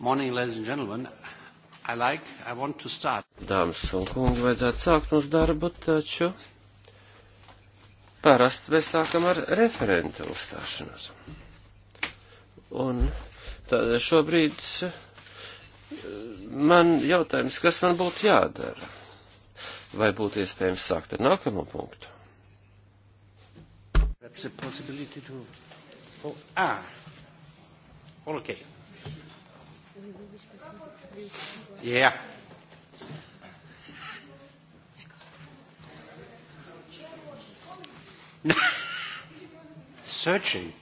Morning, ladies and gentlemen. I like, I want to start. Dāmas un kungi, vajadzētu sākt mums darbu, taču parasti mēs sākam ar referentu uzstāšanos. Un tad šobrīd eh, man jautājums, kas man būtu jādara? Vai būtu iespējams sākt ar nākamo punktu? That's a possibility to... Oh, ah, all okay. Yeah. Searching.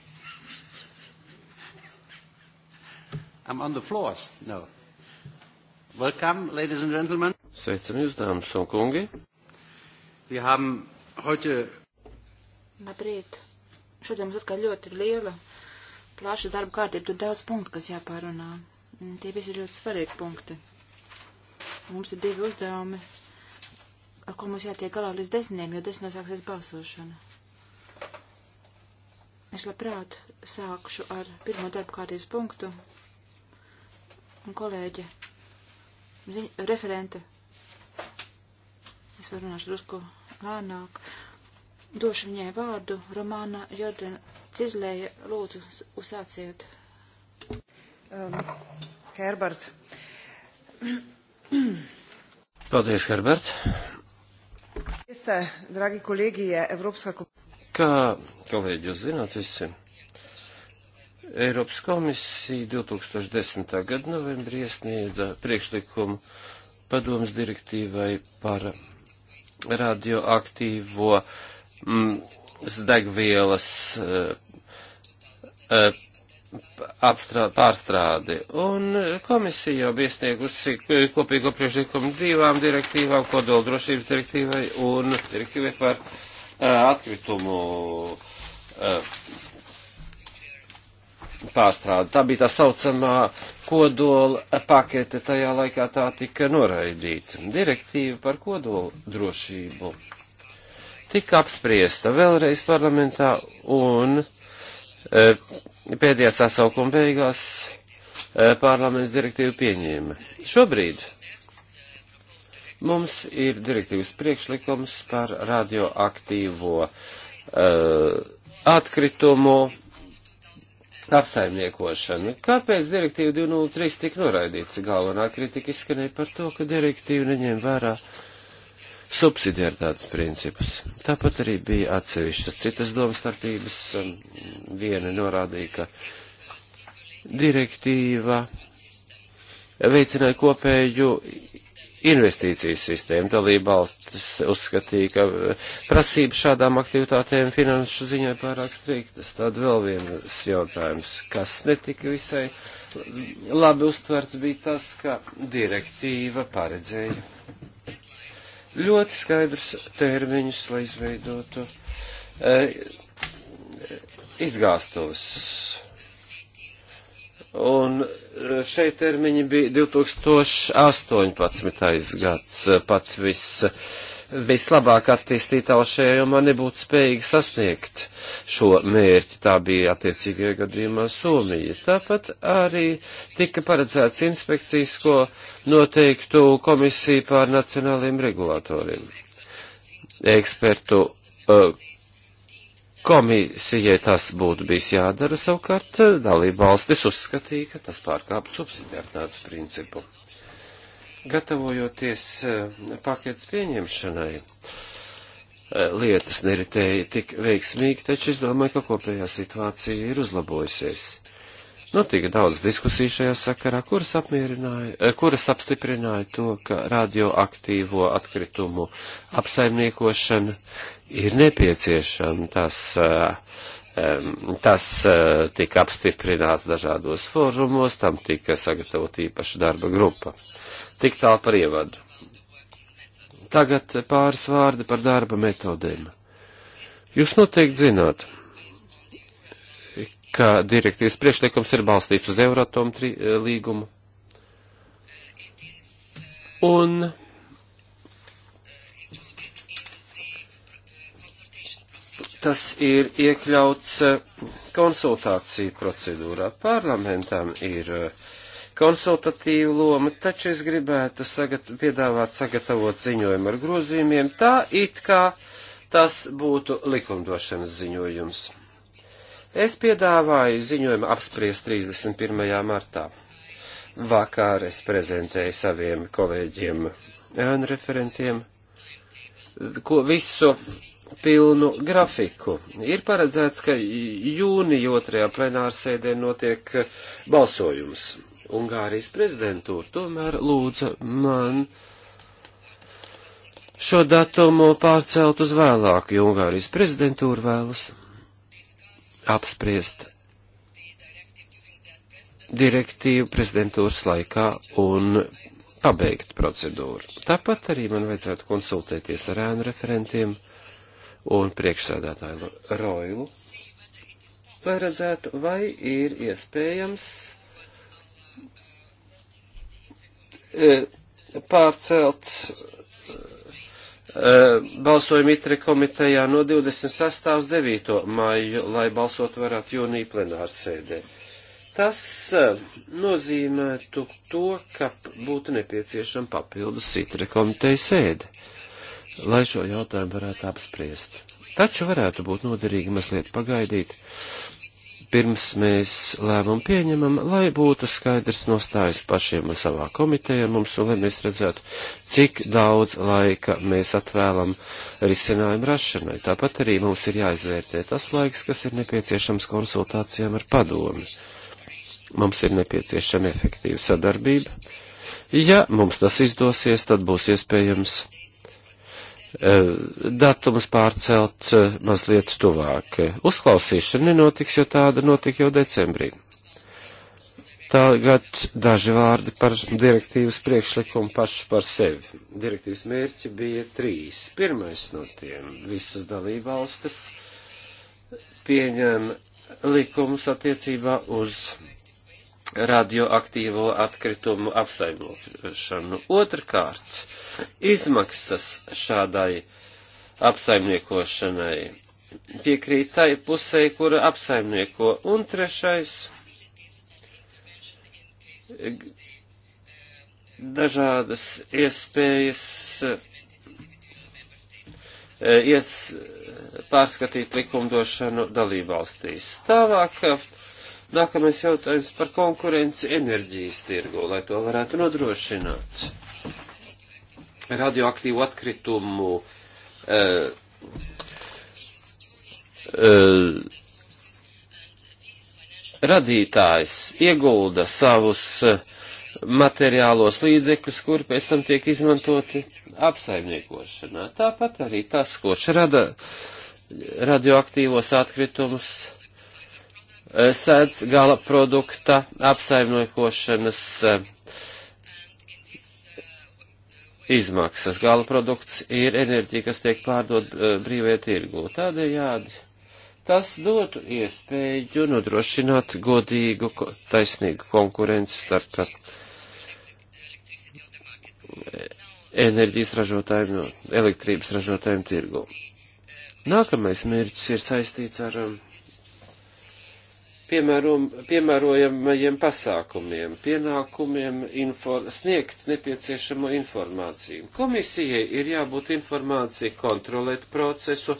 I'm on the floors. No. Welcome, ladies and gentlemen. Sveicam jūs, dāmas un kungi. Wir haben heute. Labrīt. Šodien mums atkal ļoti liela, plaša darba kārtība. Tur daudz punktu, kas jāpārunā. Mm, tie visi ir ļoti svarīgi punkti. Mums ir divi uzdevumi, ar ko mums jātiek galā līdz desmitiem, jo desmit sāksies balsošana. Es labprāt sākšu ar pirmo darbu kārtības punktu. Un kolēģe, ziņ, referente, es varu runāšu drusku lēnāk, došu viņai vārdu, Romāna Jordana Cizlēja, lūdzu, uzsāciet um, Herbert. Paldies, Herbert. Veste, dragi kolēģi, ja Evropska komisija. Kā kolēģi jūs zināt visi, Eiropas komisija 2010. gada novembrī iesniedza priekšlikumu padomas direktīvai par radioaktīvo mm, degvielas uh, eh, uh, eh, apstrā, pārstrādi. Un komisija jau bija sniegusi kopīgo priekšlikumu divām direktīvām, kodoldrošības direktīvai un direktīvai par uh, atkritumu uh, pārstrādi. Tā bija tā saucamā kodola pakete, tajā laikā tā tika noraidīta. Direktīva par kodoldrošību tika apspriesta vēlreiz parlamentā un uh, pēdējā sasaukuma beigās e, parlaments direktīvu pieņēma. Šobrīd mums ir direktīvas priekšlikums par radioaktīvo uh, atkritumu apsaimniekošanu. Kāpēc direktīva 203 tika noraidīts? Galvenā kritika izskanēja par to, ka direktīva neņem vērā uh, subsidiaritātes principus. Tāpat arī bija atsevišķas citas domstarpības. Viena norādīja, ka direktīva veicināja kopēju investīcijas sistēmu. Dalībvalstis uzskatīja, ka prasība šādām aktivitātēm finanšu ziņā pārāk striktas. Tad vēl viens jautājums, kas netika visai labi uztverts, bija tas, ka direktīva paredzēja ļoti skaidrus termiņus, lai izveidotu eh, izgāstos. Un eh, šeit termiņi bija 2018. gads, eh, pat viss vislabāk attīstītā šējumā nebūtu spējīgi sasniegt šo mērķi. Tā bija attiecīgajā gadījumā Somija. Tāpat arī tika paredzēts inspekcijas, ko noteiktu komisija pār nacionāliem regulatoriem. Ekspertu uh, Komisijai tas būtu bijis jādara, savukārt dalība valstis uzskatīja, ka tas pārkāpj subsidiartātes principu gatavojoties eh, paketes pieņemšanai, eh, lietas neritēja tik veiksmīgi, taču es domāju, ka kopējā situācija ir uzlabojusies. Notika nu, daudz diskusiju šajā sakarā, kuras, eh, kuras apstiprināja to, ka radioaktīvo atkritumu apsaimniekošana ir nepieciešama. Tas, tas tika apstiprināts dažādos fórumos, tam tika sagatavot īpaša darba grupa. Tik tālu par ievadu. Tagad pāris vārdi par darba metodēm. Jūs noteikti zināt, ka direktīvas priekšlikums ir balstīts uz Euratomu eh, līgumu. Un tas ir iekļauts eh, konsultāciju procedūrā. Parlamentam ir uh, konsultatīvu lomu, taču es gribētu sagat piedāvāt sagatavot ziņojumu ar grozījumiem, tā it kā tas būtu likumdošanas ziņojums. Es piedāvāju ziņojumu apspriest 31. martā. Vakar es prezentēju saviem kolēģiem un referentiem, ko visu pilnu grafiku. Ir paredzēts, ka jūnija otrajā plenārsēdē notiek balsojums. Ungārijas prezidentūra tomēr lūdza man šo datumu pārcelt uz vēlāk, jo Ungārijas prezidentūra vēlas apspriest direktīvu prezidentūras laikā un pabeigt procedūru. Tāpat arī man vajadzētu konsultēties ar ēnu referentiem un priekšsēdētāju Roilu, lai redzētu, vai ir iespējams Eh, pārcelts eh, balsojuma itre komitejā no 26. uz 9. maiju, lai balsot varētu jūnija plenāra sēdē. Tas eh, nozīmētu to, ka būtu nepieciešama papildus itre komiteja sēde, lai šo jautājumu varētu apspriest. Taču varētu būt noderīgi mazliet pagaidīt, pirms mēs lēmumu pieņemam, lai būtu skaidrs nostājas pašiem un savā komitejā mums, un lai mēs redzētu, cik daudz laika mēs atvēlam risinājumu rašanai. Tāpat arī mums ir jāizvērtē tas laiks, kas ir nepieciešams konsultācijām ar padomi. Mums ir nepieciešama efektīva sadarbība. Ja mums tas izdosies, tad būs iespējams Eh, datums pārcelt eh, mazliet tuvāk. Uzklausīšana nenotiks, jo tāda notika jau decembrī. Tagad daži vārdi par direktīvas priekšlikumu pašu par sevi. Direktīvas mērķi bija trīs. Pirmais no tiem - visas dalībvalstis pieņem likumus attiecībā uz radioaktīvo atkritumu apsaimniekšanu. Otrkārt, izmaksas šādai apsaimniekošanai. Piekrīt tai pusē, kura apsaimnieko. Un trešais dažādas iespējas e, ies pārskatīt likumdošanu dalībvalstīs. Tālāk nākamais jautājums par konkurenci enerģijas tirgu, lai to varētu nodrošināt radioaktīvu atkritumu uh, uh, radītājs iegulda savus e, materiālos līdzekļus, kuri pēc tam tiek izmantoti apsaimniekošanā. Tāpat arī tas, ko rada radioaktīvos atkritumus, sēdz gala produkta apsaimniekošanas uh, izmaksas. Gala produkts ir enerģija, kas tiek pārdot eh, brīvajā tirgū. Tādējādi tas dotu iespēju nodrošināt godīgu, taisnīgu konkurenci starp eh, enerģijas ražotājiem, elektrības ražotājiem tirgū. Nākamais mērķis ir saistīts ar um, piemērojamajiem pasākumiem, pienākumiem infor, sniegt nepieciešamo informāciju. Komisijai ir jābūt informācija kontrolēt procesu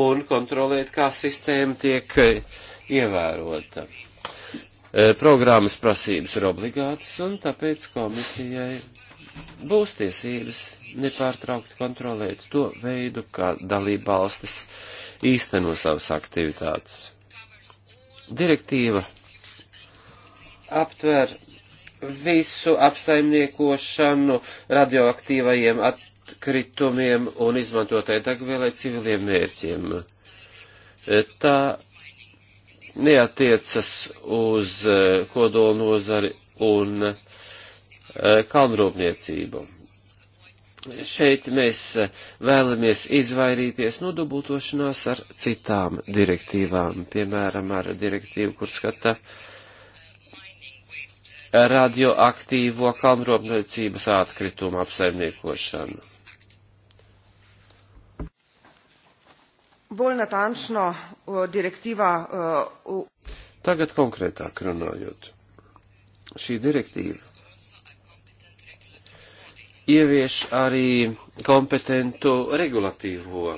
un kontrolēt, kā sistēma tiek ievērota. E, programmas prasības ir obligātas, un tāpēc komisijai būs tiesības nepārtraukti kontrolēt to veidu, kā dalībvalstis īsteno savas aktivitātes. Direktīva aptver visu apsaimniekošanu radioaktīvajiem atkritumiem un izmantotai degvielai civiliem mērķiem. Tā neatiecas uz eh, kodolnozari un eh, kalnrūpniecību šeit mēs vēlamies izvairīties no dubultošanās ar citām direktīvām, piemēram, ar direktīvu, kur skata radioaktīvo kalnrūpniecības atkritumu apsaimniekošanu. Bolj natančno direktīvā. Uh, Tagad konkrētāk runājot. Šī direktīva ievieš arī kompetentu regulatīvo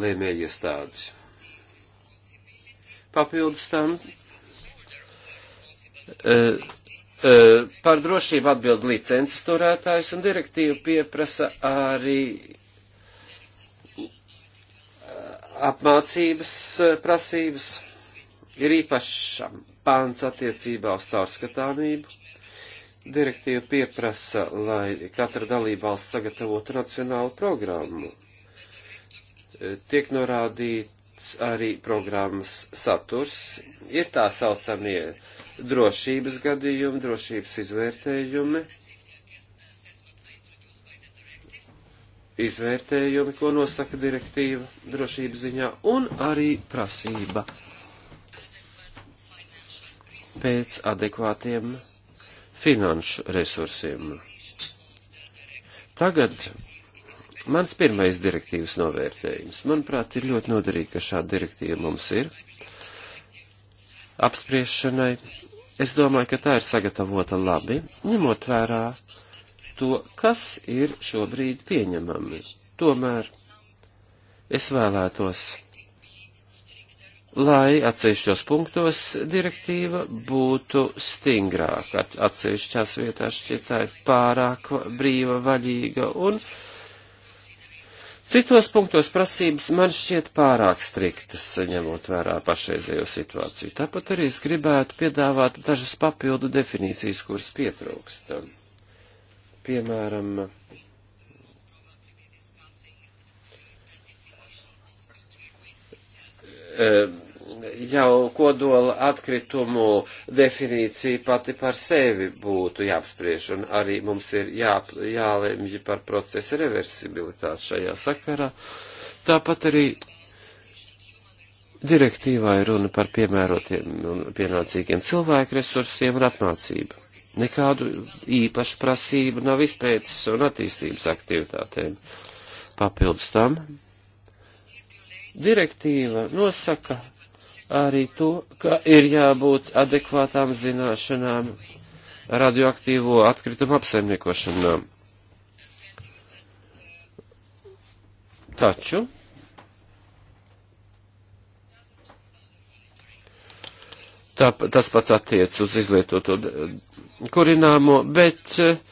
lēmēju iestādi. Papildus tam uh, Uh, par drošību atbild licences turētājs, un direktīva pieprasa arī e, apmācības prasības. Ir īpašs pāns attiecībā uz caurskatāmību. Direktīva pieprasa, lai katra dalībvalsts sagatavotu nacionālu programmu. E, tiek norādīts arī programmas saturs, ir tā saucamie drošības gadījumi, drošības izvērtējumi, izvērtējumi, ko nosaka direktīva drošības ziņā, un arī prasība pēc adekvātiem finanšu resursiem. Tagad mans pirmais direktīvas novērtējums. Manuprāt, ir ļoti noderīgi, ka šāda direktīva mums ir apspriešanai. Es domāju, ka tā ir sagatavota labi, ņemot vērā to, kas ir šobrīd pieņemami. Tomēr es vēlētos lai atsevišķos punktos direktīva būtu stingrāka. Atsevišķās vietās šķiet tā ir pārāk brīva, vaļīga un citos punktos prasības man šķiet pārāk striktas, ņemot vērā pašreizējo situāciju. Tāpat arī es gribētu piedāvāt dažas papildu definīcijas, kuras pietrūkst. Piemēram, Eh, jau kodola atkritumu definīcija pati par sevi būtu jāapspriež, un arī mums ir jā, jālemj par procesa reversibilitāti šajā sakarā. Tāpat arī direktīvā ir runa par piemērotiem un pienācīgiem cilvēku resursiem un apmācību. Nekādu īpašu prasību nav izpētes un attīstības aktivitātēm. Papildus tam Direktīva nosaka arī to, ka ir jābūt adekvātām zināšanām radioaktīvo atkritumu apsaimniekošanā. Taču tā, tas pats attiec uz izlietoto kurināmo, bet uh,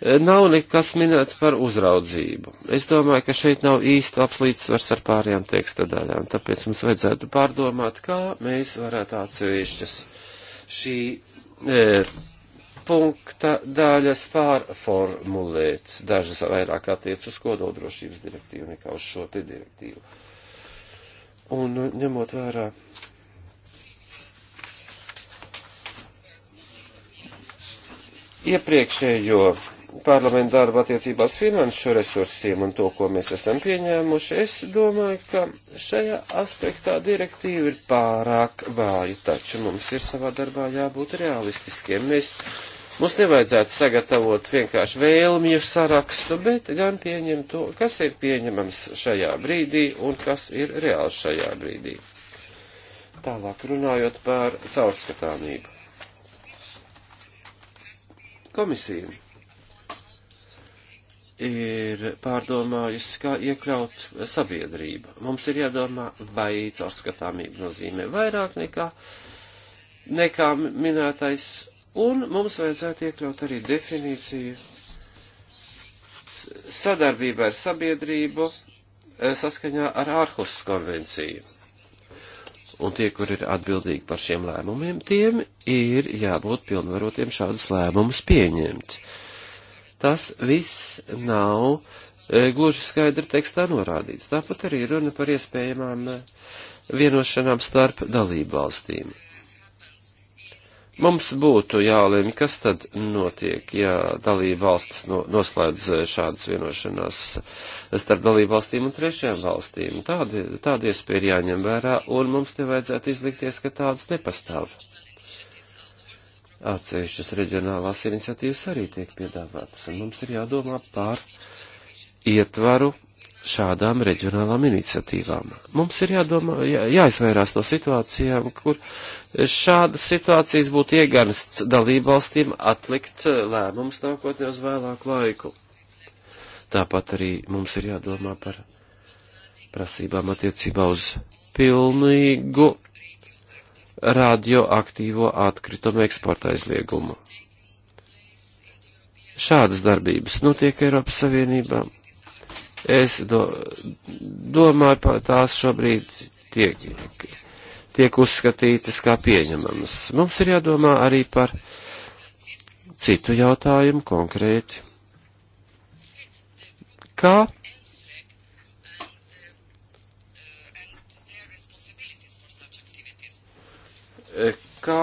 Nav nekas minēts par uzraudzību. Es domāju, ka šeit nav īsti labs līdzsvars ar pārējām teksta daļām, tāpēc mums vajadzētu pārdomāt, kā mēs varētu atsevišķas šī e, punkta daļas pārformulēt. Dažas vairāk attiec uz kodoldrošības direktīvu nekā uz šo te direktīvu. Un nu, ņemot vērā iepriekšējo parlamentu darbu attiecībās finanšu resursiem un to, ko mēs esam pieņēmuši, es domāju, ka šajā aspektā direktīva ir pārāk vāja, taču mums ir savā darbā jābūt realistiskiem. Mēs, mums nevajadzētu sagatavot vienkārši vēlmju sarakstu, bet gan pieņemt to, kas ir pieņemams šajā brīdī un kas ir reāls šajā brīdī. Tālāk runājot par caurskatāmību. Komisija ir pārdomājusi, kā iekļaut sabiedrību. Mums ir jādomā, vai caurskatāmība nozīmē vairāk nekā, nekā minētais, un mums vajadzētu iekļaut arī definīciju sadarbība ar sabiedrību eh, saskaņā ar ārhus konvenciju. Un tie, kur ir atbildīgi par šiem lēmumiem, tiem ir jābūt pilnvarotiem šādus lēmumus pieņemt. Uh, Tas viss nav e, gluži skaidri tekstā norādīts. Tāpat arī runa par iespējamām e, vienošanām starp dalību valstīm. Mums būtu jālēma, kas tad notiek, ja dalība valstis no, noslēdz e, šādas vienošanās starp dalību valstīm un trešajām valstīm. Tāda iespēja ir jāņem vērā, un mums nevajadzētu izlikties, ka tādas nepastāv atsevišķas reģionālās iniciatīvas arī tiek piedāvātas, un mums ir jādomā par ietvaru šādām reģionālām iniciatīvām. Mums ir jādomā, jā, jāizvairās no situācijām, kur šādas situācijas būtu iegarsts dalībvalstīm atlikt lēmums nākotnē uz vēlāku laiku. Tāpat arī mums ir jādomā par prasībām attiecībā uz pilnīgu radioaktīvo atkritumu eksporta aizliegumu. Šādas darbības notiek Eiropas Savienībā. Es do, domāju, ka tās šobrīd tiek, tiek uzskatītas kā pieņemamas. Mums ir jādomā arī par citu jautājumu konkrēti. Kā Kā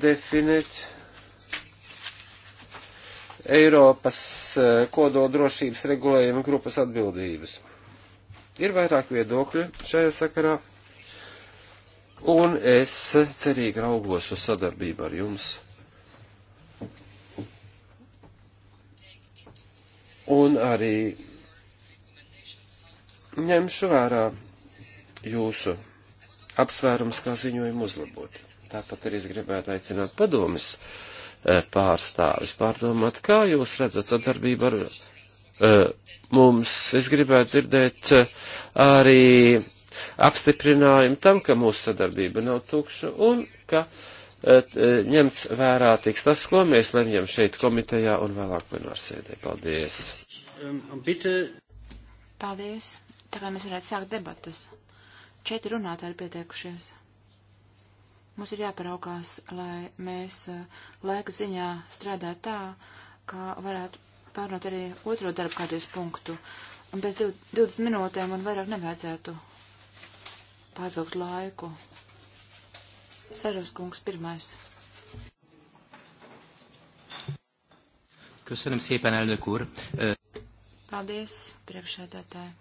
definēt Eiropas eh, kododrošības regulējuma grupas atbildības? Ir vairāk viedokļu šajā sakarā, un es cerīgi raugos uz sadarbību ar jums. Un arī ņemšu vērā jūsu apsvērums, kā ziņojumu uzlabot. Tāpat arī es gribētu aicināt padomis e, pārstāvis pārdomāt, kā jūs redzat sadarbību ar e, mums. Es gribētu dzirdēt e, arī apstiprinājumu tam, ka mūsu sadarbība nav tukša un ka ņemts vērā tiks tas, ko mēs lemjam šeit komitejā un vēlāk plenārsēdē. Paldies! Um, Paldies! Tā kā mēs varētu sākt debatus. Četri runātāji ir pieteikušies. Mums ir jāparaukās, lai mēs eh, laika ziņā strādātu tā, kā varētu pārnot arī otro darbu kādreiz punktu. Un pēc 20 minūtēm man vairāk nevajadzētu pārvilkt laiku. Sarus kungs pirmais. Köszönöm szépen, elnök úr. Paldies, priekšsēdētāji.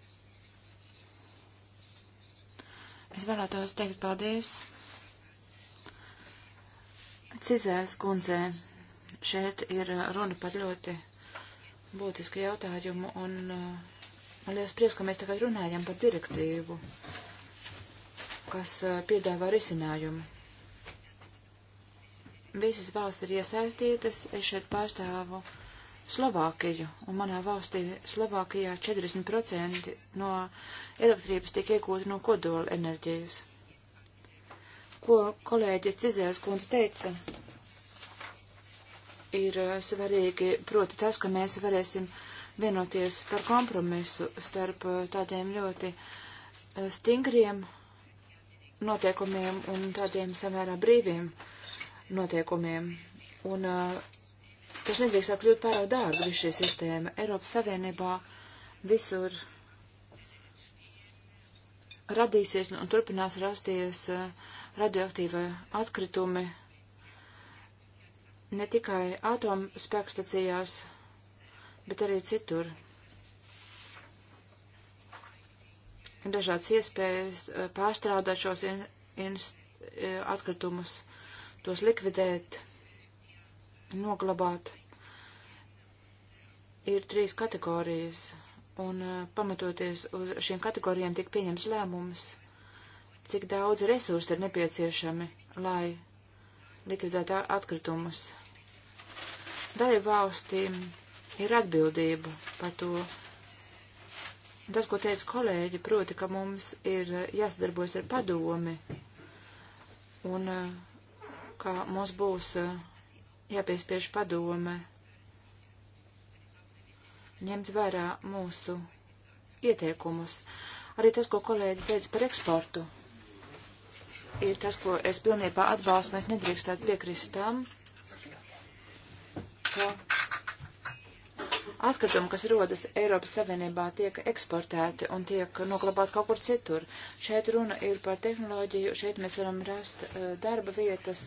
Es vēlētos teikt paldies Cizēs kundzē šeit ir uh, runa par ļoti būtisku jautājumu, un uh, man liekas prieks, ka mēs tagad runājam par direktīvu, kas uh, piedāvā risinājumu. Visas valsts ir iesaistītas, es šeit pārstāvu Slovākiju, un manā valstī Slovākijā 40% no elektrības tiek iegūta no kodola enerģijas ko kolēģe Cizēles kundze teica, ir eh, svarīgi, proti tas, ka mēs varēsim vienoties par kompromisu starp eh, tādiem ļoti eh, stingriem noteikumiem un tādiem samērā brīviem noteikumiem. Un tas nedrīkst kļūt pārāk dārgi, viss šī sistēma. Eiropas Savienībā visur radīsies un turpinās rasties uh, radioaktīvie atkritumi ne tikai atomspēkstacijās, bet arī citur. Ir dažādas iespējas eh, pārstrādāt šos in, in, eh, atkritumus, tos likvidēt, noglabāt. Ir trīs kategorijas, un eh, pamatoties uz šīm kategorijām tika pieņems lēmums. Uh, cik daudz resursu ir nepieciešami, lai likvidētu atkritumus. Dalību valstīm ir atbildība par to. Tas, ko teica kolēģi, proti, ka mums ir eh, jāsadarbojas ar padomi un eh, ka mums būs eh, jāpiespiež padome ņemt vērā mūsu ieteikumus. Arī tas, ko kolēģi teica par eksportu ir tas, ko es pilnībā atbalstu. Mēs nedrīkstētu piekrist tam, ka atkritumi, kas rodas Eiropas Savienībā, tiek eksportēti un tiek noglabāti kaut kur citur. Šeit runa ir par tehnoloģiju, šeit mēs varam rast uh, darba vietas.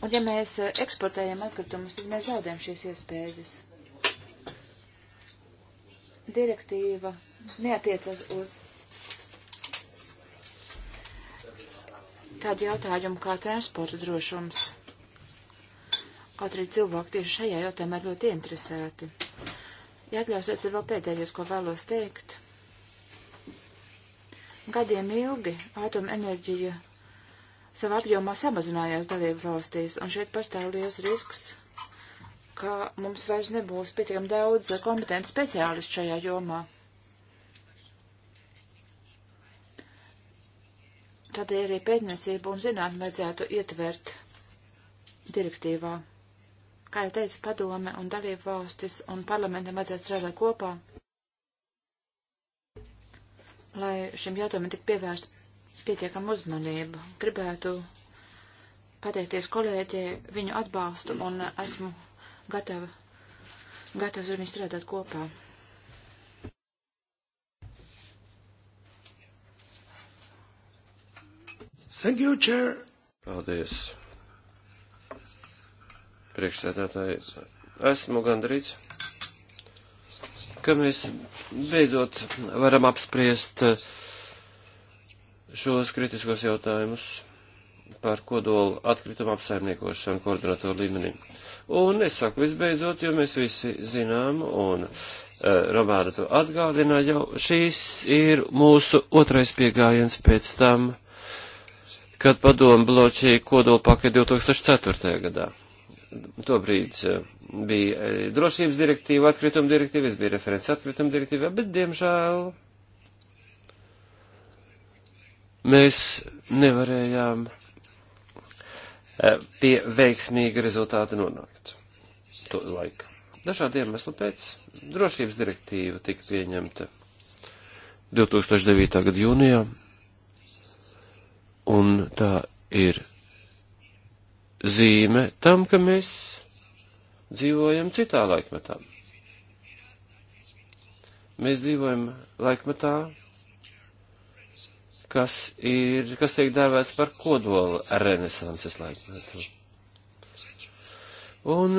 Un ja mēs eh, eksportējam atkritumus, tad mēs zaudējam šīs iespējas. Direktīva neatiecas uz tādi jautājumi kā transporta drošums. Kaut arī cilvēki tieši šajā jautājumā ir ļoti interesēti. Ja atļausiet, tad vēl pēdējais, ko vēlos teikt. Gadiem ilgi atomenerģija savā apjomā samazinājās dalību valstīs, un šeit pastāv liels risks, ka mums vairs nebūs pietiekami daudz kompetentu speciālistu šajā jomā. Tad arī pētniecību un zinātni vajadzētu ietvert direktīvā. Kā jau teica padome un dalību valstis un parlamentam vajadzētu strādāt kopā, lai šim jautājumam tik pievērst pietiekam uzmanību. Gribētu pateikties kolēģei viņu atbalstu un esmu gatava, gatavs ar viņu strādāt kopā. Thank you, Chair. Paldies. Priekšsēdētāji, esmu gandrīz, ka mēs beidzot varam apspriest šos kritiskos jautājumus par kodolu atkritumu apsaimniekošanu koordinatoru līmenī. Un es saku visbeidzot, jo mēs visi zinām, un uh, eh, Romāna to atgādināja, jau šīs ir mūsu otrais piegājiens pēc tam, uh, kad padomu bloķēja kodolpaketi 2004. gadā. Tobrīd eh, bija eh, drošības direktīva, atkrituma direktīva, es biju referents atkrituma direktīvā, bet, diemžēl, mēs nevarējām eh, pie veiksmīga rezultāta nonākt. To laiku. Dažādu iemeslu pēc drošības direktīva tika pieņemta 2009. gada jūnijā. Un tā ir zīme tam, ka mēs dzīvojam citā laikmetā. Mēs dzīvojam laikmetā, kas ir, kas tiek dēvēts par kodola renesanses laikmetu. Un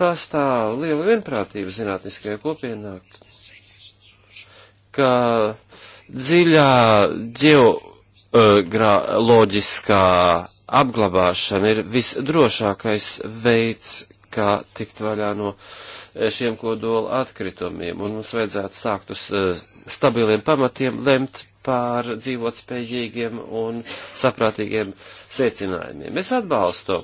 pastāv liela vienprātība zinātniskajā kopienā, ka dziļā ģeoloģiskā e, apglabāšana ir visdrošākais veids, kā tikt vaļā no e, šiem kodola atkritumiem, un mums vajadzētu sākt uz e, stabiliem pamatiem lemt par dzīvotspējīgiem un saprātīgiem secinājumiem. Es atbalstu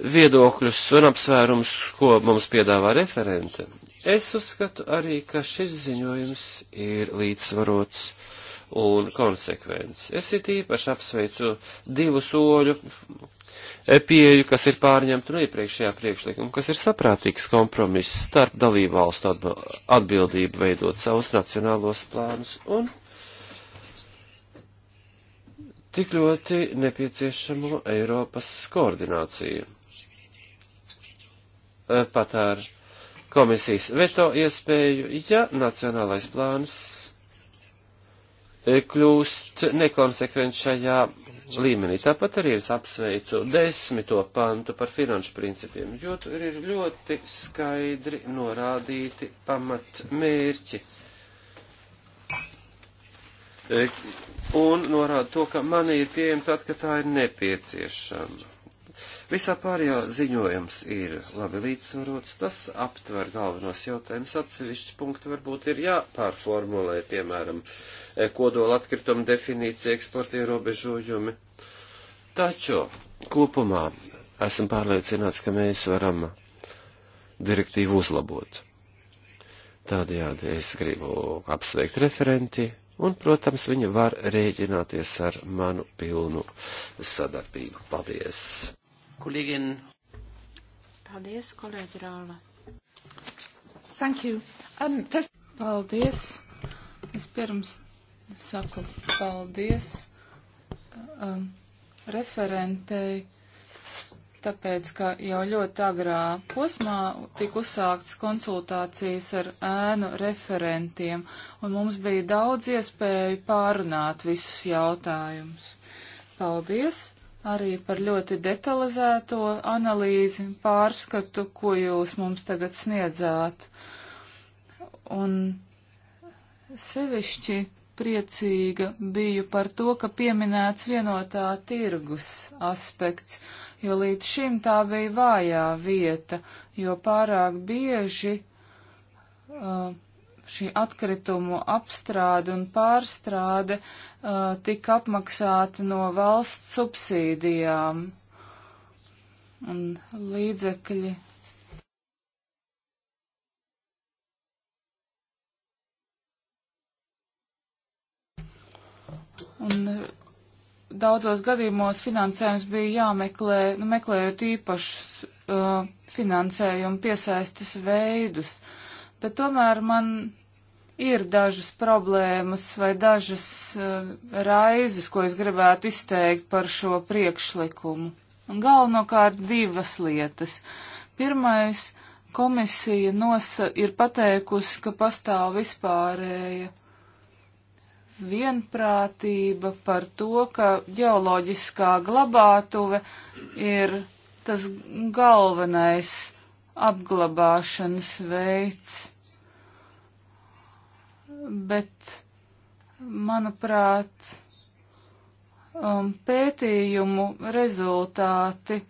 viedokļus un apsvērums, ko mums piedāvā referente. Es uzskatu arī, ka šis ziņojums ir līdzsvarots un konsekvents. Es it īpaši apsveicu divu soļu pieju, kas ir pārņemta no iepriekšējā priekšlikuma, kas ir saprātīgs kompromiss starp dalību valstu atbildību veidot savus nacionālos plānus un tik ļoti nepieciešamo Eiropas koordināciju. Patār komisijas veto iespēju, ja nacionālais plāns e, kļūst nekonsekvents šajā līmenī. Tāpat arī es apsveicu desmito pantu par finanšu principiem, jo tur ir ļoti skaidri norādīti pamatmērķi. E, un norāda to, ka mani ir pieejama tad, kad tā ir nepieciešama. Visā pārējo ziņojums ir labi līdzsvarots, tas aptver galvenos jautājumus, atsevišķi punkti varbūt ir jāpārformulē, piemēram, e, kodola atkrituma definīcija, eksporta ierobežojumi. Taču kopumā esam pārliecināts, ka mēs varam direktīvu uzlabot. Tādējādi es gribu apsveikt referenti, un, protams, viņa var rēķināties ar manu pilnu sadarbību. Paldies! Kolēģin. Paldies, kolēģi Rāla. Thank you. Um, first... Paldies. Es pirms saku paldies um, referentei, tāpēc, ka jau ļoti agrā posmā tika uzsākts konsultācijas ar ēnu referentiem, un mums bija daudz iespēju pārunāt visus jautājumus. Paldies! arī par ļoti detalizēto analīzi un pārskatu, ko jūs mums tagad sniedzāt. Un sevišķi priecīga biju par to, ka pieminēts vienotā tirgus aspekts, jo līdz šim tā bija vājā vieta, jo pārāk bieži uh, šī atkritumu apstrāde un pārstrāde uh, tika apmaksāta no valsts subsīdijām un līdzekļi. Un uh, daudzos gadījumos finansējums bija jāmeklē, nu, meklējot īpašus uh, finansējumu piesaistes veidus. Bet tomēr man ir dažas problēmas vai dažas uh, raizes, ko es gribētu izteikt par šo priekšlikumu. Un galvenokārt divas lietas. Pirmais, komisija nosa ir pateikusi, ka pastāv vispārēja vienprātība par to, ka ģeoloģiskā glabātuve ir tas galvenais apglabāšanas veids bet, manuprāt, um, pētījumu rezultāti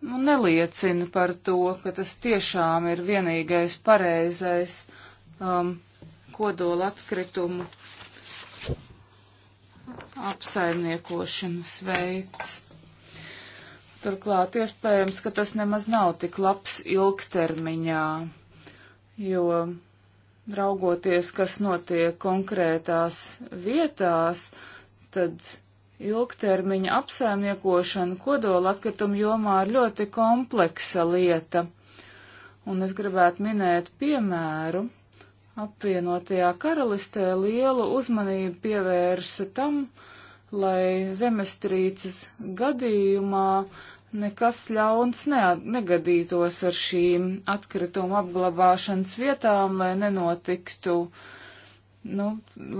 nu, neliecina par to, ka tas tiešām ir vienīgais pareizais um, kodola atkritumu apsaimniekošanas veids. Turklāt iespējams, ka tas nemaz nav tik labs ilgtermiņā, jo raugoties, kas notiek konkrētās vietās, tad ilgtermiņa apsaimniekošana kodola atkrituma jomā ir ļoti kompleksa lieta. Un es gribētu minēt piemēru. Apvienotajā karalistē lielu uzmanību pievērsa tam, lai zemestrīces gadījumā nekas ļauns negadītos ar šīm atkritumu apglabāšanas vietām, lai nenotiktu, nu,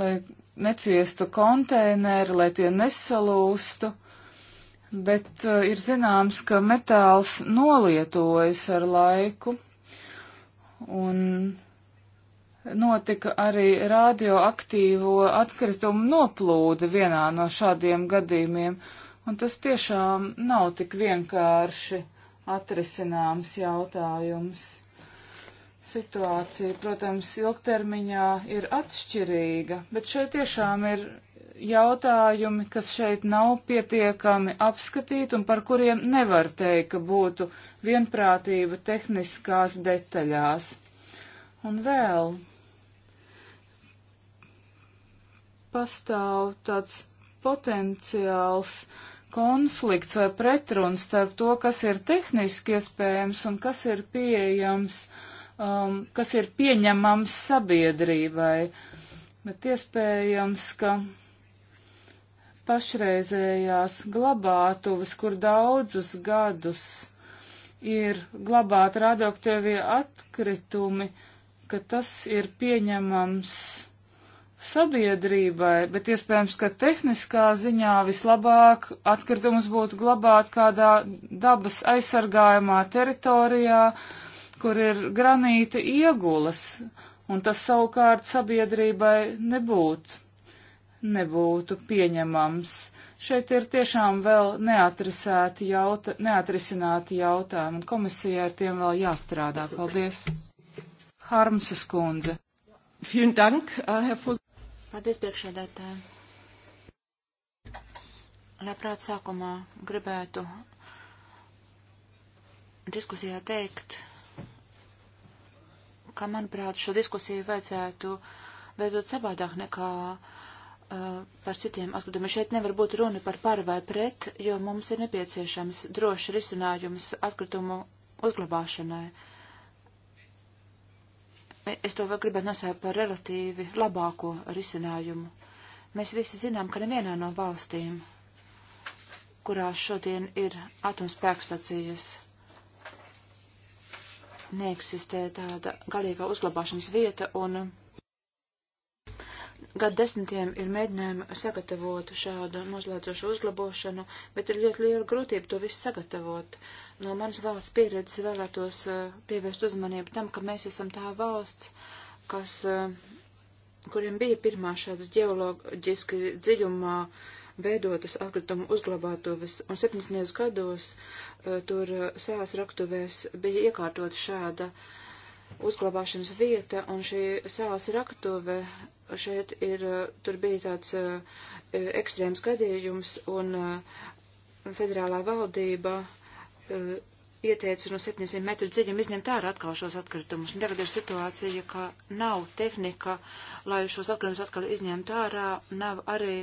lai neciestu konteineri, lai tie nesalūstu. Bet uh, ir zināms, ka metāls nolietojas ar laiku, un notika arī radioaktīvo atkritumu noplūde vienā no šādiem gadījumiem Un tas tiešām nav tik vienkārši atrisināms jautājums. Situācija, protams, ilgtermiņā ir atšķirīga, bet šeit tiešām ir jautājumi, kas šeit nav pietiekami apskatīti un par kuriem nevar teikt, ka būtu vienprātība tehniskās detaļās. Un vēl pastāv tāds potenciāls konflikts vai pretruns starp to, kas ir tehniski iespējams un kas ir pieejams, um, kas ir pieņemams sabiedrībai. Bet iespējams, ka pašreizējās glabātuves, kur daudzus gadus ir glabāti radioaktīvie atkritumi, ka tas ir pieņemams sabiedrībai, bet iespējams, ka tehniskā ziņā vislabāk atkritumus būtu glabāt kādā dabas aizsargājumā teritorijā, kur ir granīta iegulas, un tas savukārt sabiedrībai nebūtu, nebūtu pieņemams. Šeit ir tiešām vēl neatrisēti jauta, neatrisināti jautājumi, un komisijai ar tiem vēl jāstrādā. Paldies! Harmsas kundze. Vielen Dank, äh, Herr Vorsitzender. Paldies, priekšsēdētāji. Labprāt, sākumā gribētu diskusijā teikt, ka, manuprāt, šo diskusiju vajadzētu veidot savādāk nekā uh, par citiem atkritumiem. Šeit nevar būt runa par par vai pret, jo mums ir nepieciešams drošs risinājums atkritumu uzglabāšanai. Uh, E, es to vēl gribētu nosaukt par relatīvi labāko risinājumu. Mēs visi zinām, ka nevienā no valstīm, kurās šodien ir atomspēkstacijas, neeksistē tāda galīgā uzglabāšanas vieta, un gadu desmitiem ir mēģinājumi sagatavot šādu noslēdzošu uzlabošanu, bet ir ļoti liela grūtība to visu sagatavot. No manas valsts pieredzes vēlētos eh, pievērst uzmanību tam, ka mēs esam tā valsts, kas, eh, kuriem bija pirmā šādas ģeoloģiski dziļumā veidotas atkritumu uzglabātuves, un 70. gados eh, tur sējās raktuvēs bija iekārtot šāda uzglabāšanas vieta, un šī sēlas raktuve šeit ir, eh, tur bija tāds eh, eh, ekstrēms gadījums, un federālā valdība ieteica no 700 metru dziļumu izņemt ārā atkal šos atkritumus. Un tagad ir situācija, ka nav tehnika, lai šos atkritumus atkal izņemtu ārā, nav arī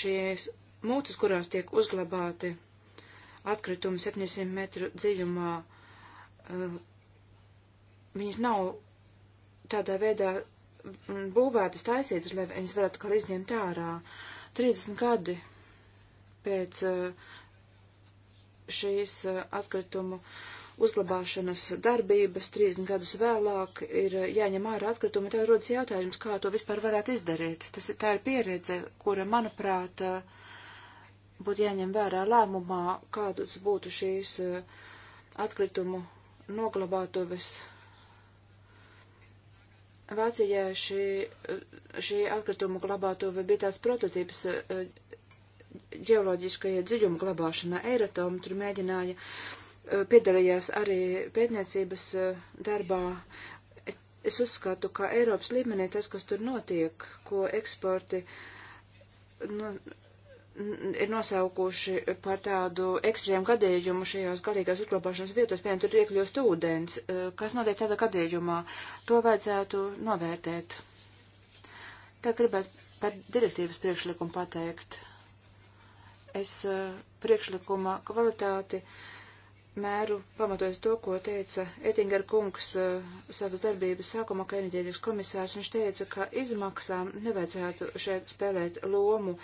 šīs mūces, kurās tiek uzglabāti atkritumi 700 metru dziļumā. Viņas nav tādā veidā būvētas, taisītas, lai viņas varētu kā izņemt ārā. 30 gadi pēc eh, šīs eh, atkritumu uzglabāšanas darbības, 30 gadus vēlāk ir eh, jāņem ārā atkritumi, tad rodas jautājums, kā to vispār varētu izdarīt. Tas, tā ir pieredze, kura, manuprāt, būtu jāņem vērā lēmumā, kādas būtu šīs atkritumu noglabātuves Vācijā šī, šī atkritumu glabātuve bija tās prototyps eh, ģeoloģiskajai dziļumu glabāšanai. Eiratom tur mēģināja, eh, piedalījās arī pētniecības eh, darbā. Es uzskatu, ka Eiropas līmenī tas, kas tur notiek, ko eksporti nu, ir nosaukuši par tādu ekstrēmu gadījumu šajās galīgās uzglabāšanas vietās, piemēram, tur iekļūst ūdens. Eh, kas notiek tādā gadījumā? To vajadzētu novērtēt. Tā gribētu par direktīvas priekšlikumu pateikt. Es eh, priekšlikuma kvalitāti. Uh, mēru pamatojas to, ko teica Ettinger kungs uh, savas darbības sākumā, ka enerģētikas komisārs, viņš teica, ka izmaksām nevajadzētu šeit spēlēt lomu,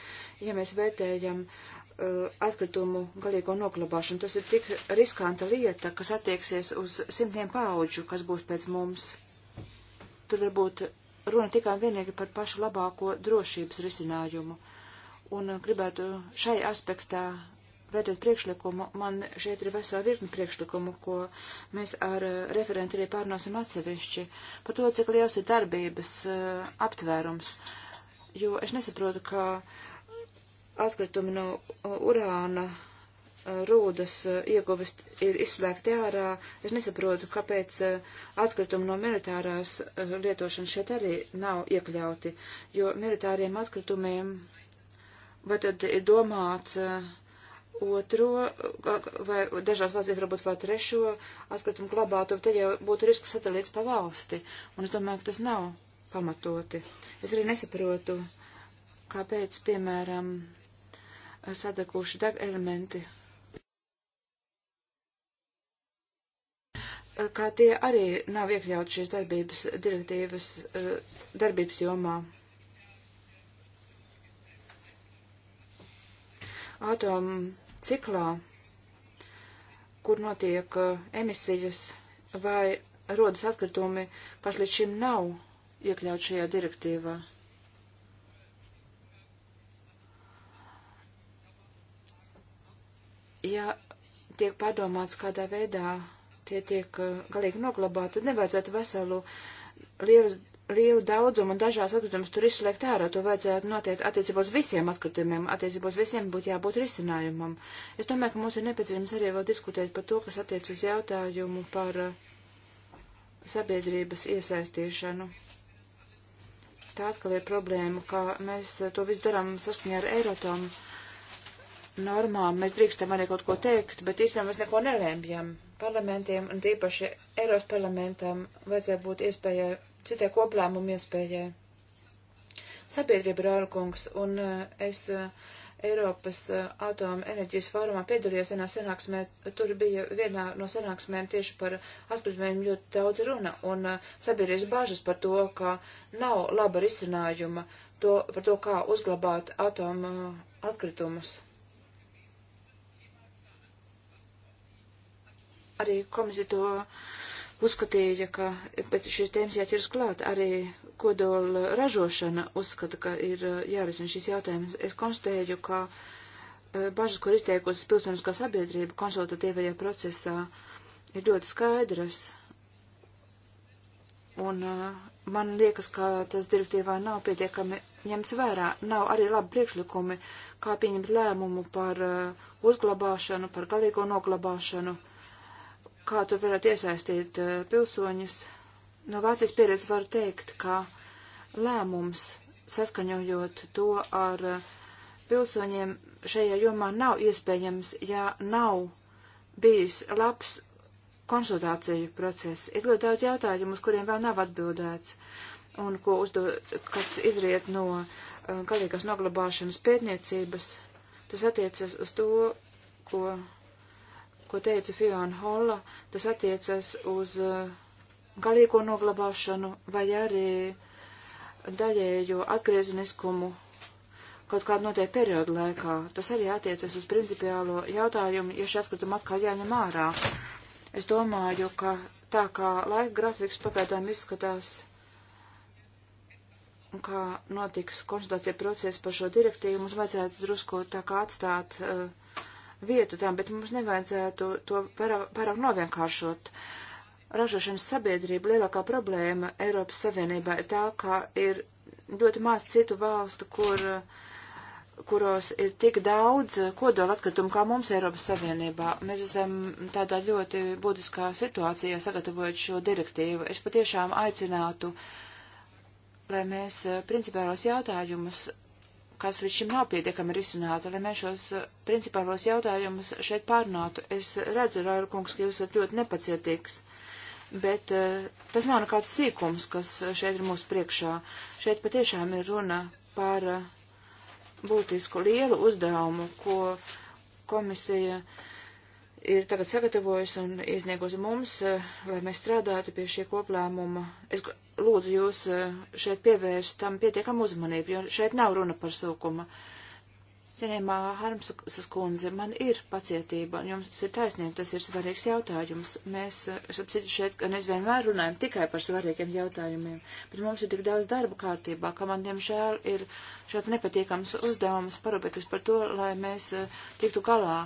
ja mēs vērtējam uh, atkritumu galīgo noglabāšanu. Tas ir tik riskanta lieta, kas attieksies uz simtiem pauģu, kas būs pēc mums. Tur varbūt runa tikai un vienīgi par pašu labāko drošības risinājumu. Un uh, gribētu šai aspektā vērtēt priekšlikumu, man šeit ir vesela virkni priekšlikumu, ko mēs ar eh, referenti arī pārnosim atsevišķi, par to, cik liels ir darbības eh, aptvērums, jo es nesaprotu, ka atkritumi no eh, urāna rūdas ieguvis ir izslēgti ārā. Es nesaprotu, kāpēc atkritumi no militārās lietošanas šeit arī nav iekļauti, jo militāriem atkritumiem vai tad ir domāts uh, otro, vai dažās valstīs varbūt vēl trešo atkritumu glabātu, tad jau būtu risks satelīts pa valsti. Un es domāju, ka tas nav pamatoti. Es arī nesaprotu, kāpēc, piemēram, sadekuši deg elementi, kā tie arī nav iekļauti šīs darbības direktīvas eh, darbības jomā. Atomu ciklā, kur notiek uh, emisijas vai rodas atkritumi, kas līdz šim nav iekļaut šajā direktīvā. Ja tiek padomāts, kādā veidā tie tiek uh, galīgi noglabāti, tad nevajadzētu veselu lielas lielu daudzumu un dažās atkritumus tur izslēgt ārā, to vajadzētu notiek attiecībā uz visiem atkritumiem, attiecībā uz visiem būtu jābūt risinājumam. Es domāju, ka mums ir nepieciešams arī vēl diskutēt par to, kas attiec uz jautājumu par uh, sabiedrības iesaistīšanu. Tā atkal ir problēma, ka mēs uh, to visu darām saskaņā ar Eirotomu normām. Mēs drīkstam arī kaut ko teikt, bet īstenībā mēs neko nelēmjam parlamentiem un tīpaši Eiros parlamentam vajadzēja būt iespējai citai koplēmumu iespējai. Sabiedrība Rārkungs un eh, es eh, Eiropas eh, atoma enerģijas fórumā piedalījos vienā sanāksmē, tur bija vienā no sanāksmēm tieši par atkritumiem ļoti daudz runa un sabiedrības bažas par to, ka nav laba risinājuma to, par to, kā uzglabāt atoma atkritumus. Arī komisija to uzskatīja, ka pēc šīs tēmas jāķers klāt. Arī kodola ražošana uzskata, ka ir uh, jārisina šis jautājums. Es konstatēju, ka uh, bažas, kur izteikusi pilsoniskā sabiedrība konsultatīvajā procesā, ir ļoti skaidras. Un uh, man liekas, ka tas direktīvā nav pietiekami ņemts vērā. Nav arī labi priekšlikumi, kā pieņemt lēmumu par uzglabāšanu, par galīgo noglabāšanu. Uh, kā tur varētu iesaistīt eh, pilsoņus. No Vācijas pieredzes var teikt, ka lēmums saskaņojot to ar eh, pilsoņiem šajā jomā nav iespējams, ja nav bijis labs konsultāciju process. Ir ļoti daudz jautājumu, uz kuriem vēl nav atbildēts un ko uzdo, kas izriet no eh, galīgās noglabāšanas pētniecības. Tas attiecas uz to, ko ko teica Fiona Holla, tas attiecas uz eh, galīgo noglabāšanu vai arī daļējo atgriezeniskumu kaut kādu noteiktu periodu laikā. Tas arī attiecas uz principiālo jautājumu, ja šī atkrituma atkal jāņem ārā. Es domāju, ka tā kā laika grafiks pagaidām izskatās, kā notiks konsultācija process par šo direktīvu, mums vajadzētu drusku tā kā atstāt uh, vietu tam, bet mums nevajadzētu to pārāk novienkāršot. Ražošanas sabiedrība lielākā problēma Eiropas Savienībā ir tā, ka ir ļoti maz citu valstu, kur, kuros ir tik daudz kodola atkritumu kā mums Eiropas Savienībā. Mēs esam tādā ļoti būtiskā situācijā sagatavojot šo direktīvu. Es patiešām aicinātu, lai mēs eh, principālos jautājumus kas līdz šim nav pietiekami risināta, lai mēs šos eh, principālos jautājumus šeit pārnātu. Es redzu, Raila kungs, ka jūs esat ļoti nepacietīgs, bet eh, tas nav nekāds sīkums, kas šeit ir mūsu priekšā. Šeit patiešām ir runa par eh, būtisku lielu uzdevumu, ko komisija ir tagad sagatavojusi un iesniegusi mums, lai mēs strādātu pie šī koplēmuma. Es lūdzu jūs e, šeit pievērst tam pietiekam uzmanību, jo šeit nav runa par sūkumu. Cienījumā Harmsas kundze, man ir pacietība, un jums ir taisnība, tas ir svarīgs jautājums. Mēs, es šeit, gan es vienmēr runājam tikai par svarīgiem jautājumiem, bet mums ir tik daudz darba kārtībā, ka man, diemžēl, ir šāds nepatīkams uzdevums parūpēties par to, lai mēs e, tiktu galā,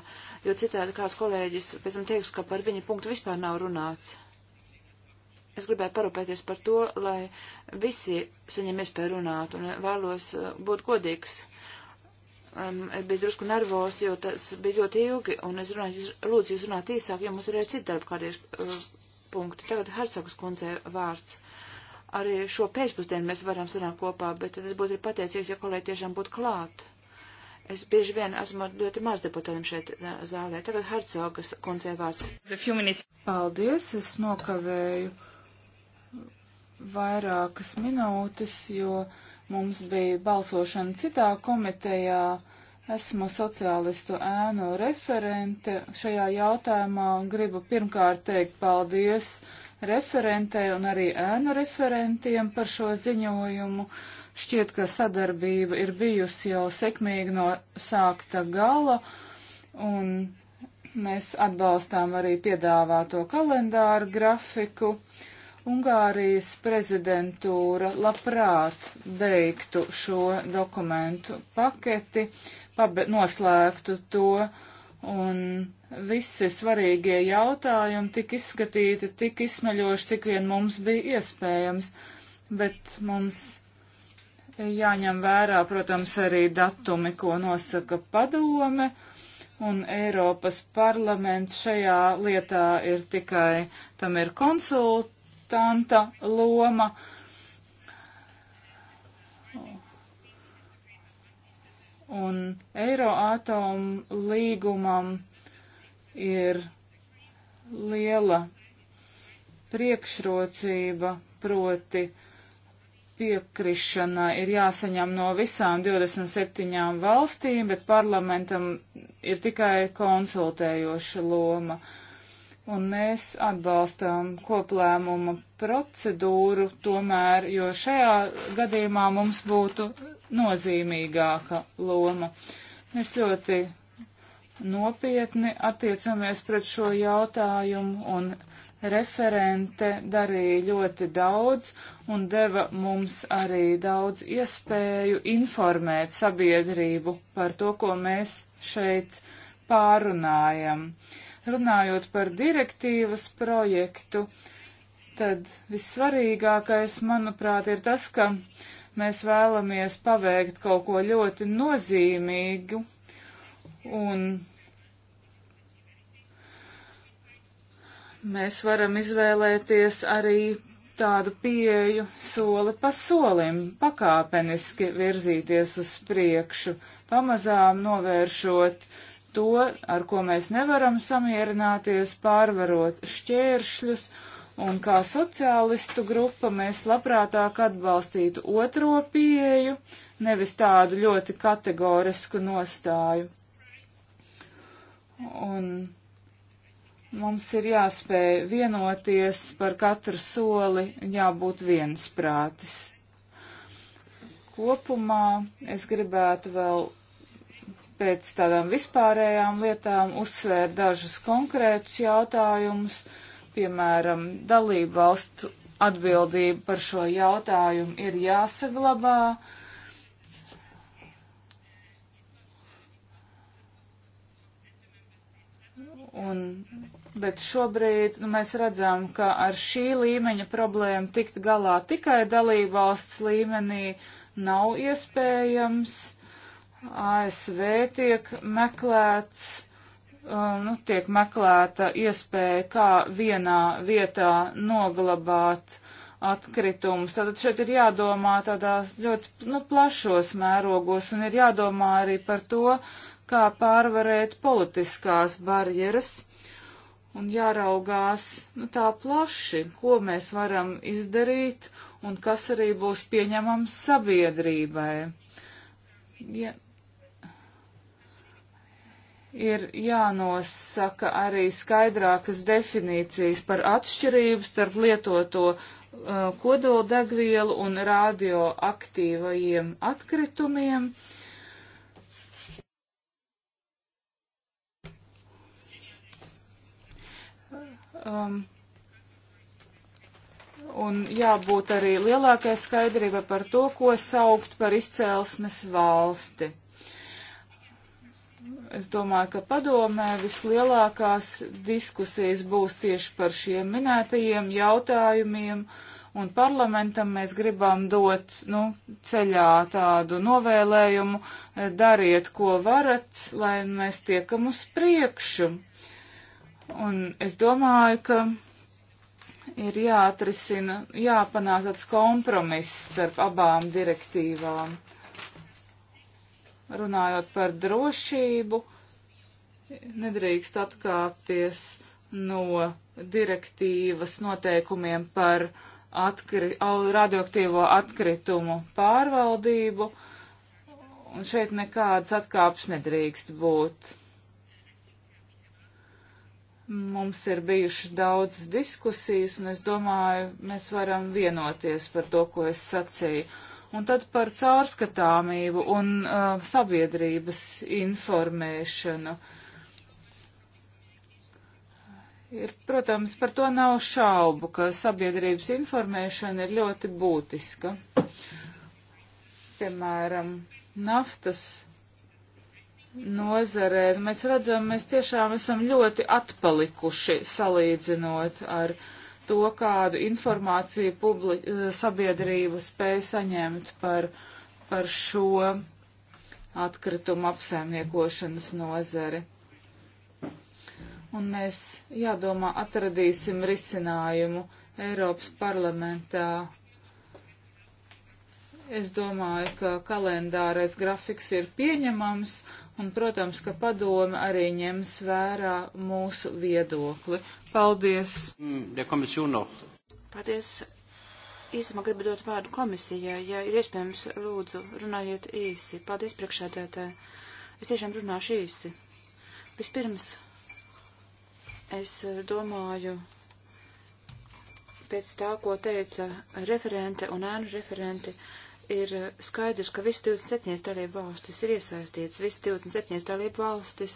jo citādi kāds kolēģis pēc tam teiks, ka par viņa punktu vispār nav runāts es gribētu parūpēties par to, lai visi saņem iespēju runāt un vēlos eh, būt godīgs. Um, es biju drusku nervos, jo tas bija ļoti ilgi, un es runāju, jūs, lūdzu, jūs runāt īsāk, jo mums ir arī citi darba kādie uh, punkti. Tagad Hercogas kundzei vārds. Arī šo pēcpusdienu mēs varam sanākt kopā, bet tad es būtu pateicīgs, ja kolēģi tiešām būtu klāt. Es bieži vien esmu ļoti maz deputātiem šeit uh, zālē. Tagad Hercogas kundzei vārds. Paldies, es nokavēju vairākas minūtes, jo mums bija balsošana citā komitejā. Esmu sociālistu ēnu referente šajā jautājumā un gribu pirmkārt teikt paldies referentei un arī ēnu referentiem par šo ziņojumu. Šķiet, ka sadarbība ir bijusi jau sekmīga no sākta gala un mēs atbalstām arī piedāvāto kalendāru grafiku. Uh, Ungārijas prezidentūra labprāt beigtu šo dokumentu paketi, noslēgtu to, un visi svarīgie jautājumi tika izskatīti tik izsmeļoši, cik vien mums bija iespējams, bet mums jāņem vērā, protams, arī datumi, ko nosaka padome, un Eiropas parlaments šajā lietā ir tikai, tam ir konsult konstanta loma. Un Eiroatomu līgumam ir liela priekšrocība, proti piekrišana ir jāsaņem no visām 27 valstīm, bet parlamentam ir tikai konsultējoša loma. Uh, un mēs atbalstām koplēmuma procedūru tomēr, jo šajā gadījumā mums būtu nozīmīgāka loma. Mēs ļoti nopietni attiecamies pret šo jautājumu un referente darīja ļoti daudz un deva mums arī daudz iespēju informēt sabiedrību par to, ko mēs šeit pārunājam. Uh, Runājot par direktīvas projektu, tad vissvarīgākais, manuprāt, ir tas, ka mēs vēlamies paveikt kaut ko ļoti nozīmīgu un mēs varam izvēlēties arī tādu pieeju soli pa solim, pakāpeniski virzīties uz priekšu, pamazām novēršot to, ar ko mēs nevaram samierināties, pārvarot šķēršļus, un kā sociālistu grupa mēs labprātāk atbalstītu otro pieeju, nevis tādu ļoti kategorisku nostāju. Un mums ir jāspēj vienoties par katru soli, jābūt viensprātis. Kopumā es gribētu vēl pēc tādām vispārējām lietām uzsvēra dažus konkrētus jautājumus, piemēram, dalību valstu atbildība par šo jautājumu ir jāsaglabā. Un, bet šobrīd nu, mēs redzam, ka ar šī līmeņa problēmu tikt galā tikai dalībvalsts līmenī nav iespējams. ASV tiek meklēts, uh, nu, tiek meklēta iespēja, kā vienā vietā noglabāt atkritumus. Tātad šeit ir jādomā tādās ļoti nu, plašos mērogos un ir jādomā arī par to, kā pārvarēt politiskās barjeras un jāraugās nu, tā plaši, ko mēs varam izdarīt un kas arī būs pieņemams sabiedrībai. Ja, ir jānosaka arī skaidrākas definīcijas par atšķirības starp lietoto uh, kodoldegvielu un radioaktīvajiem atkritumiem. Um, un jābūt arī lielākai skaidrībai par to, ko saukt par izcēlesmes valsti. Es domāju, ka padomē vislielākās diskusijas būs tieši par šiem minētajiem jautājumiem, un parlamentam mēs gribam dot nu, ceļā tādu novēlējumu, dariet, ko varat, lai mēs tiekam uz priekšu. Un es domāju, ka ir jāatrisina, jāpanāk tāds kompromiss starp abām direktīvām runājot par drošību, nedrīkst atkāpties no direktīvas noteikumiem par atkri, radioaktīvo atkritumu pārvaldību, un šeit nekādas atkāpes nedrīkst būt. Mums ir bijušas daudzas diskusijas, un es domāju, mēs varam vienoties par to, ko es sacīju. Uh, Un tad par caurskatāmību un uh, sabiedrības informēšanu. Ir, protams, par to nav šaubu, ka sabiedrības informēšana ir ļoti būtiska. Piemēram, naftas nozarē mēs redzam, mēs tiešām esam ļoti atpalikuši salīdzinot ar uh, to, kādu informāciju publi, eh, sabiedrība spēja saņemt par, par šo atkritumu apsaimniekošanas nozari. Un mēs, jādomā, atradīsim risinājumu Eiropas parlamentā Es domāju, ka kalendārais grafiks ir pieņemams, un, protams, ka padome arī ņems vērā mūsu viedokli. Paldies! Mm, Paldies! Īsumā gribu dot vārdu komisijai. Ja ir iespējams, lūdzu, runājiet īsi. Paldies priekšēdētāji. Es tiešām runāšu īsi. Vispirms, es eh, domāju, pēc tā, ko teica referente un ēnu referente, uh, ir skaidrs, ka visas 27 dalību valstis ir iesaistītas, visas 27 dalību valstis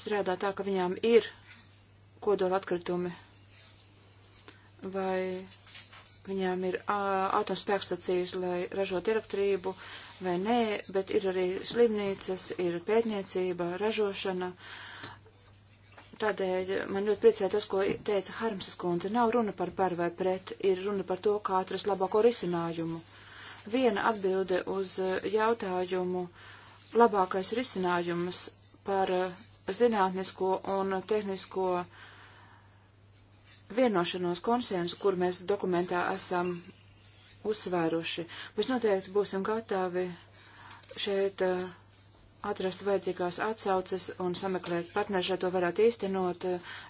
strādā tā, ka viņām ir kodola atkritumi vai viņām ir atomspēkstacijas, lai ražot elektrību vai nē, bet ir arī slimnīcas, ir pētniecība, ražošana. Uh, Tādēļ man ļoti priecē tas, ko teica Harmsas kundze. Nav runa par par vai pret, ir runa par to, kā atrast labāko risinājumu. Viena atbilde uz eh, jautājumu labākais risinājums par eh, zinātnisko un tehnisko vienošanos konsensu, kur mēs dokumentā esam uzsvēruši. Mēs noteikti būsim gatavi šeit uh, atrast vajadzīgās atsauces un sameklēt partneri, lai to varētu īstenot.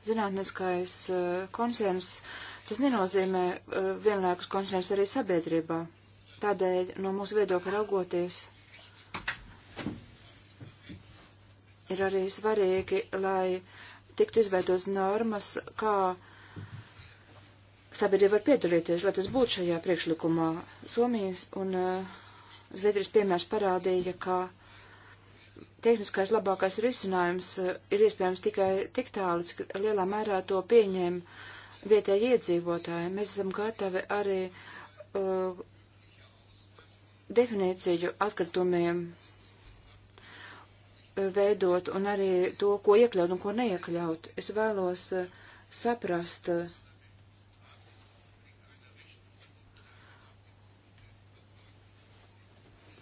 Zinātniskais eh, konsens, tas nenozīmē eh, vienlaikus konsens arī sabiedrībā. Tādēļ no mūsu viedokļa raugoties ir arī svarīgi, lai tiktu izveidotas normas, kā sabiedrība var piedalīties, lai tas būtu šajā priekšlikumā. Somijas un uh, Zviedrijas piemērs parādīja, ka uh, tehniskais labākais risinājums eh, ir iespējams tikai tik tālu, cik lielā mērā to pieņēma vietēji iedzīvotāji. Mēs esam gatavi arī uh, definīciju atkritumiem eh, veidot un arī to, ko iekļaut un ko neiekļaut. Es vēlos uh, saprast, uh,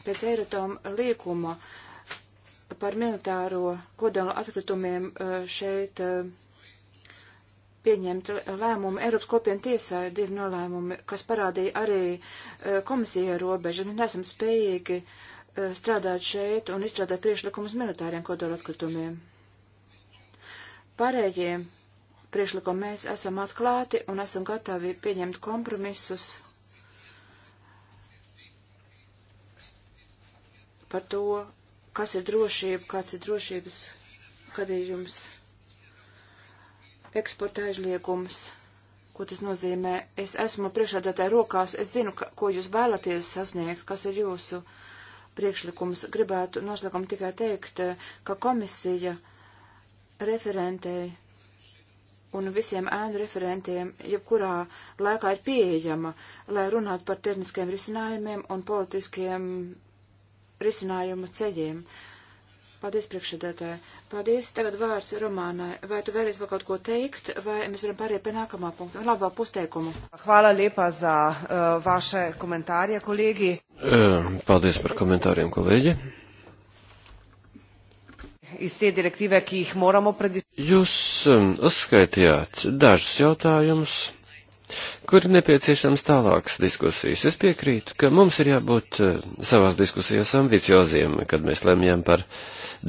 pēc Eiratoma līkuma uh, par militāro kodolu atkritumiem eh, šeit eh, pieņemt lēmumu Eiropas kopienu tiesā, divi nolēmumi, kas parādīja arī eh, komisija robežu. Mēs neesam spējīgi strādāt šeit un izstrādāt priešlikumus militāriem kodola atkritumiem. Pārējie priešlikumi mēs esam atklāti un esam gatavi pieņemt kompromisus par to, kas ir drošība, kāds ir drošības gadījums, eksporta aizliegums, ko tas nozīmē. Es esmu priekšādātāja rokās, es zinu, ka, ko jūs vēlaties sasniegt, kas ir jūsu priekšlikums. Gribētu noslēgumu tikai teikt, ka komisija referentei un visiem ēnu referentiem, jebkurā laikā ir pieejama, lai runātu par tehniskiem risinājumiem un politiskiem risinājuma ceļiem. Paldies, priekšsēdētāji. Paldies. Tagad vārds Romānai. Vai tu vēlies vēl kaut ko teikt, vai mēs varam pāriet pie nākamā punkta? Labā pusteikumu. Hvala liepā za uh, vaše komentārie, kolēģi. Eh, paldies par komentāriem, kolēģi. Jūs um, uzskaitījāt dažus jautājumus kur ir nepieciešams tālākas diskusijas. Es piekrītu, ka mums ir jābūt eh, savās diskusijās ambicioziem, kad mēs lemjam par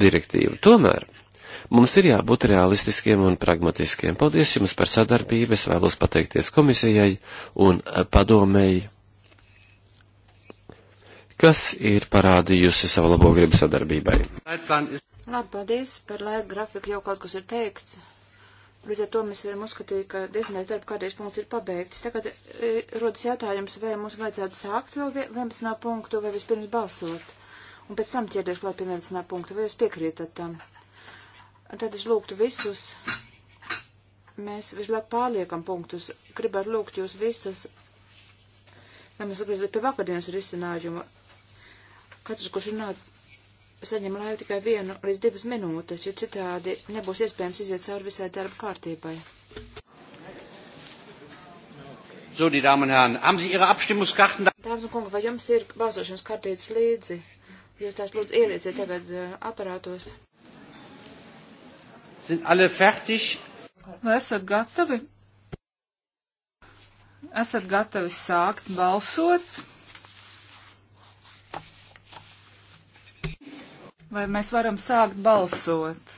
direktīvu. Tomēr mums ir jābūt realistiskiem un pragmatiskiem. Paldies jums par sadarbību, es vēlos pateikties komisijai un eh, padomēji kas ir parādījusi savu labo gribu sadarbībai. Labi, paldies par laika grafiku, jau kaut kas ir teikts. Līdz ar to mēs varam uzskatīt, ka desmitais darba kārtības punkts ir pabeigts. Tagad e, rodas jautājums, vai mums vajadzētu sākt vēl 11. punktu, vai vispirms balsot, un pēc tam ķerties klāt pie 11. punktu, vai jūs piekrītat tam. Tad es lūgtu visus, mēs vislabāk pārliekam punktus, gribētu lūgt jūs visus, lai mēs atgriezītu pie vakardienas risinājuma. Katrs, kurš runāt saņem laiku tikai vienu līdz divas minūtes, jo citādi nebūs iespējams iziet cauri visai darba kārtībai. So, die Damen und Herren, haben Sie Ihre Abstimmungskarten? Dāmas un kungi, vai jums ir balsošanas kartītes līdzi? Jūs tās lūdzu ielieciet tagad uh, eh, aparātos. Sind alle fertig? Vai esat gatavi? Esat gatavi sākt balsot? Vai mēs varam sākt balsot?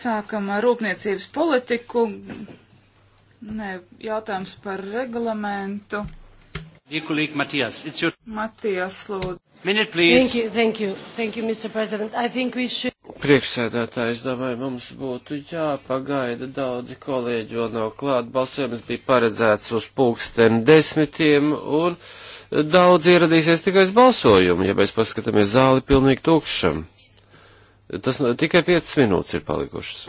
Sākam ar rūpniecības politiku. Nē, jautājums par reglamentu. Matijas, your... Matijas, lūdzu. Minute, please. Thank you, thank you, thank you, Mr. President. I think we should. Priekšsēdētājs, domāju, mums būtu jāpagaida daudzi kolēģi vēl nav klāt. Balsojums bija paredzēts uz pulksten desmitiem un. Uh, daudz ieradīsies tikai uz balsojumu, ja mēs paskatāmies zāli pilnīgi tukšam. Tas nu, tikai 5 minūtes ir palikušas.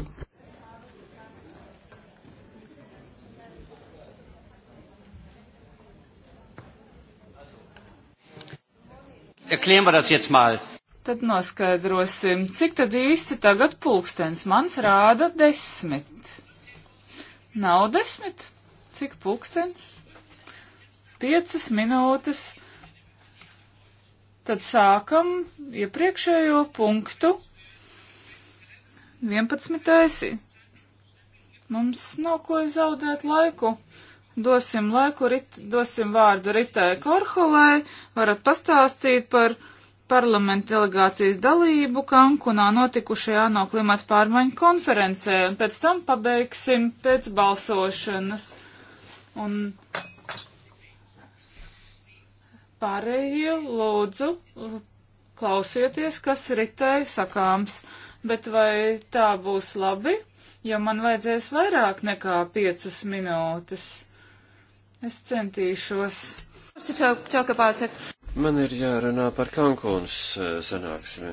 Erklären wir das jetzt mal. Tad noskaidrosim, cik tad īsti tagad pulkstens mans rāda desmit. Nav desmit? Cik pulkstens? piecas minūtes, tad sākam iepriekšējo punktu. 11. Mums nav ko zaudēt laiku. Dosim laiku, rit, dosim vārdu Ritai Korholai, varat pastāstīt par parlamenta delegācijas dalību Kankunā notikušajā no klimata pārmaiņu konferencē, un pēc tam pabeigsim pēc balsošanas. Un Pārējie lūdzu klausieties, kas Ritai sakāms, bet vai tā būs labi, ja man vajadzēs vairāk nekā piecas minūtes? Es centīšos. Man ir jārunā par Kankūnas eh, sanāksmi.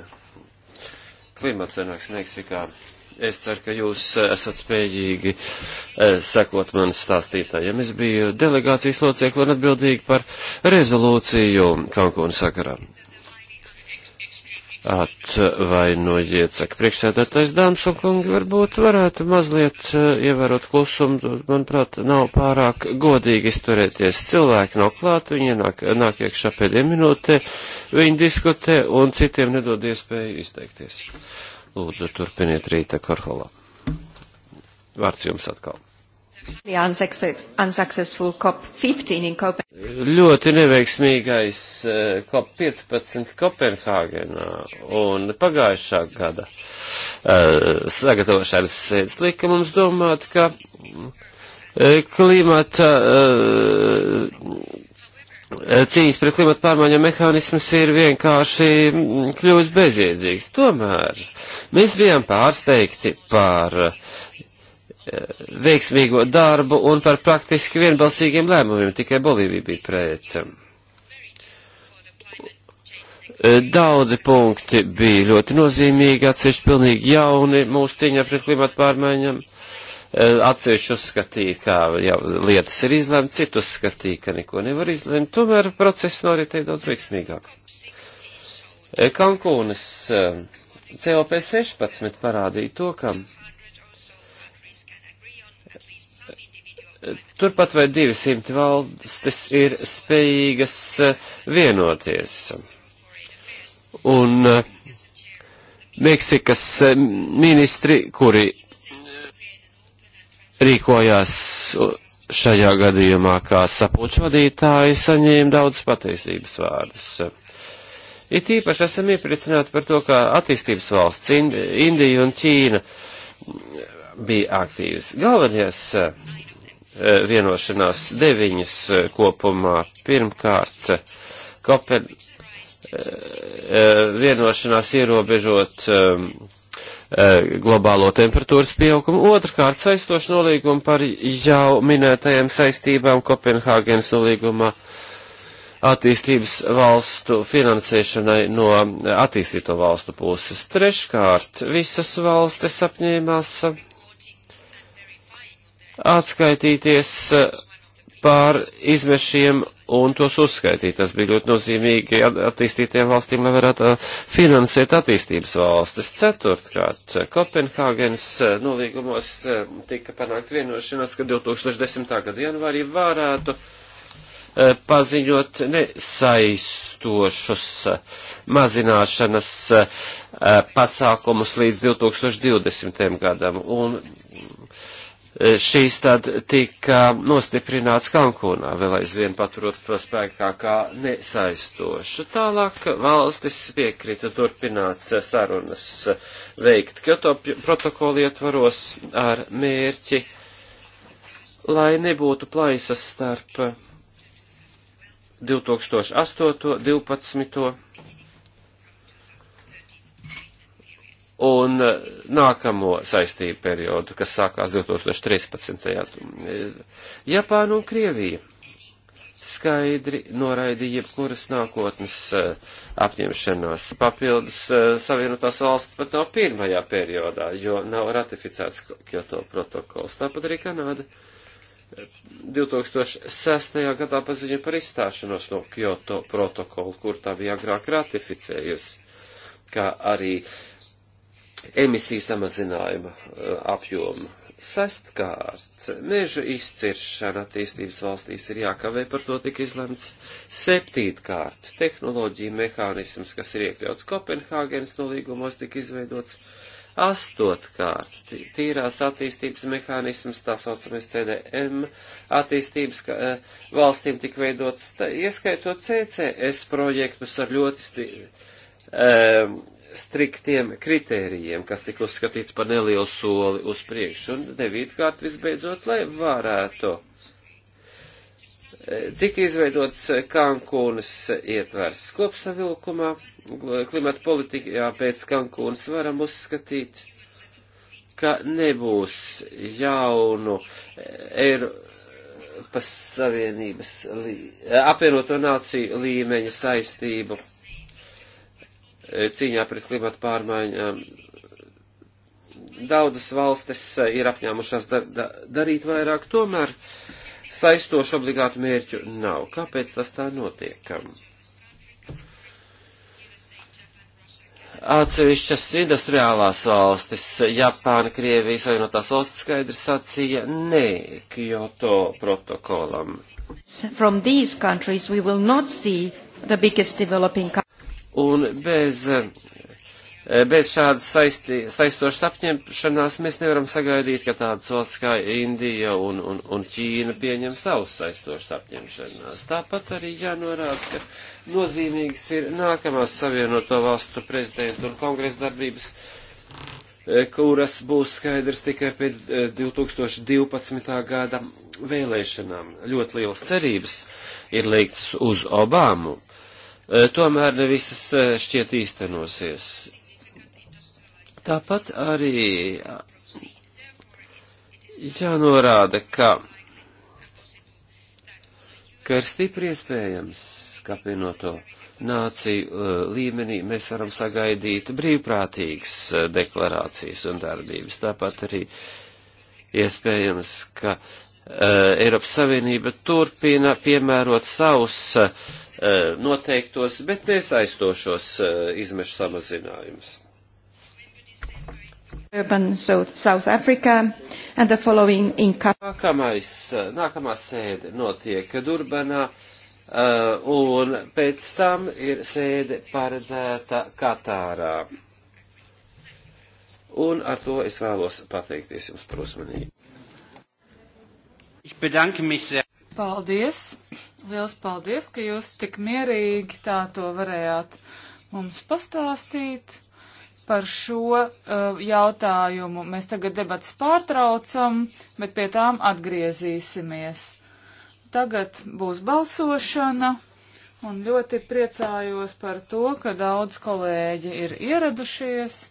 Klimata sanāksmi Meksikā. Es ceru, ka jūs eh, esat spējīgi eh, sekot man stāstītājiem. Es biju delegācijas locekli un atbildīgi par rezolūciju Kankūna sakarā. Atvainojiet, saka priekšsēdētais dāmas un kungi, varbūt varētu mazliet eh, ievērot klusumu, manuprāt, nav pārāk godīgi izturēties. Cilvēki nav klāt, viņi nāk, nāk iekšā pēdējā minūtē, viņi diskutē un citiem nedod iespēju izteikties. Lūdzu, turpiniet rīta Korholā. Vārds jums atkal. Ļoti neveiksmīgais eh, COP15 Kopenhāgenā un pagājušā gada eh, sagatavošanas sēdes lika mums domāt, ka eh, klimata cīņas pret klimatu pārmaiņu mehānisms ir vienkārši kļuvis bezjēdzīgs. Tomēr mēs bijām pārsteigti par eh, veiksmīgo darbu un par praktiski vienbalsīgiem lēmumiem, tikai Bolīvija bija pret. Eh, daudzi punkti bija ļoti nozīmīgi, atsevišķi pilnīgi jauni mūsu cīņā pret klimatu pārmaiņām. Uh, E, atsevišķi uzskatīja, ka jā, lietas ir izlemts, citu uzskatīja, ka neko nevar izlemt, tomēr process noritēja daudz veiksmīgāk. E, Kankūnas e, COP16 parādīja to, ka turpat vai 200 valstis ir spējīgas vienoties. Un Meksikas ministri, kuri rīkojās šajā gadījumā kā sapučvadītāji, saņēma daudz pateicības vārdus. It īpaši esam iepriecināti par to, ka attīstības valsts Indija un Ķīna mm, bija aktīvas. Galvenajās e, vienošanās deviņas e, kopumā pirmkārt Kopenhāgenes Eh, eh, vienošanās ierobežot um, globālo temperatūras pieaugumu, otrkārt saistošu nolīgumu par jau minētajām saistībām Kopenhāgenes nolīgumā attīstības valstu finansēšanai no attīstīto valstu puses. Treškārt, visas valstis apņēmās atskaitīties pār izmešiem un tos uzskaitīt. Tas bija ļoti nozīmīgi attīstītiem valstīm, lai varētu uh, finansēt attīstības valstis. Ceturtkārt, Kopenhāgenes uh, nolīgumos uh, tika panākt vienošanās, ka 2010. gada janvārī varētu paziņot nesaistošus mazināšanas pasākumus līdz 2020. gadam. Un Eh, šīs tad tika nostiprināts Kankūnā, vēl aizvien paturot to spēkā kā nesaistošu. Tālāk valstis piekrita turpināt sarunas veikt Kyoto protokolu ietvaros ar mērķi, lai nebūtu plaisas starp 2008. 12. un eh, nākamo saistību periodu, kas sākās 2013. Eh, Japāna un Krievija skaidri noraidīja jebkuras nākotnes eh, apņemšanās. Papildus Savienotās valsts pat nav pirmajā periodā, jo nav ratificēts Kyoto protokols. Tāpat arī Kanāda 2006. gadā paziņoja par izstāšanos no Kyoto protokolu, kur tā bija agrāk ratificējusi, kā arī uh, emisiju samazinājuma eh, apjomu. Sestkārt, meža izciršana attīstības valstīs ir jākavē, par to tika izlemts. Septītkārt, tehnoloģija mehānisms, kas ir iekļauts Kopenhāgenes nolīgumos, tika izveidots. Astotkārt, tīrās attīstības mehānisms, tā saucamais CDM, attīstības ka, eh, valstīm tika veidots, tā, ieskaitot CCS projektus ar ļoti um, striktiem kritērijiem, kas tika uzskatīts par nelielu soli uz priekšu, un devītkārt visbeidzot, lai varētu. Eh, tika izveidots Kankūnas ietvers kopsavilkumā, klimata politikā pēc Kankūnas varam uzskatīt, ka nebūs jaunu eh, Eiropas Savienības, eh, apvienoto nāciju līmeņa saistību cīņā pret klimatu pārmaiņām. Daudzas valstis eh, ir apņēmušās da da darīt vairāk, tomēr saistošu obligātu mērķu nav. Kāpēc tas tā notiek? Atsevišķas industriālās valstis, Japāna, Krievija, Savienotās valstis skaidri sacīja nē Kyoto protokolam. From these countries we will not see the biggest developing countries. Un bez, eh, bez šādas saisti, saistošas apņemšanās mēs nevaram sagaidīt, ka tādas valsts kā Indija un, un, un Ķīna pieņem savus saistošas apņemšanās. Tāpat arī jānorāda, ka nozīmīgs ir nākamās savienoto valstu prezidentu un kongresa darbības eh, kuras būs skaidrs tikai pēc 2012. Eh, gada vēlēšanām. Ļoti liels cerības ir liekts uz Obamu, Eh, tomēr ne visas eh, šķiet īstenosies. Tāpat arī eh, jānorāda, ka, ka ir stipri iespējams, ka pienoto nāciju līmenī mēs varam sagaidīt brīvprātīgas deklarācijas un darbības. Tāpat arī iespējams, ka Eiropas Savienība turpina piemērot savus uh, E, noteiktos, bet nesaistošos e, izmešu samazinājumus. Urban, so South Africa, and the following in Nākamais, e, nākamā sēde notiek Durbanā, uh, un pēc tam ir sēde paredzēta Katārā. Un ar to es vēlos pateikties jums par uzmanību. Paldies! Liels paldies, ka jūs tik mierīgi tā to varējāt mums pastāstīt. Par šo uh, jautājumu mēs tagad debats pārtraucam, bet pie tām atgriezīsimies. Tagad būs balsošana. Un ļoti priecājos par to, ka daudz kolēģi ir ieradušies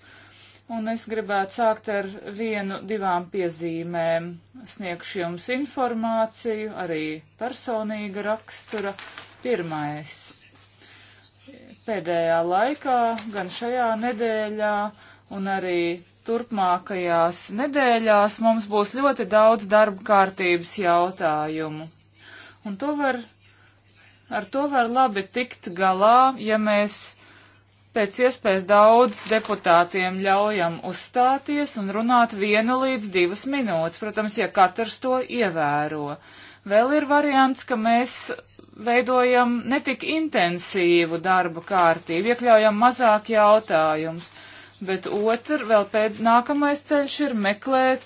un es gribētu sākt ar vienu, divām piezīmēm. Sniegšu jums informāciju, arī personīga rakstura. Pirmais. Pēdējā laikā, gan šajā nedēļā, un arī turpmākajās nedēļās mums būs ļoti daudz darba kārtības jautājumu. Un to var, ar to var labi tikt galā, ja mēs pēc iespējas daudz deputātiem ļaujam uzstāties un runāt vienu līdz divas minūtes, protams, ja katrs to ievēro. Vēl ir variants, ka mēs veidojam netik intensīvu darba kārtību, iekļaujam mazāk jautājums, bet otr, vēl pēc nākamais ceļš ir meklēt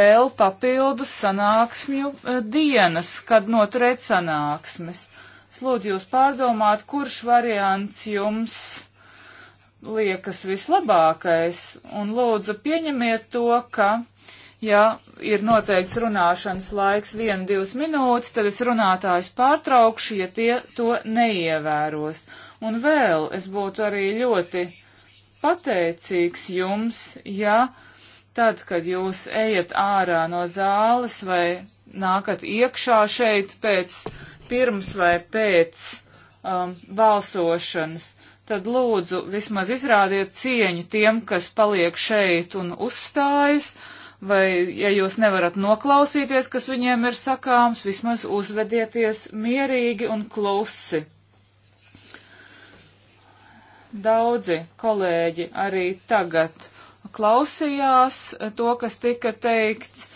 vēl papildus sanāksmju eh, dienas, kad noturēt sanāksmes. Es lūdzu jūs pārdomāt, kurš variants jums liekas vislabākais, un lūdzu pieņemiet to, ka, ja ir noteikts runāšanas laiks 1-2 minūtes, tad es runātājs pārtraukšu, ja tie to neievēros. Un vēl es būtu arī ļoti pateicīgs jums, ja tad, kad jūs ejat ārā no zāles vai nākat iekšā šeit pēc pirms vai pēc um, balsošanas, tad lūdzu vismaz izrādiet cieņu tiem, kas paliek šeit un uzstājas, vai ja jūs nevarat noklausīties, kas viņiem ir sakāms, vismaz uzvedieties mierīgi un klusi. Daudzi kolēģi arī tagad klausījās to, kas tika teikts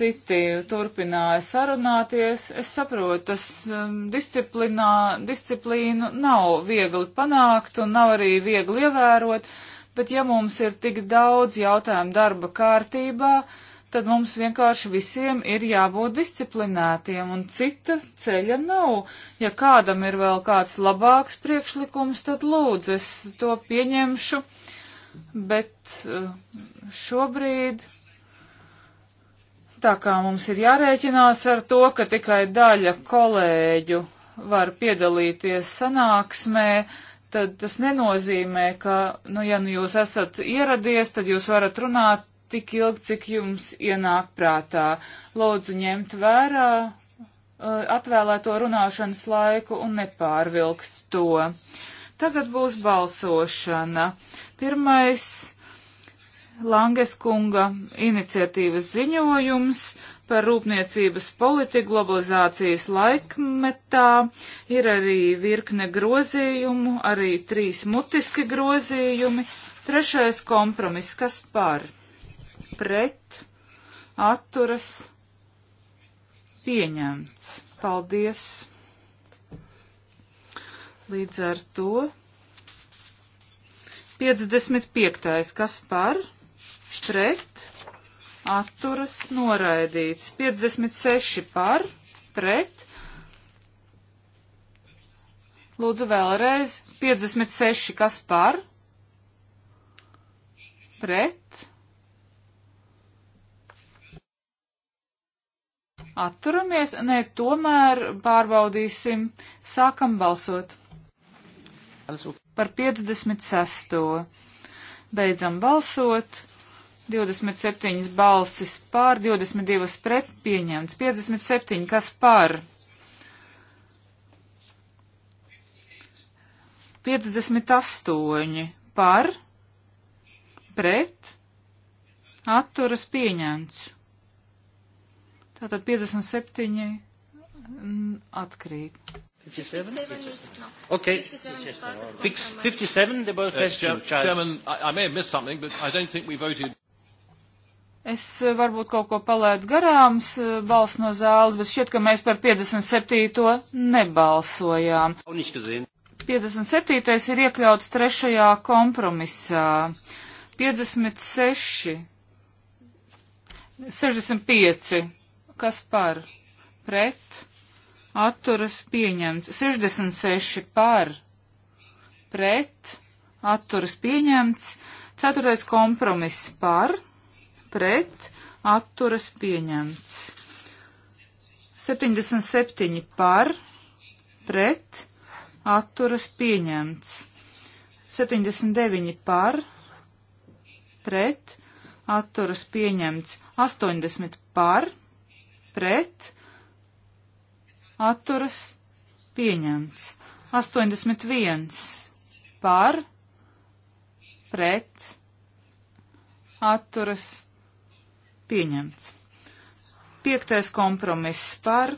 citi turpināja sarunāties. Es saprotu, tas um, disciplinā, disciplīnu nav viegli panākt un nav arī viegli ievērot, bet ja mums ir tik daudz jautājumu darba kārtībā, tad mums vienkārši visiem ir jābūt disciplinētiem, un cita ceļa nav. Ja kādam ir vēl kāds labāks priekšlikums, tad lūdzu, es to pieņemšu, bet uh, šobrīd Tā kā mums ir jārēķinās ar to, ka tikai daļa kolēģu var piedalīties sanāksmē, tad tas nenozīmē, ka, nu, ja nu jūs esat ieradies, tad jūs varat runāt tik ilgi, cik jums ienāk prātā. Lūdzu ņemt vērā uh, atvēlēto runāšanas laiku un nepārvilkt to. Tagad būs balsošana. Pirmais Langes kunga iniciatīvas ziņojums par rūpniecības politiku globalizācijas laikmetā. Ir arī virkne grozījumu, arī trīs mutiski grozījumi. Trešais kompromiss, kas par pret atturas pieņemts. Paldies! Līdz ar to 55. kas par? pret, atturas noraidīts. 56 par, pret. Lūdzu vēlreiz, 56 kas par, pret. Atturamies, nē, tomēr pārbaudīsim, sākam balsot. Par 56. Beidzam balsot 27 balsis pār, 22 pret pieņemts, 57 kas pār. 58 par, pret, atturas pieņemts. Tātad 57 atkrīt. 57? 57 no. Okay. 57, 57 the question. Chairman, I, I may have missed something, but I don't think we voted. Es eh, varbūt kaut ko palaidu garām, eh, balss no zāles, bet šķiet, ka mēs par 57. nebalsojām. 57. ir iekļauts trešajā kompromisā. 56. 65. Kas par? Pret. Atturas pieņemts. 66 par. Pret. Atturas pieņemts. Ceturtais kompromiss par pret, atturas pieņemts. 77 par, pret, atturas pieņemts. 79 par, pret, atturas pieņemts. 80 par, pret, atturas pieņemts. 81 par, pret, atturas pieņemts atturas Pieņemts. Piektais kompromiss par,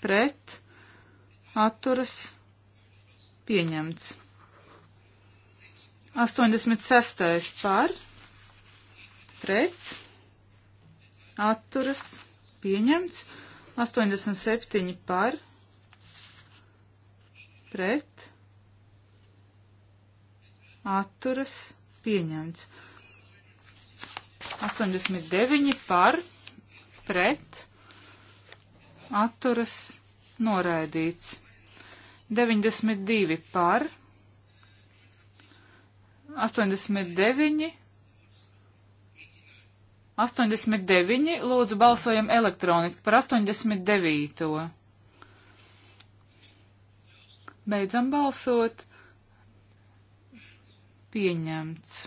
pret, atturas, pieņemts. 86. par, pret, atturas, pieņemts. 87 par, pret, atturas, pieņemts. 89 par, pret, atturas, noraidīts. 92 par, 89, 89, lūdzu balsojam elektroniski par 89. Beidzam balsot. Pieņemts.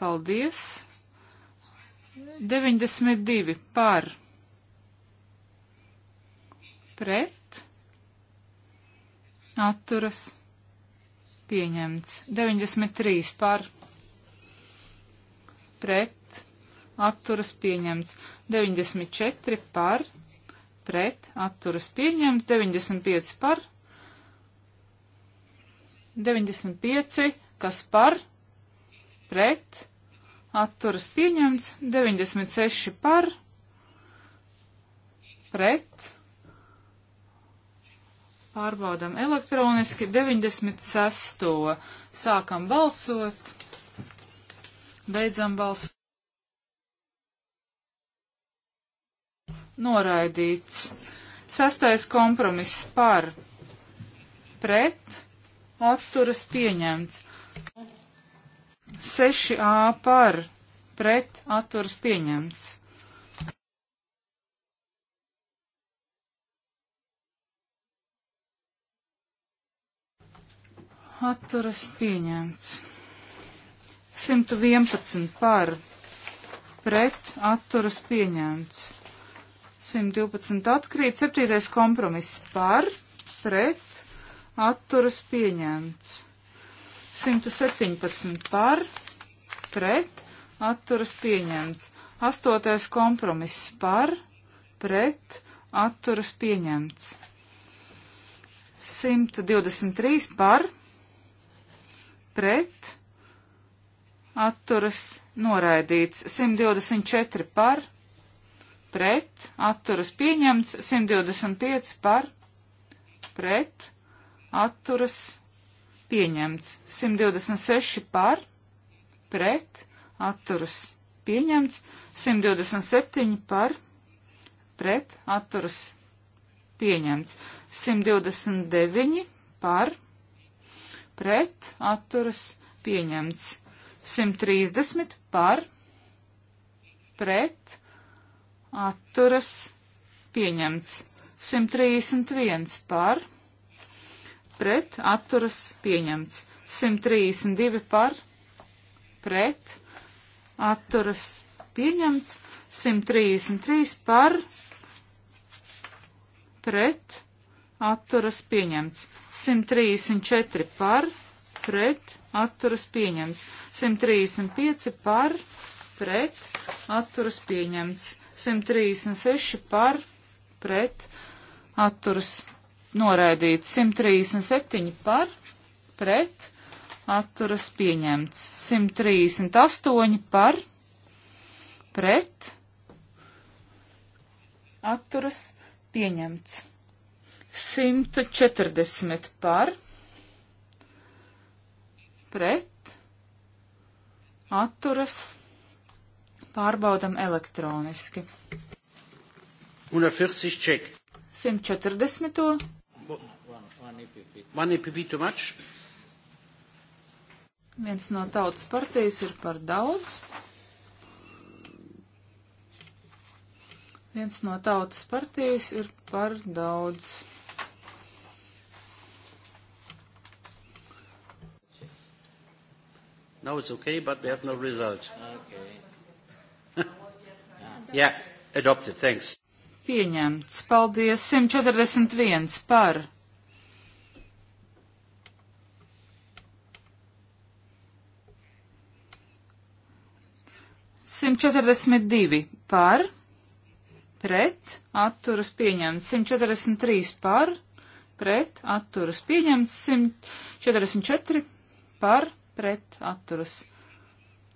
Paldies! 92 par pret atturas pieņemts. 93 par pret atturas pieņemts. 94 par pret atturas pieņemts. 95 par 95 kas par pret atturas pieņemts, 96 par, pret, pārbaudam elektroniski, 96. Sākam balsot, beidzam balsot. Noraidīts. Sastais kompromiss par, pret, atturas pieņemts. 6A par pret atturs pieņemts. Atturas pieņemts. 111 par pret atturas pieņemts. 112 atkrīt. 7. kompromiss par pret atturas pieņemts. 117 par, pret, atturas pieņemts. 8. kompromiss par, pret, atturas pieņemts. 123 par, pret, atturas noraidīts. 124 par, pret, atturas pieņemts. 125 par, pret, atturas noraidīts pieņemts. 126 par, pret, atturas pieņemts. 127 par, pret, atturas pieņemts. 129 par, pret, atturas pieņemts. 130 par, pret, atturas pieņemts. 131 par, pret, pret atturas pieņemts. 132 par pret atturas pieņemts. 133 par pret atturas pieņemts. 134 par pret atturas pieņemts. 135 par pret atturas pieņemts. 136 par pret atturas pieņemts atturas noraidīts 137 par, pret, atturas pieņemts 138 par, pret, atturas pieņemts 140 par, pret, atturas pārbaudam elektroniski. 140 ček. 140. One EPP too much? Viens no tautas partijas ir par daudz. Viens no tautas partijas ir par daudz. Now it's okay, but we have no result. Okay. yeah, adopted, thanks. Pieņemts. Paldies. 141 par 142 par, pret, atturas pieņemts. 143 par, pret, atturas pieņemts. 144 par, pret, atturas.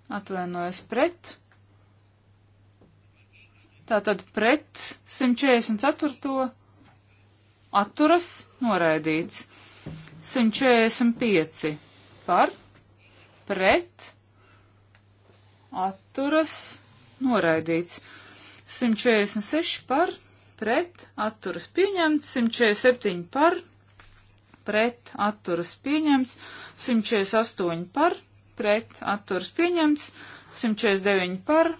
Atvainojas pret. Tātad pret 144. atturas noraidīts. 145 par, pret, atturas atturas noraidīts. 146 par, pret, atturas pieņemts, 147 par, pret, atturas pieņemts, 148 par, pret, atturas pieņemts, 149 par,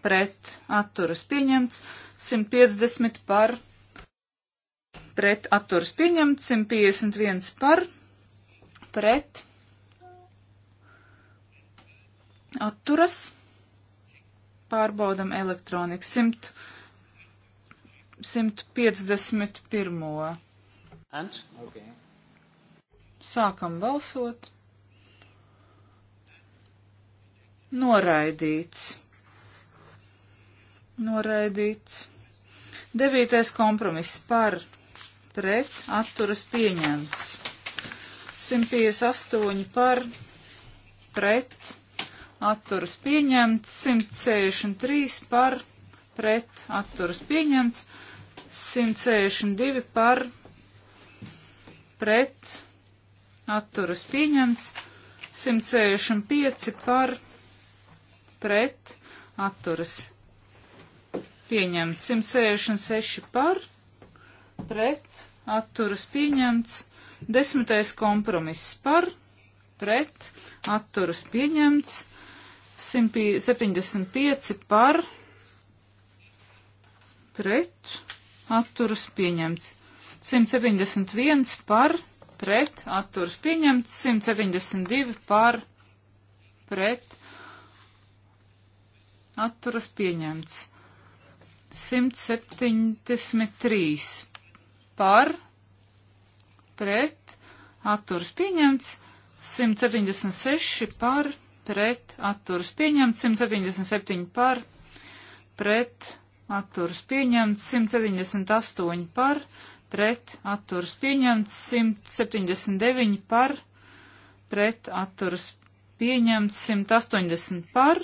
pret, atturas pieņemts, 150 par, pret, atturas pieņemts, 151 par, pret, atturas. Pārbaudam elektroniku. 100, 151. And? Okay. Sākam balsot. Noraidīts. Noraidīts. Devītais kompromiss par pret atturas pieņemts. 158 par pret atturas pieņemts, 163 par pret atturas pieņemts, 162 par pret atturas pieņemts, 165 par pret atturas pieņemts, 166 par pret atturas pieņemts, 10. kompromiss par pret atturas pieņemts, 175 par pret atturas pieņemts. 171 par pret atturas pieņemts. 172 par pret atturas pieņemts. 173 par pret atturas pieņemts. 176 par pret pret atturas pieņemts 177 par, pret atturas pieņemts 178 par, pret atturas pieņemts 179 par, pret atturas pieņemts 180 par,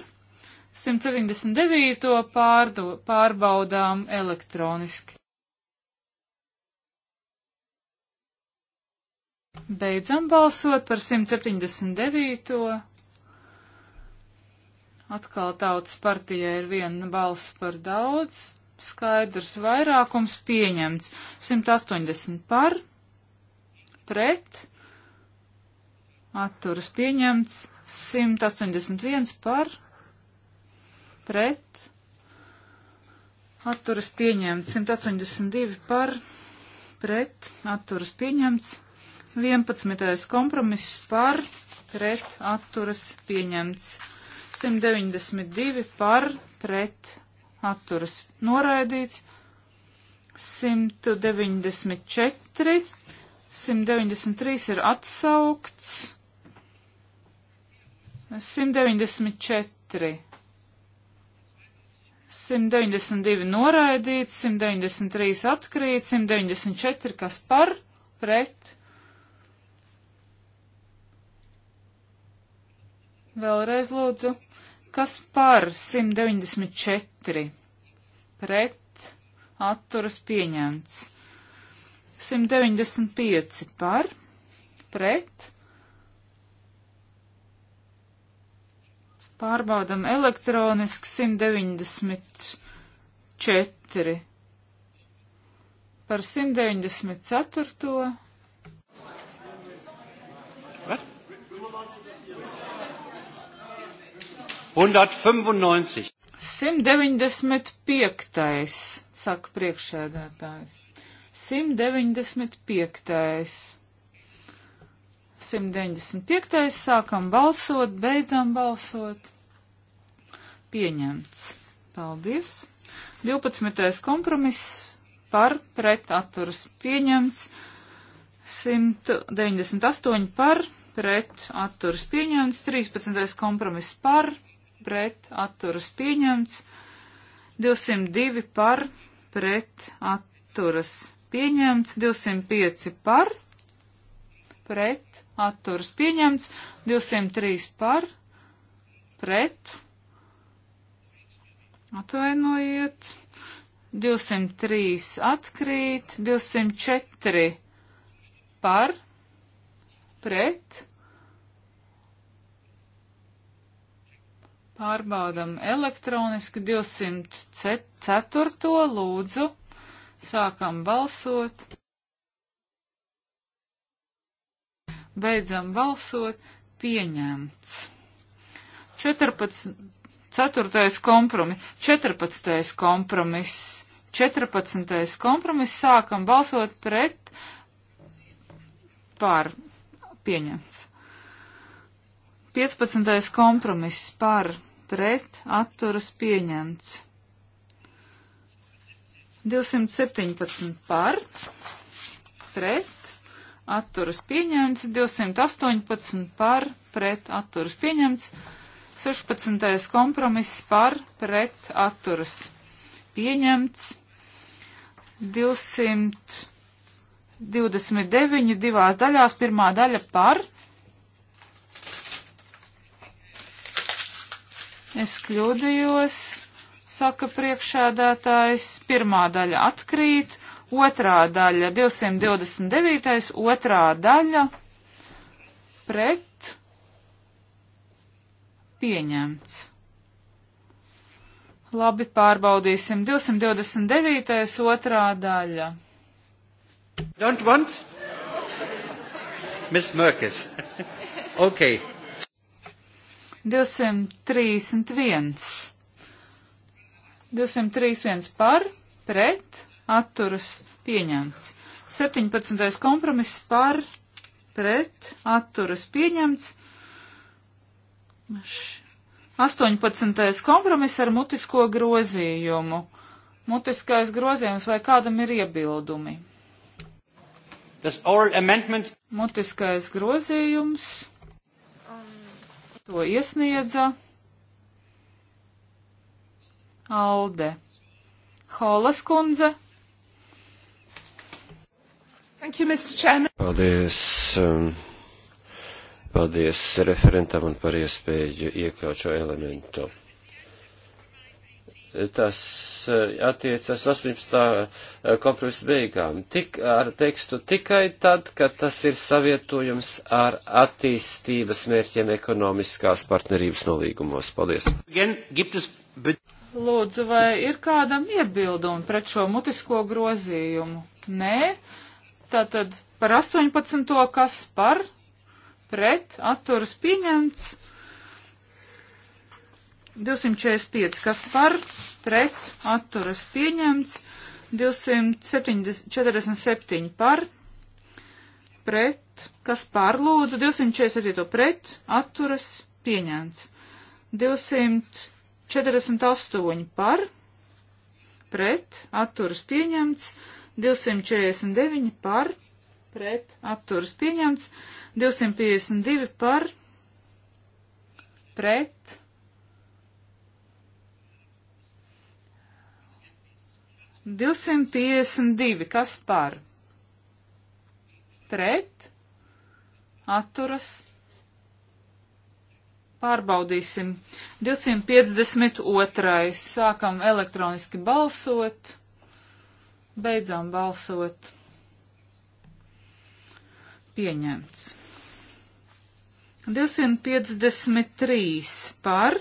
179 pārdo, pārbaudām elektroniski. Beidzam balsot par 179. Atkal tautas partijai ir viena balss par daudz, skaidrs vairākums pieņemts. 180 par, pret, atturas pieņemts, 181 par, pret, atturas pieņemts, 182 par, pret, atturas pieņemts, 11. kompromiss par, pret, atturas pieņemts. 192 par pret atturas noraidīts, 194, 193 ir atsaukts, 194, 192 noraidīts, 193 atkrīt, 194 kas par pret Vēlreiz lūdzu, kas par 194? Pret atturas pieņemts. 195 par, pret. Pārbaudam elektroniski 194 par 194. 195. 195. saka priekšsēdētājs. 195. 195. sākam balsot, beidzam balsot. Pieņemts. Paldies. 12. kompromiss par pret atturas pieņemts. 198 par pret atturas pieņemts. 13. kompromiss par pret atturas pieņemts, 202 par pret atturas pieņemts, 205 par pret atturas pieņemts, 203 par pret atvainojiet, 203 atkrīt, 204 par pret Pārbaudam elektroniski 204. lūdzu. Sākam balsot. Beidzam balsot. Pieņemts. 14. 4. kompromis. 14. kompromis. 14. kompromis. Sākam balsot pret pār pieņemts. 15. kompromiss par pret atturas pieņemts. 217 par pret atturas pieņemts, 218 par pret atturas pieņemts, 16. kompromiss par pret atturas pieņemts, 229 divās daļās, pirmā daļa par pret Es kļūdījos, saka priekšādātājs, pirmā daļa atkrīt, otrā daļa, 229. otrā daļa pret pieņemts. Labi, pārbaudīsim. 229. otrā daļa. Don't want? Miss Merkis. okay. 231. 231 par, pret, atturas pieņemts. 17. kompromiss par, pret, atturas pieņemts. 18. kompromiss ar mutisko grozījumu. Mutiskais grozījums vai kādam ir iebildumi? Mutiskais grozījums to iesniedza Alde. Holas kundze. Thank you, Mr. Chairman. Paldies. Um, paldies referentam un par iespēju iekļaut šo elementu. Tas eh, attiecas 18. Eh, kompromisa beigām. Tik ar tekstu tikai tad, kad tas ir savietojums ar attīstības mērķiem ekonomiskās partnerības nolīgumos. Paldies. Lūdzu, vai ir kādam iebildumi pret šo mutisko grozījumu? Nē. Tātad par 18. kas par pret atturas pieņemts. 245, kas par pret atturas pieņemts, 247 par pret, kas pārlūdzu, 247 pret atturas pieņemts, 248 par pret atturas pieņemts, 249 par pret atturas pieņemts, 252 par pret 252. Kas par? Pret? Atturas? Pārbaudīsim. 252. Sākam elektroniski balsot. Beidzam balsot. Pieņemts. 253 par,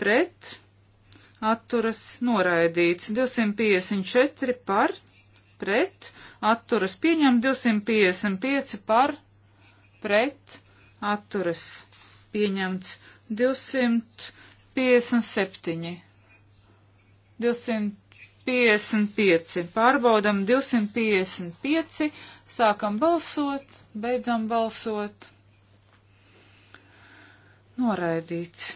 pret, atturas noraidīts, 254 par, pret, atturas pieņem, 255 par, pret, atturas pieņemts, 257, 255, pārbaudam 255, sākam balsot, beidzam balsot, noraidīts.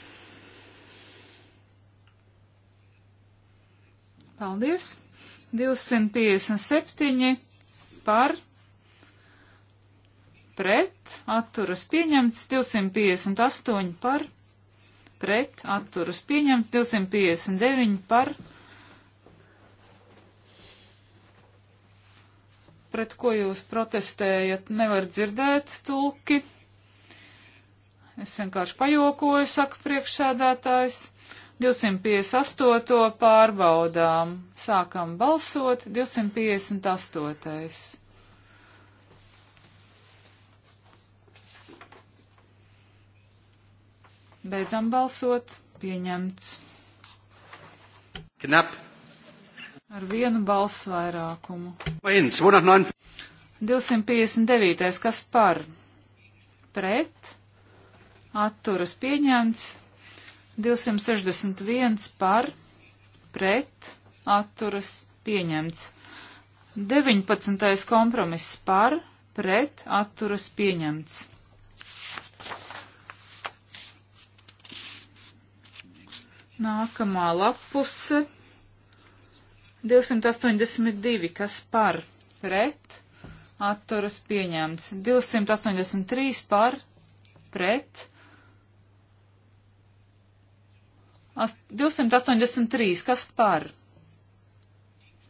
Paldies. 257 par pret atturas pieņemts, 258 par pret atturas pieņemts, 259 par pret ko jūs protestējat, nevar dzirdēt tulki. Es vienkārši pajokoju, saka priekšsēdētājs. 258. pārbaudām. Sākam balsot. 258. Beidzam balsot. Pieņemts. Knap. Ar vienu balsu vairākumu. 259. kas par? Pret. Atturas pieņemts. 261 par, pret, atturas pieņemts. 19. kompromiss par, pret, atturas pieņemts. Nākamā lapuse. 282, kas par, pret, atturas pieņemts. 283 par, pret, 283. Kas par?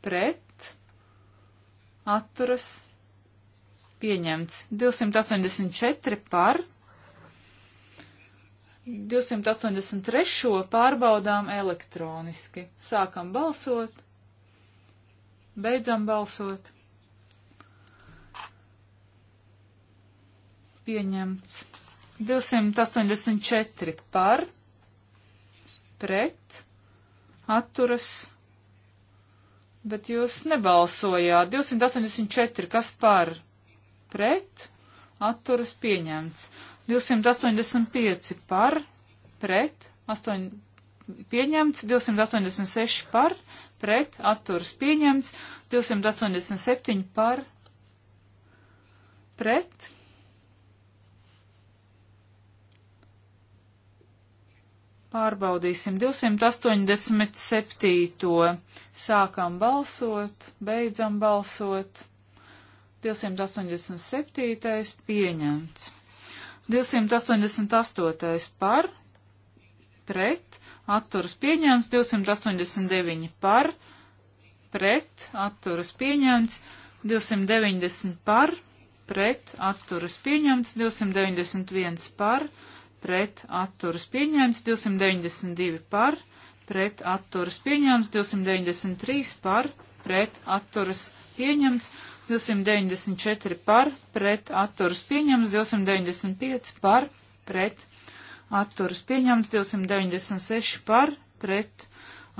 Pret. Atturas. Pieņemts. 284 par. 283. pārbaudām elektroniski. Sākam balsot. Beidzam balsot. Pieņemts. 284 par pret, atturas, bet jūs nebalsojāt. 284, kas par, pret, atturas pieņemts. 285 par, pret, 8, pieņemts, 286 par, pret, atturas pieņemts, 287 par, pret, Pārbaudīsim 287. Sākam balsot, beidzam balsot. 287. pieņemts. 288. par, pret, atturas pieņemts. 289. par, pret, atturas pieņemts. 290 par, pret, atturas pieņemts. 291 par, pret pret atturas pieņēmts 292 par, pret atturas pieņēmts 293 par, pret atturas pieņemts 294 par, pret atturas pieņemts 295 par, pret atturas pieņemts 296 par, pret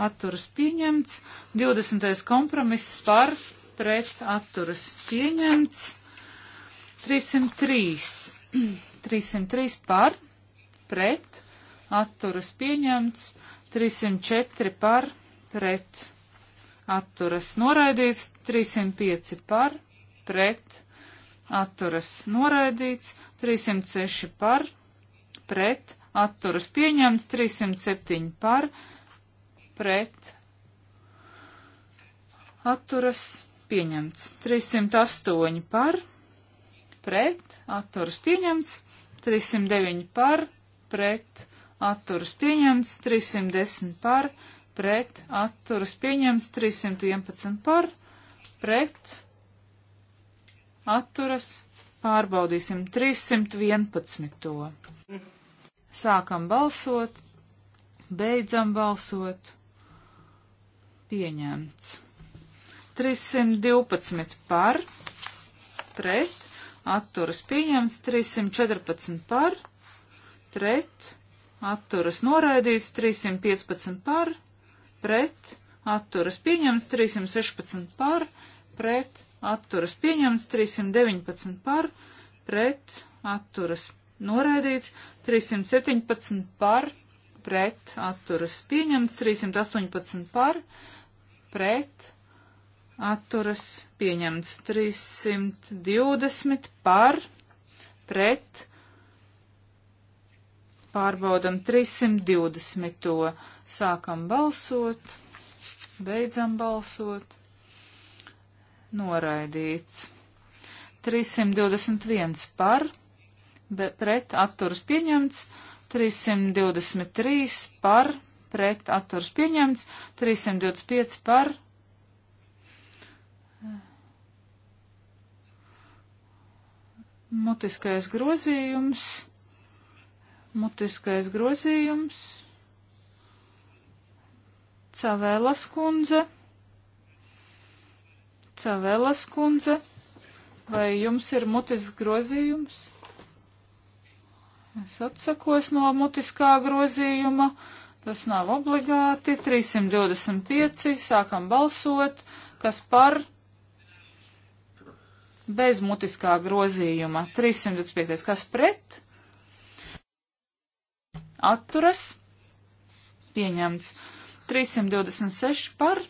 atturas pieņemts 20. kompromiss par, pret atturas pieņemts 303. 303 par, pret, atturas pieņemts, 304 par, pret, atturas noraidīts, 305 par, pret, atturas noraidīts, 306 par, pret, atturas pieņemts, 307 par, pret, atturas pieņemts, 308 par, pret, atturas pieņemts, 309 par, pret atturas pieņemts 310 par, pret atturas pieņemts 311 par, pret atturas pārbaudīsim 311. Sākam balsot, beidzam balsot, pieņemts. 312 par, pret, atturas pieņemts, 314 par, pret pret, atturas noraidīts, 315 par, pret, atturas pieņemts, 316 par, pret, atturas pieņemts, 319 par, pret, atturas noraidīts, 317 par, pret, atturas pieņemts, 318 par, pret, atturas pieņemts, 320 par, pret, Pārbaudam 320. Sākam balsot, beidzam balsot. Noraidīts. 321 par, be, pret atturs pieņemts, 323 par, pret atturs pieņemts, 325 par. Mutiskais grozījums. Mutiskais grozījums. Cavēlas kundze. Cavēlas kundze. Vai jums ir mutisks grozījums? Es atsakos no mutiskā grozījuma. Tas nav obligāti. 325. Sākam balsot. Kas par? Bez mutiskā grozījuma. 325. Kas pret? atturas pieņemts. 326 par,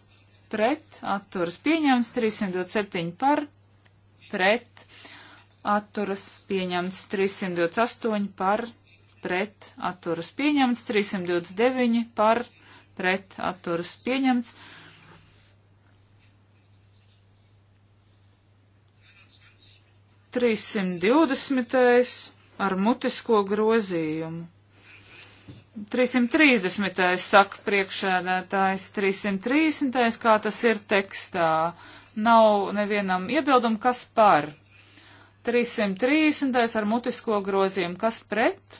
pret, atturas pieņemts, 327 par, pret, atturas pieņemts, 328 par, pret, atturas pieņemts, 329 par, pret, atturas pieņemts. Trīsimt divdesmitais ar mutisko grozījumu. 330. saka priekšēdētājs, 330. kā tas ir tekstā. Nav nevienam iebildumu, kas par. 330. ar mutisko grozījumu, kas pret,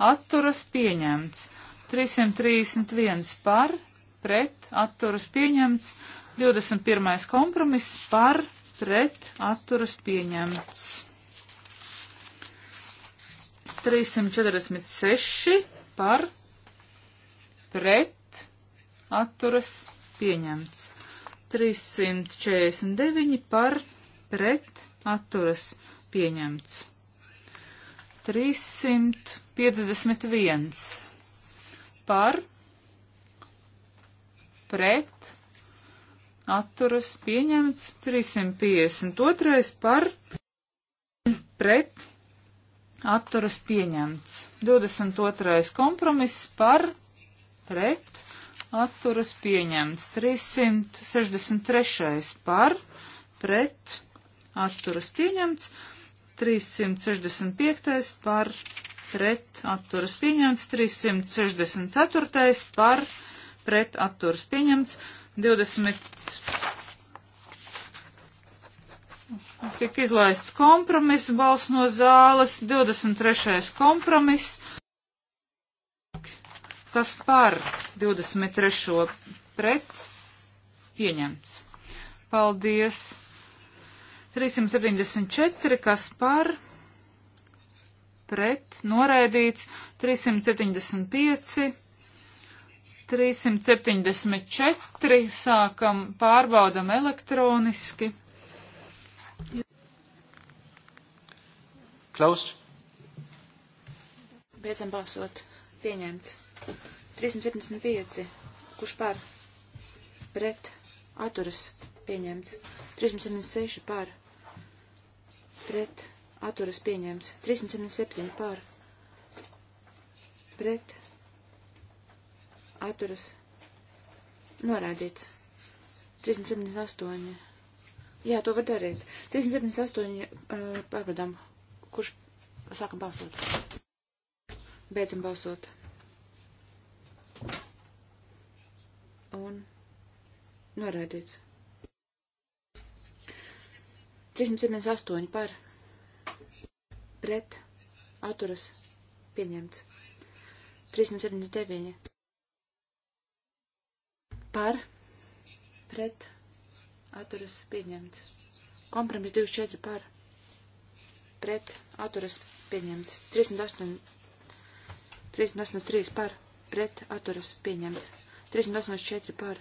atturas pieņemts. 331 par, pret, atturas pieņemts. 21. kompromiss par, pret, atturas pieņemts. 346 par, pret, atturas, pieņemts. 349 par, pret, atturas, pieņemts. 351 par, pret, atturas, pieņemts. 352 par, pret, atturas pieņemts. 22. kompromiss par pret atturas pieņemts. 363. par pret atturas pieņemts. 365. par pret atturas pieņemts. 364. par pret atturas pieņemts. 20. Tik izlaists kompromiss, balss no zāles, 23. kompromiss. Kas par 23. pret pieņemts. Paldies. 374, kas par pret noraidīts. 375. 374 sākam pārbaudam elektroniski. Closed. Beidzam balsot. Pieņemts. 375. Kurš par? Pret. Atturas. Pieņemts. 376 par. Pret. Atturas. Pieņemts. 377 par. Pret. Atturas. Norādīts. 378. Jā, to var darīt. 378 uh, pārvadām Kurš sākam balsot? Beidzam balsot. Un noraidīts. 378 par pret atturas pieņemts. 379 par pret atturas pieņemts. Kompromis 24 par pret pret atturas pieņemts. 308, 383 par pret atturas pieņemts. 384 par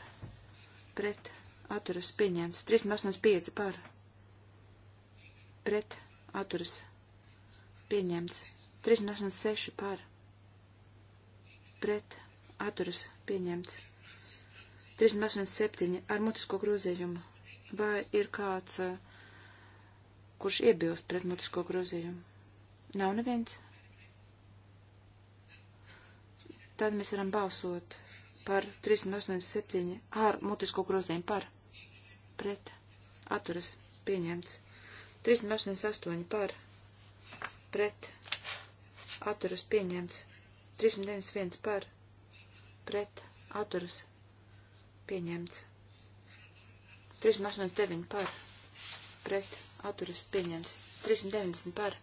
pret atturas pieņemts. 385 par pret atturas pieņemts. 386 par pret atturas pieņemts. 387 ar mutisko grozījumu. Vai ir kāds uh, Kurš iebilst pret mutisko grozījumu? Nav neviens? Tad mēs varam balsot par 387 ar mutisko grozījumu par. Pret. Atturas. Pieņemts. 388 par. Pret. Atturas. Pieņemts. 391 par. Pret. Atturas. Pieņemts. 389 par pret atturas pieņemts. 390 par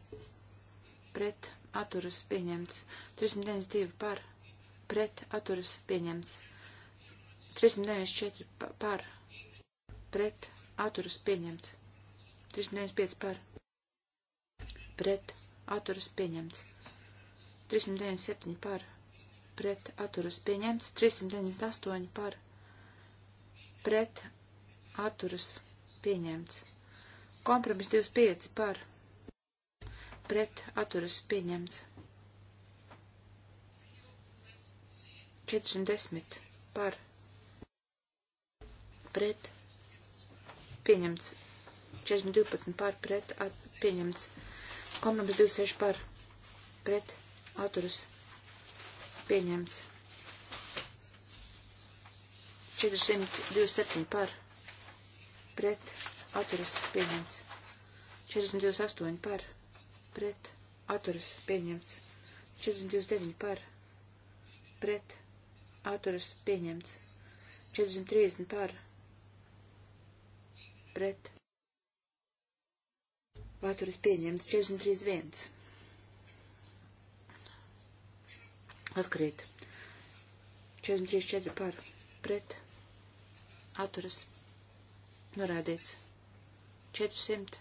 pret atturas pieņemts. 392 par pret atturas pieņemts. 394 par pret atturas pieņemts. 395 par pret atturas pieņemts. 397 par pret atturas pieņemts. 398 par pret atturas pieņemts. Kompromis 25 par. Pret atturas pieņemts. 410 par. Pret pieņemts. 412 par. Pret at, pieņemts. Kompromis 26 par. Pret atturas pieņemts. 427 par. Pret atturas pieņemts. 42.8 par pret atturas pieņemts. 42.9 par pret atturas pieņemts. 430 par pret atturas pieņemts. 431 atkrīt. 434 par pret atturas norādīts. 400.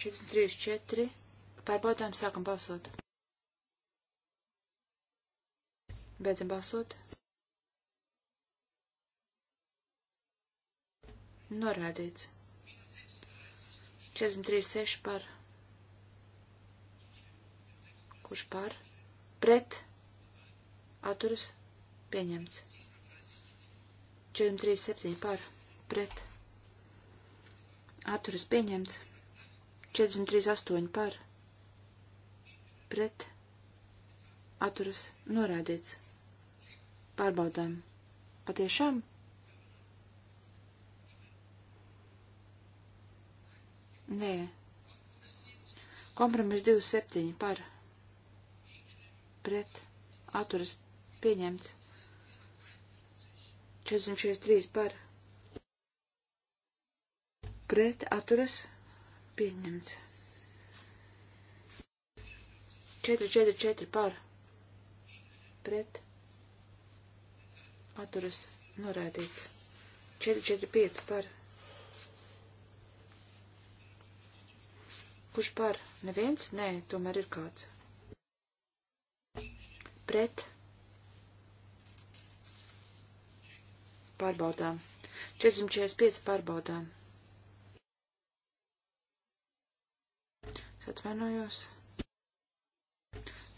434. Pārbaudām, sākam balsot. Beidzam balsot. Norādīts. 43.6 par. Kurš par? Pret. Atturas. Pieņemts. 437 par pret atturas pieņemts 43.8 par pret atturas norādīts. Pārbaudām. Patiešām? Nē. Kompromis 27 par pret atturas pieņemts. 463 par pret pret atturas pieņemts. 4, 4, 4 par pret atturas norādīts. 4, 4, 5 par. Kurš par? Neviens? Nē, tomēr ir kāds. Pret. Pārbaudām. 445 pārbaudām. Es atvainojos.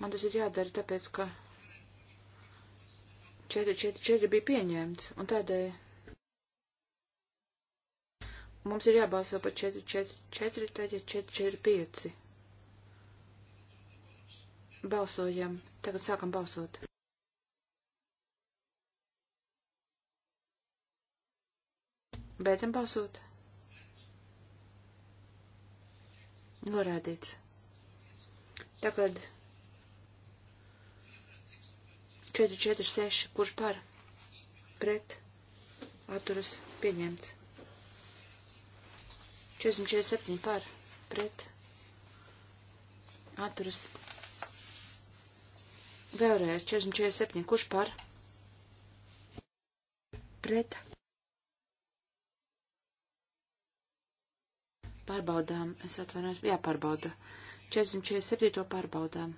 Man tas ir jādara, tāpēc, ka 4-4-4 bija pieņemts, un tādēļ mums ir jābalso par 4-4-4, tagad 4-4-5. Balsojam, tagad sākam balsot. Beidzam balsot. Norādīts. Tagad 446, kurš par pret atturas pieņemts. 447 par pret atturas. Vēlreiz 447, kurš par pret Pārbaudām, es atvainojos, jāpārbauda. 447 to pārbaudām.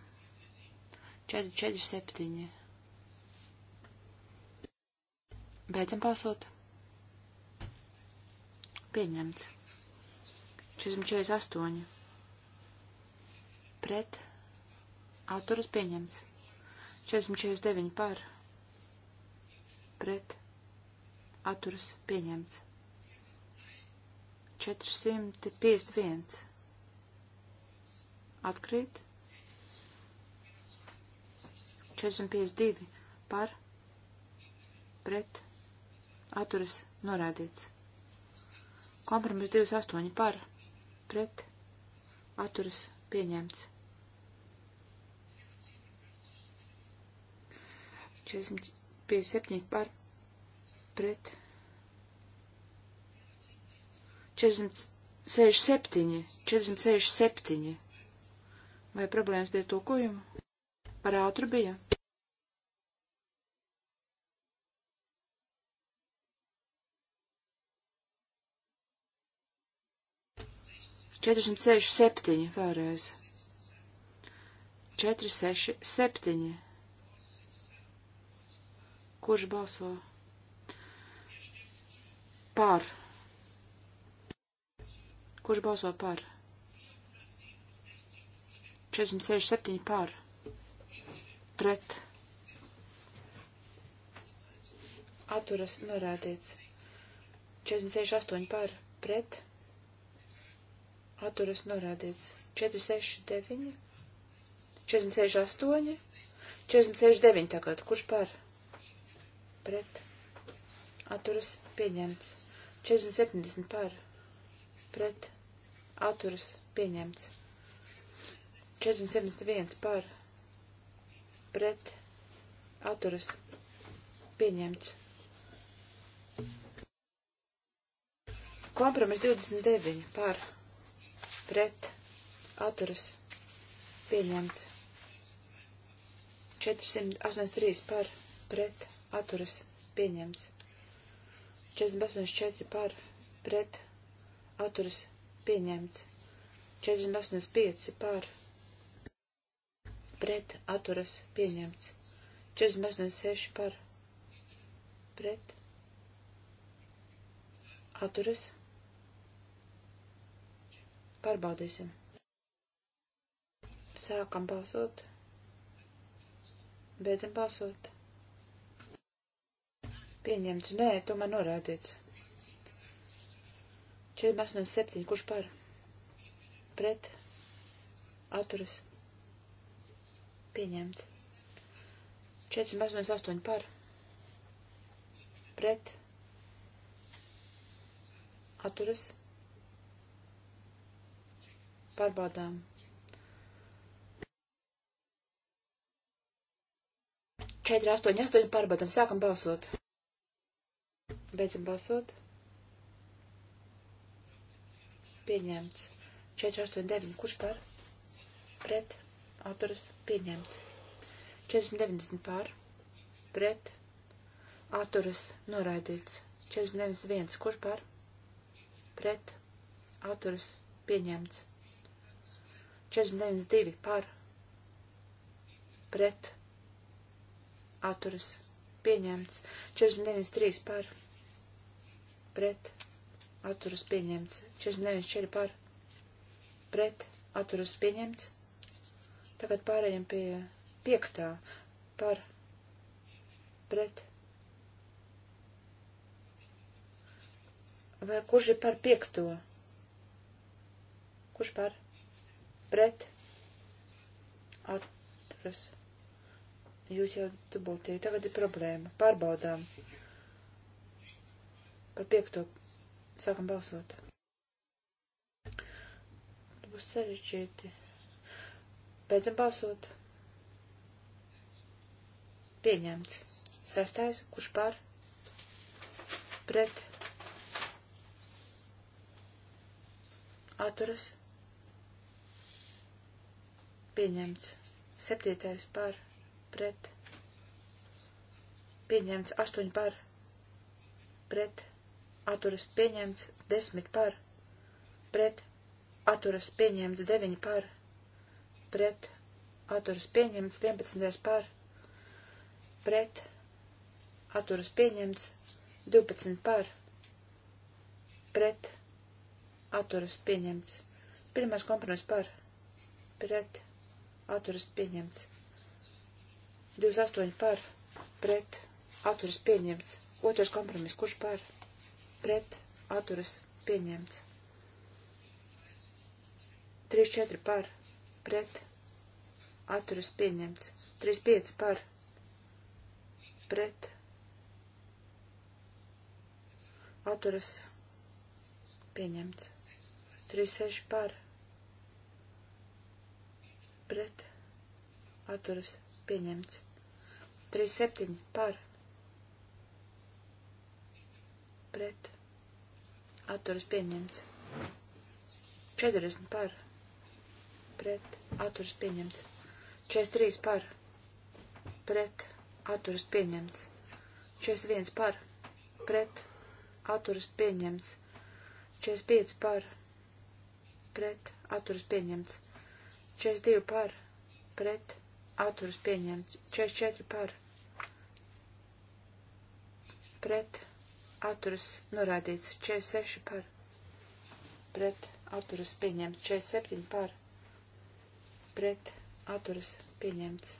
447. Beidzam balsot. Pieņemts. 448. Pret. Autors pieņemts. 449 par. Pret. Autors pieņemts. 451. Atkrīt. 452 par pret atturas norādīts. Kompromis 28 par pret atturas pieņemts. 457 par pret 467, 467. Vai problēmas bija tūkojuma? Par ātru bija. Četrsimt seši septiņi vēlreiz. Četri seši septiņi. Kurš balso? Pār. Kurš balso par? 467 par. Pret. Atturas norādīts. 468 par. Pret. Atturas norādīts. 469. 468. 469 tagad. Kurš par? Pret. Atturas pieņemts. 470 par pret atturas pieņemts. 471 par pret atturas pieņemts. Kompromis 29 par pret atturas pieņemts. 483 par pret atturas pieņemts. 484 par pret atturas pieņemts atturas pieņemts. 48,5 pār pret atturas pieņemts. 48,6 par pret atturas pārbaudīsim. Sākam balsot. Beidzam balsot. Pieņemts. Nē, tomēr norādīts. 48,7. Kurš par? Pret. Atturas. Pieņemts. 488 par. Pret. Atturas. Pārbaudām. 4, 8, 8 pārbaudām. Sākam balsot. Beidzam balsot pieņemts. 489, kurš par? Pret, atturas, pieņemts. 490 par, pret, atturas, noraidīts. 491, kurš par? Pret, atturas, pieņemts. 492 par, pret, atturas, pieņemts. 493 par, pret, atturas atturas pieņemts. 49, 4 par pret atturas pieņemts. Tagad pārējiem pie piektā par pret. Vai kurš ir par piekto? Kurš par? Pret. Atturas. Jūs jau dubultīja. Tagad ir problēma. Pārbaudām. Par piekto Sākam balsot. Būs sarežģīti. Beidzam balsot. Pieņemts. Sestais, kurš par? Pret. Atturas. Pieņemts. Septītais par. Pret. Pieņemts. Astoņi par. Pret atturas pieņemts 10 par, pret atturas pieņemts 9 par, pret atturas pieņemts 11 par, pret atturas pieņemts 12 par, pret atturas pieņemts. Pirmais kompromiss par, pret atturas pieņemts. 28 par, pret atturas pieņemts. Otrais kompromiss, kurš par? pret atturas pieņemts. 3-4 par pret atturas pieņemts. 3-5 par pret atturas pieņemts. 3-6 par pret atturas pieņemts. 3-7 par pret pret atturas pieņemts. 40 par pret atturas pieņemts. 43 par pret atturas pieņemts. 41 par pret atturas pieņemts. 45 par pret atturas pieņemts. 42 par pret atturas pieņemts. 44 par pret atturas norādīts 46 par, pret atturas pieņemts 47 par, pret atturas pieņemts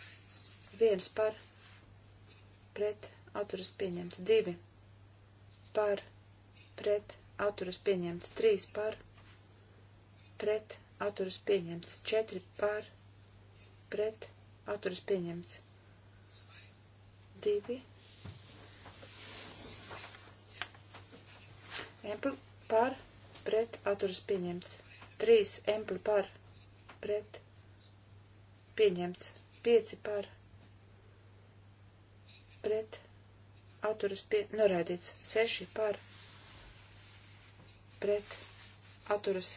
1 par, pret atturas pieņemts 2 par, pret atturas pieņemts 3 par, pret atturas pieņemts 4 par, pret atturas pieņemts 2 Empl par pret atturas pieņemts. 3 empl par pret pieņemts. 5 par pret atturas pie... norēdīts. 6 par pret atturas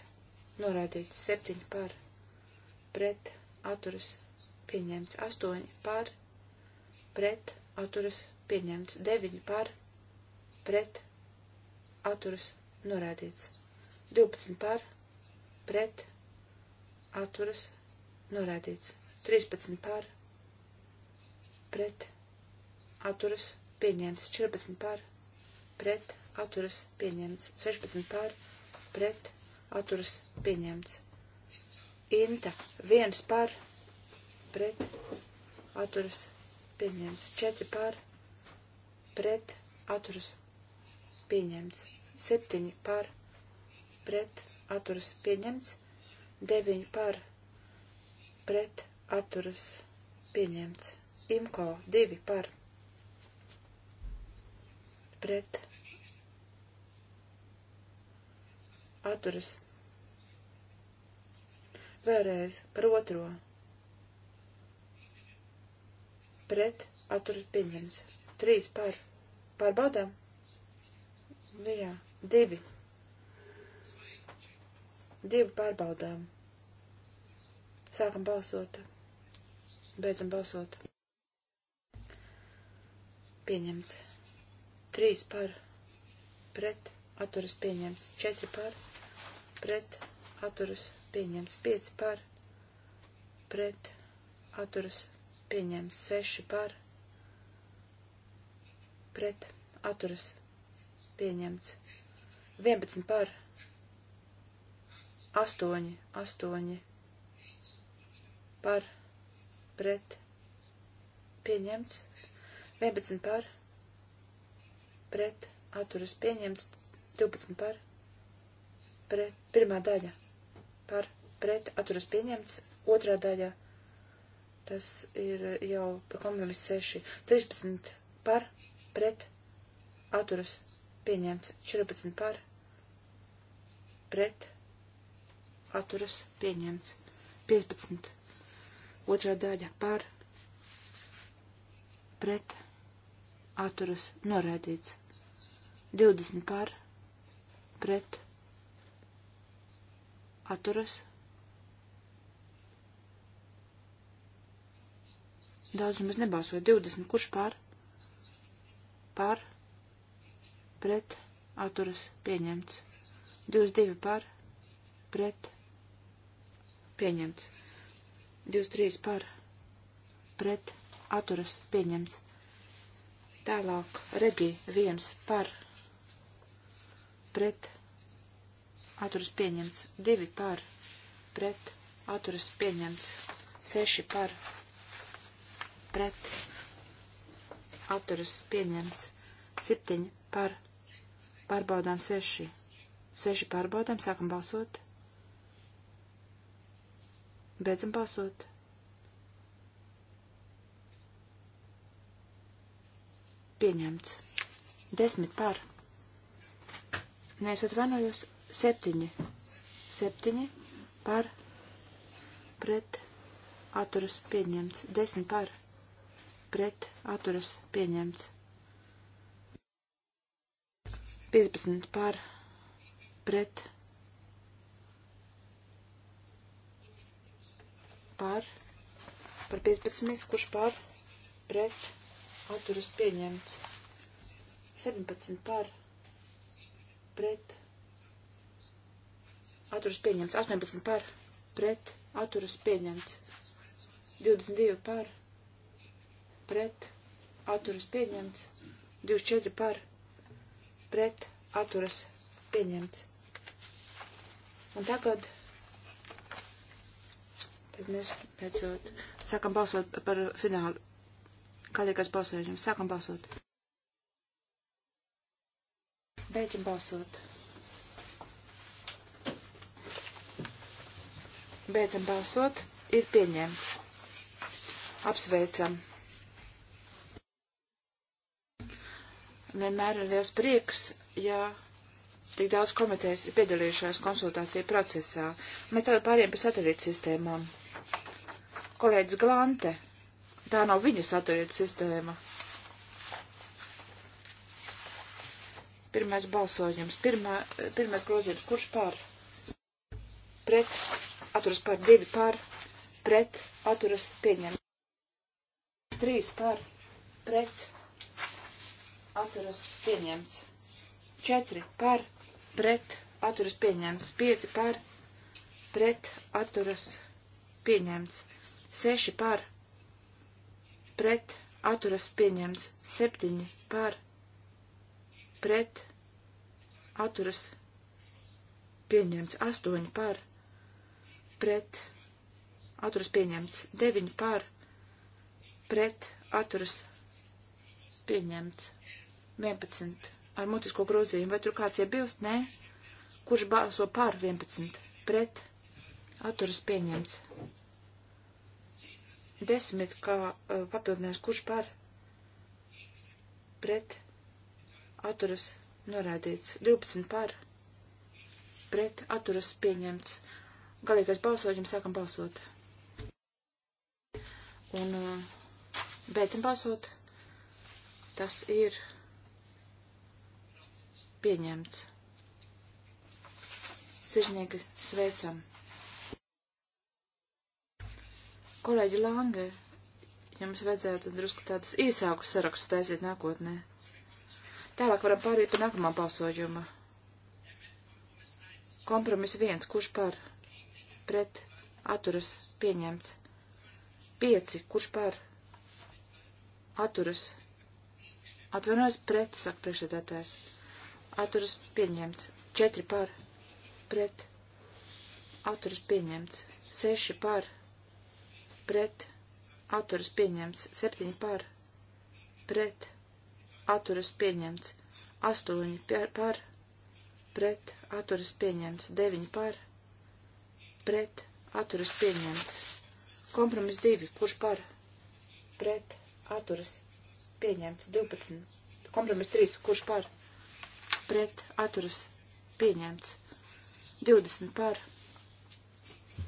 norēdīts. 7 par pret atturas pieņemts. 8 par pret atturas pieņemts. 9 par pret atturas pieņemts atturas norādīts. 12 par, pret, atturas norādīts. 13 par, pret, atturas pieņemts. 14 par, pret, atturas pieņemts. 16 par, pret, atturas pieņemts. Inta 1 par, pret, atturas pieņemts. 4 par, pret, atturas pieņemts pieņemts. 7 par pret atturas pieņemts. 9 par pret atturas pieņemts. Imko 2 par pret atturas. Vēlreiz par otro. Pret atturas pieņemts. 3 par pārbaudām. Virā. Nu divi. Divi pārbaudām. Sākam balsot. Beidzam balsot. Pieņemt. Trīs par. Pret. Atturas pieņemts. Četri par. Pret. Atturas pieņemts. Pieci par. Pret. Atturas pieņemts. Seši par. Pret. Atturas pieņemts pieņemts. 11 par 8, 8 par pret pieņemts. 11 par pret atturas pieņemts. 12 par pret pirmā daļa par pret atturas pieņemts. Otrā daļa tas ir jau kompromiss 6. 13 par pret atturas pieņemts pieņemts 14 par, pret, atturas, pieņemts 15. Otrā daļa par, pret, atturas, norēdīts 20 par, pret, atturas. Daudz mums nebalsoja 20, kurš par, par, pret atturas pieņemts. 22 par pret pieņemts. 23 par pret atturas pieņemts. Tālāk regi 1 par pret atturas pieņemts. 2 par pret atturas pieņemts. 6 par pret atturas pieņemts. 7 par pret Pārbaudām seši. Seši pārbaudām, sākam balsot. Beidzam balsot. Pieņemts. Desmit pār. Nē, es atvainojos. Septiņi. Septiņi par pret atturas pieņemts. Desmit par pret atturas pieņemts. 15 par pret par par 15, kurš par pret atturas pieņemts. 17 par pret atturas pieņemts. 18 par pret atturas pieņemts. 22 par pret atturas pieņemts. 24 par pret pret atturas pieņemts. Un tagad tad mēs beidzot sākam balsot par finālu. Kādīgais balsojums? Sākam balsot. Beidzam balsot. Beidzam balsot. Ir pieņemts. Apsveicam. vienmēr ir liels prieks, ja tik daudz komitejas ir piedalījušās konsultāciju procesā. Mēs tagad pāriem pie satelīta sistēmām. Kolēģis Glante, tā nav viņa satelīta sistēma. Pirmais balsojums, pirmā, pirmais grozījums, kurš pār? Pret, atturas pār, divi pār, pret, atturas pieņem. Trīs pār, pret, atturas pieņemts. 4 par pret atturas pieņemts. 5 par pret atturas pieņemts. 6 par pret atturas pieņemts. 7 par pret atturas pieņemts. 8 par pret atturas pieņemts. 9 par pret atturas pieņemts. 11 ar mutisko grozījumu. Vai tur kāds iebilst? Nē. Kurš balso par 11? Pret. Atturas pieņemts. 10 kā uh, papildinājums. Kurš par? Pret. Atturas norādīts. 12 par. Pret. Atturas pieņemts. Galīgais balsojums. Sākam balsot. Un uh, beidzam balsot. Tas ir Pieņemts. Sižnieki sveicam. Kolēģi Lange, jums vajadzētu drusku tādas īsākus sarakstus taisīt nākotnē. Tālāk varam pārīt pie nākamā balsojuma. Kompromis viens, kurš par? Pret. Atturas. Pieņemts. Pieci, kurš par? Atturas. Atvainojas pret, saka priekšsēdētājs atturas pieņemts. 4 par pret atturas pieņemts. 6 par pret atturas pieņemts. 7 par pret atturas pieņemts. 8 par pret atturas pieņemts. 9 par pret atturas pieņemts. Kompromis 2. Kurš par pret atturas pieņemts? 12. Kompromis 3. Kurš par pret? pret atturas pieņemts. 20 par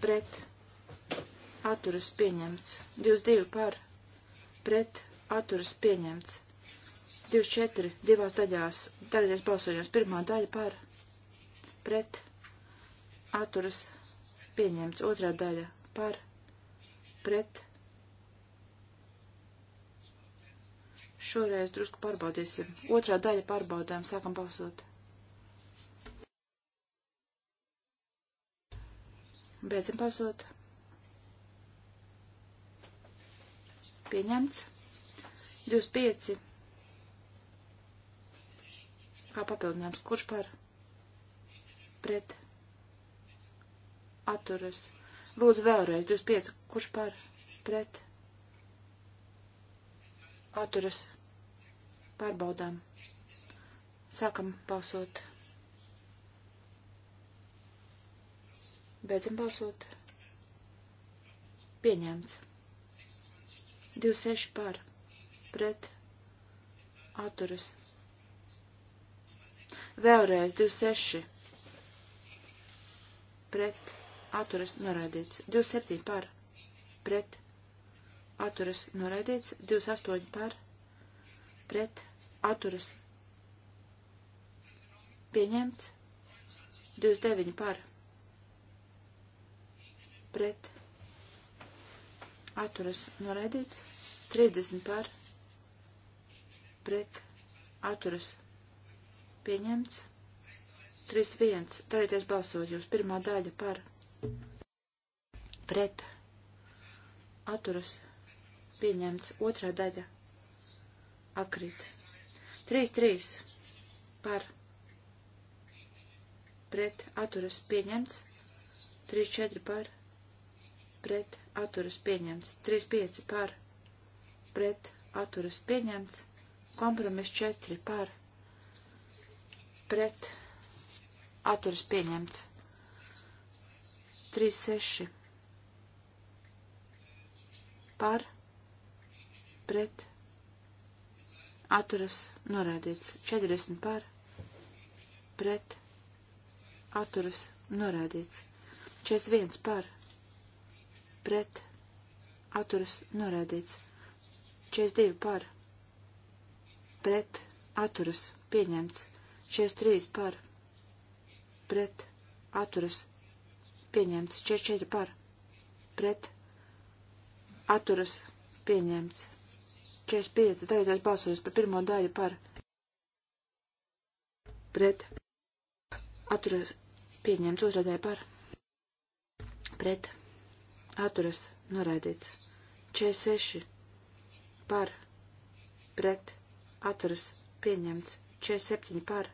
pret atturas pieņemts. 22 par pret atturas pieņemts. 24 divās daļās daļās balsojums. Pirmā daļa par pret atturas pieņemts. Otrā daļa par pret atturas pieņemts Šoreiz drusku pārbaudīsim. Otrā daļa pārbaudām. Sākam balsot. Beidzam balsot. Pieņemts. 25. Kā papildinājums. Kurš par? Pret. Atturas. Lūdzu vēlreiz. 25. Kurš par? Pret. Atturas. Pārbaudām. Sākam balsot. Beidzam balsot. Pieņemts. 26 pār. Pret. Atturas. Vēlreiz 26. Pret. Atturas noraidīts. 27 pār. Pret. Atturas noraidīts. 28 pār pret atturas pieņemts 29 par pret atturas noraidīts 30 par pret atturas pieņemts 31. Darieties balsojums. Pirmā daļa par pret atturas pieņemts. Otrā daļa atkrīt. 3-3 par pret atturas pieņemts. 3-4 par pret atturas pieņemts. 3-5 par pret atturas pieņemts. Kompromis 4 par pret atturas pieņemts. 3-6 par pret atturas norādīts 40 par, pret, atturas norādīts 41 par, pret, atturas norādīts 42 par, pret, atturas pieņemts 43 par, pret, atturas pieņemts 44 par, pret, atturas pieņemts 45. Tagad balsojums par pirmo daļu par pret atturas pieņemts otrā daļa par pret atturas noraidīts 46 par pret atturas pieņemts 47 par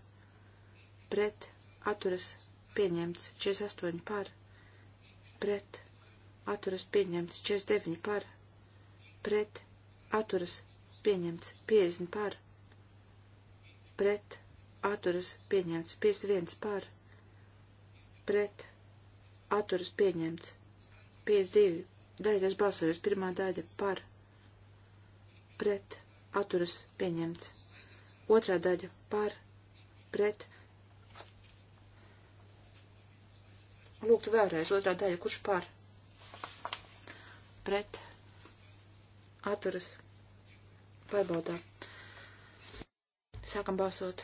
pret atturas pieņemts 48 par pret atturas pieņemts 49 par pret atturas pieņemts 50 par, pret atturas pieņemts 51 par, pret atturas pieņemts 52. Daļas balsojums pirmā daļa par, pret atturas pieņemts. Otrā daļa par, pret. Lūgtu vēlreiz otrā daļa, kurš par, pret atturas pārbaudā. Sākam balsot.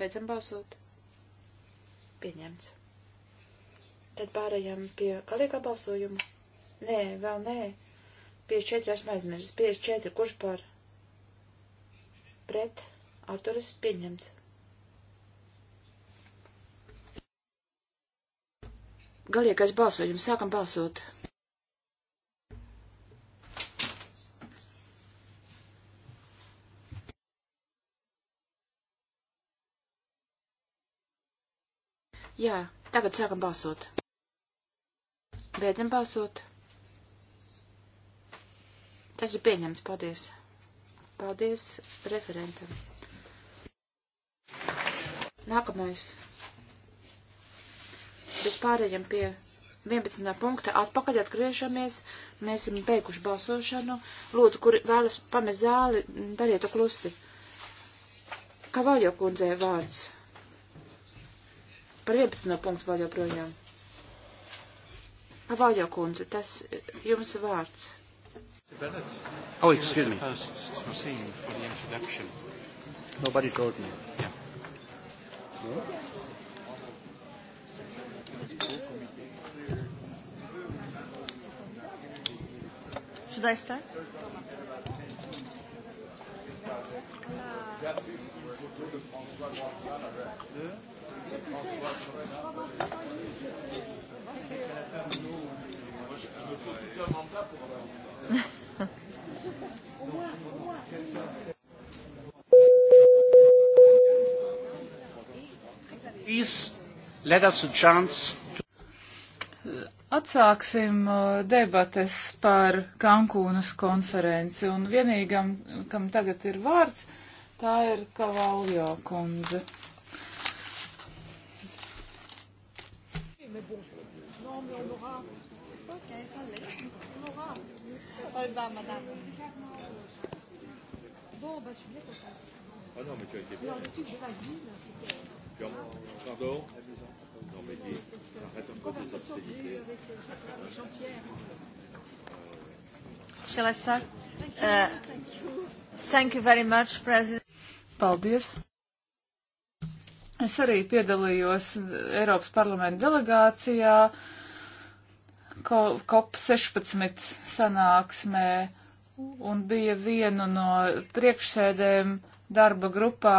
Beidzam balsot. Pieņemts. Tad pārējām pie kalīgā balsojuma. Nē, vēl nē. 54 esmu aizmirsis. 54 kurš par? Pret. Autoris pieņemts. galīgais balsojums. Sākam balsot. Jā, tagad sākam balsot. Beidzam balsot. Tas ir pieņemts. Paldies. Paldies referentam. Nākamais bez pārējiem pie 11. punkta atpakaļ atgriežamies, mēs esam beiguši balsošanu. Lūdzu, kur vēlas pamest zāli, dariet to klusi. Kavaļo kundzē vārds. Par 11. punktu vēl joprojām. Kavaļo kundze, tas jums vārds. Oh, excuse me. Nobody told me. Yeah. No? Hmm? Should I start? Please let us a chance to Atsāksim uh, debates par Kankūnas konferenci, un vienīgam, kam tagad ir vārds, tā ir Kavaljo kundze. Bon, bah, je suis bien contente. Ah non, mais tu as été bien. Alors, le truc de la ville, c'était. Candor Non, mais dis, arrête encore tes obscénités. Shall I start? Uh, thank you very much, President. Paldies. Es arī piedalījos Eiropas parlamenta delegācijā COP16 sanāksmē un bija viena no priekšsēdēm darba grupā,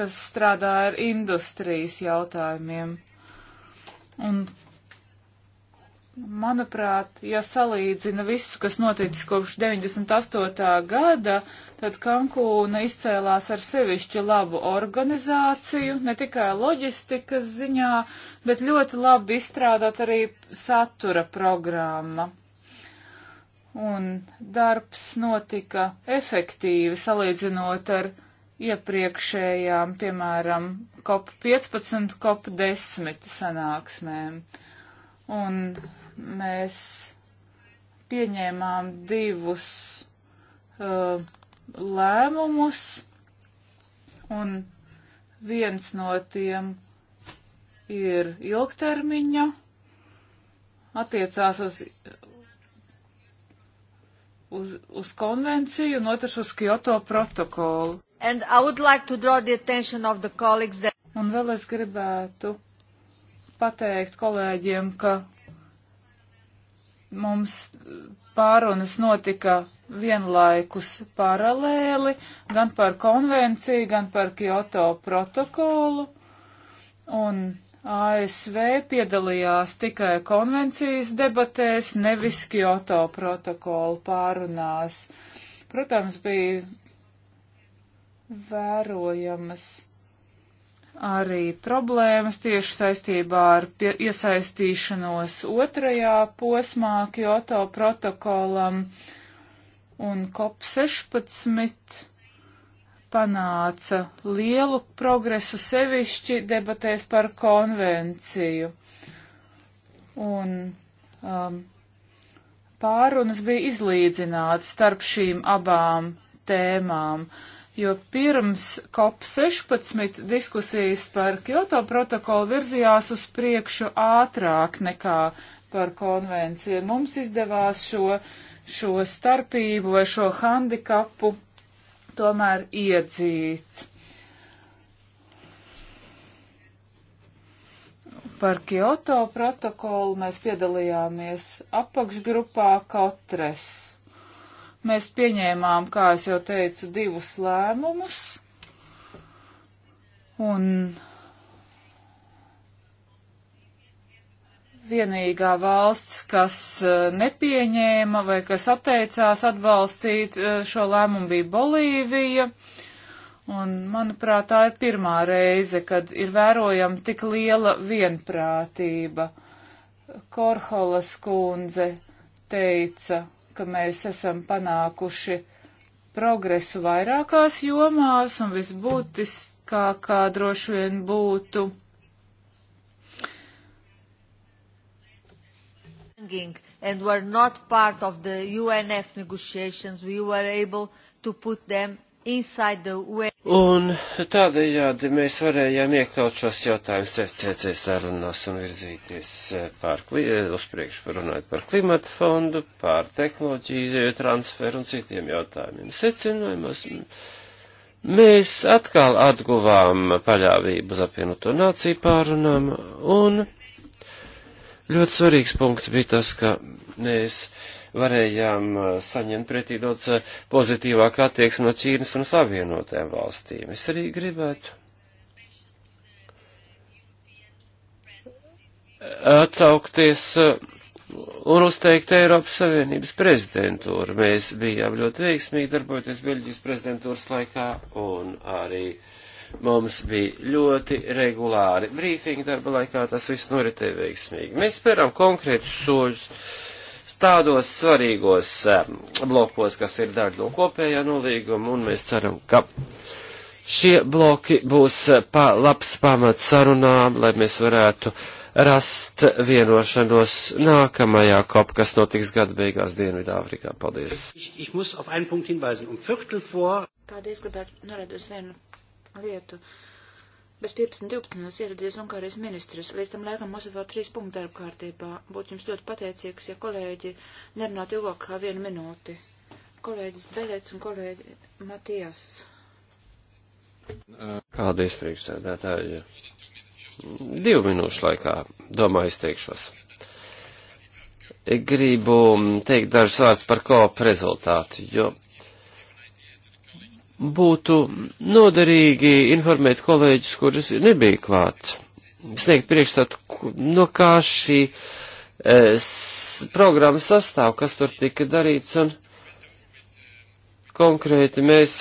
kas strādā ar industrijas jautājumiem. Un, manuprāt, ja salīdzina visu, kas noticis kopš 98. gada, tad Kankūna izcēlās ar sevišķi labu organizāciju, ne tikai loģistikas ziņā, bet ļoti labi izstrādāt arī satura programma un darbs notika efektīvi salīdzinot ar iepriekšējām, piemēram, COP15, COP10 sanāksmēm. Un mēs pieņēmām divus uh, lēmumus, un viens no tiem ir ilgtermiņa, attiecās uz uz, uz konvenciju un otrs uz Kyoto protokolu. And I would like to draw the attention of the colleagues that... Un vēl es gribētu pateikt kolēģiem, ka mums pārunas notika vienlaikus paralēli gan par konvenciju, gan par Kyoto protokolu. Un ASV piedalījās tikai konvencijas debatēs, nevis Kyoto protokolu pārunās. Protams, bija vērojamas arī problēmas tieši saistībā ar pie, iesaistīšanos otrajā posmā Kyoto protokolam un COP16 panāca lielu progresu sevišķi debatēs par konvenciju. Un um, pārunas bija izlīdzināts starp šīm abām tēmām. Uh, jo pirms COP16 diskusijas par Kyoto protokolu virzījās uz priekšu ātrāk nekā par konvenciju. Mums izdevās šo, šo starpību vai šo handikapu tomēr iedzīt. Par Kyoto protokolu mēs piedalījāmies apakšgrupā Kotres Mēs pieņēmām, kā es jau teicu, divus lēmumus. Un vienīgā valsts, kas eh, nepieņēma vai kas atteicās atbalstīt eh, šo lēmumu, bija Bolīvija. Un, manuprāt, tā ir pirmā reize, kad ir vērojama tik liela vienprātība. Korholas kundze teica, ka mēs esam panākuši progresu vairākās jomās un visbūtiskākā droši vien būtu. And were not part of the UNF negotiations, we were able to put them inside the UN. Un tādējādi mēs varējām iekļaut šos jautājumus FCC sarunās un virzīties eh, pār, eh, uz priekšu, runājot par klimata fondu, pār tehnoloģiju eh, transferu un citiem jautājumiem. Secinājumos mēs atkal atguvām paļāvību uz apvienoto nāciju pārunām un ļoti svarīgs punkts bija tas, ka mēs varējām saņemt pretī daudz pozitīvāk attieksmi no Ķīnas un Savienotajām valstīm. Es arī gribētu atsaukties un uzteikt Eiropas Savienības prezidentūru. Mēs bijām ļoti veiksmīgi darbojoties Beļģijas prezidentūras laikā un arī mums bija ļoti regulāri brīfingi darba laikā, tas viss noritēja veiksmīgi. Mēs spēram konkrētus soļus tādos svarīgos eh, blokos, kas ir daļa no kopējā nolīguma, un mēs ceram, ka šie bloki būs eh, pa, labs pamats sarunām, lai mēs varētu rast vienošanos nākamajā kop, kas notiks gada beigās Dienvidāfrikā. Paldies! Um Paldies, gribētu norādīt uz vienu lietu bez 15.12. ieradies Ungārijas ministrs. Līdz tam laikam mums ir vēl trīs punkti darba kārtībā. Būtu jums ļoti pateicīgs, ja kolēģi nerunātu ilgāk kā vienu minūti. Kolēģis Belēts un kolēģi Matijas. Paldies, priekšsēdētāji. Divu minūšu laikā, domāju, izteikšos. Gribu teikt dažus vārdus par kopu rezultātu, jo būtu noderīgi informēt kolēģis, kurus nebija klāts, sniegt priekšstatu, no kā šī es, programma sastāv, kas tur tika darīts, un konkrēti mēs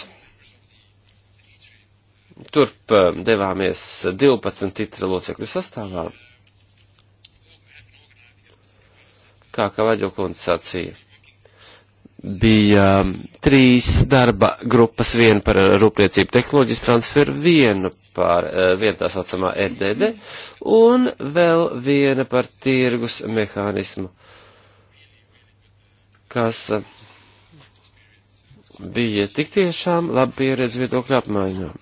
turp e, devāmies 12 titra locekļu sastāvā, kā Kavaļokundze sacīja bija um, trīs darba grupas, viena par uh, rūpniecību tehnoloģijas transferu, viena par uh, vien tā saucamā EDD un vēl viena par tirgus mehānismu, kas uh, bija tik tiešām labi pieredze viedokļu apmaiņā.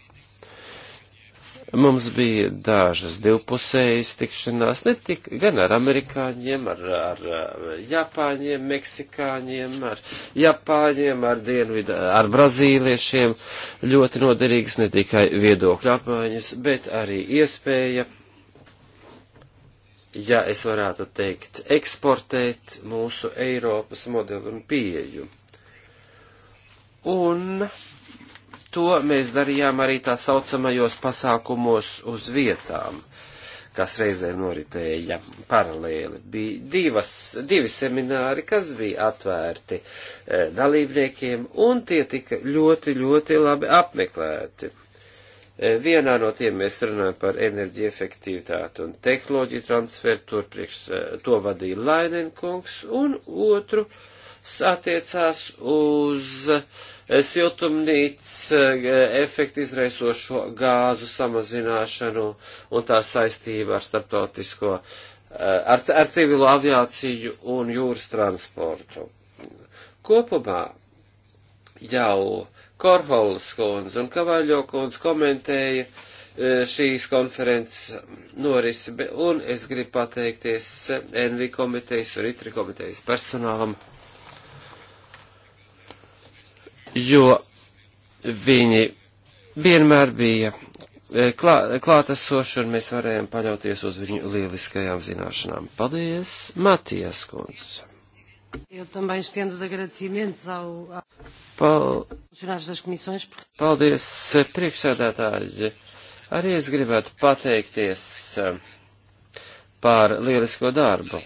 Mums bija dažas divpusējas tikšanās, ne tik gan ar amerikāņiem, ar, ar japāņiem, meksikāņiem, ar japāņiem, ar dienvidu, ar brazīliešiem. Ļoti noderīgs ne tikai viedokļu apmaiņas, bet arī iespēja, ja es varētu teikt, eksportēt mūsu Eiropas modeli un pieju. Un To mēs darījām arī tā saucamajos pasākumos uz vietām, kas reizē noritēja paralēli. Bija divas, divi semināri, kas bija atvērti e, dalībniekiem, un tie tika ļoti, ļoti labi apmeklēti. E, vienā no tiem mēs runājam par enerģiju efektivitāti un tehnoloģiju transferu, tur priekš e, to vadīja Lainenkungs, un otru e, attiecās uz eh, siltumnīcas eh, efektu izraisošo gāzu samazināšanu un tā saistību ar starptautisko, eh, ar, ar civilu aviāciju un jūras transportu. Kopumā jau Korholas kundze un Kavaļo kundze komentēja šīs konferences norisi, un es gribu pateikties Envi komitejas un Itri komitejas personālam jo viņi vienmēr bija e, klā, klātesoši, un mēs varējām paļauties uz viņu lieliskajām zināšanām. Paldies, Matijas kundze! Eu também estendo os agradecimentos ao, ao funcionários das comissões. Porque... Paldies, priekšsēdētāji. Arī es gribētu pateikties uh, par lielisko darbu.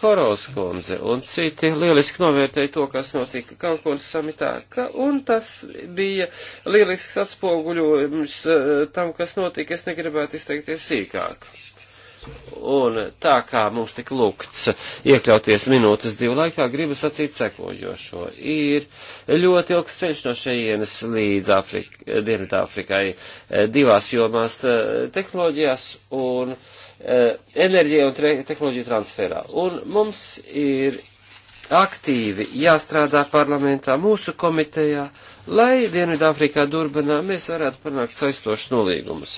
Koros kundze un citi lieliski novērtēja to, kas notika Kankunas samitā, ka, un tas bija lielisks atspoguļojums eh, tam, kas notika, es negribētu izteikties sīkāk. Un tā kā mums tik lūgts iekļauties minūtes divu laikā, gribu sacīt sekojošo. Ir ļoti ilgs ceļš no šejienes līdz Afrika, Dienvidāfrikai eh, divās jomās tehnoloģijās un uh, Eh, enerģija un tehnoloģiju transferā. Un mums ir aktīvi jāstrādā parlamentā, mūsu komitejā, lai Dienvidāfrikā Durbanā mēs varētu panākt saistošus nolīgumus.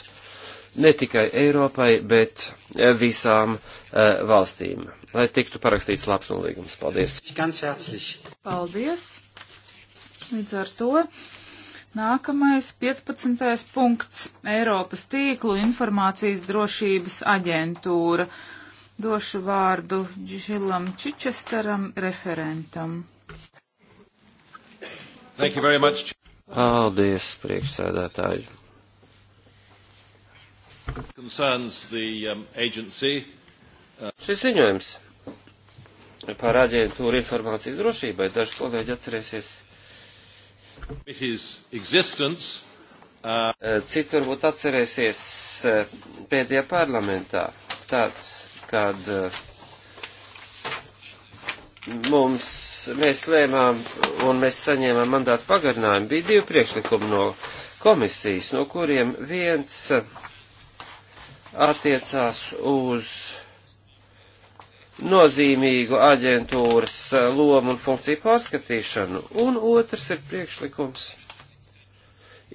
Ne tikai Eiropai, bet eh, visām uh, valstīm. Lai tiktu parakstīts labs nolīgums. Paldies! Paldies! Līdz ar to Nākamais 15. punkts - Eiropas tīklu informācijas drošības aģentūra. Došu vārdu Džilam Čičesteram, referentam. Paldies, priekšsēdētāji. The, um, agency, uh... Šis ziņojums par aģentūru informācijas drošībai daži kolēģi atcerēsies Uh, eh, citi varbūt atcerēsies eh, pēdējā parlamentā, tad, kad eh, mums, mēs lēmām un mēs saņēmām mandātu pagarinājumu, bija divi priekšlikumi no komisijas, no kuriem viens attiecās uz nozīmīgu aģentūras eh, lomu un funkciju pārskatīšanu, un otrs ir priekšlikums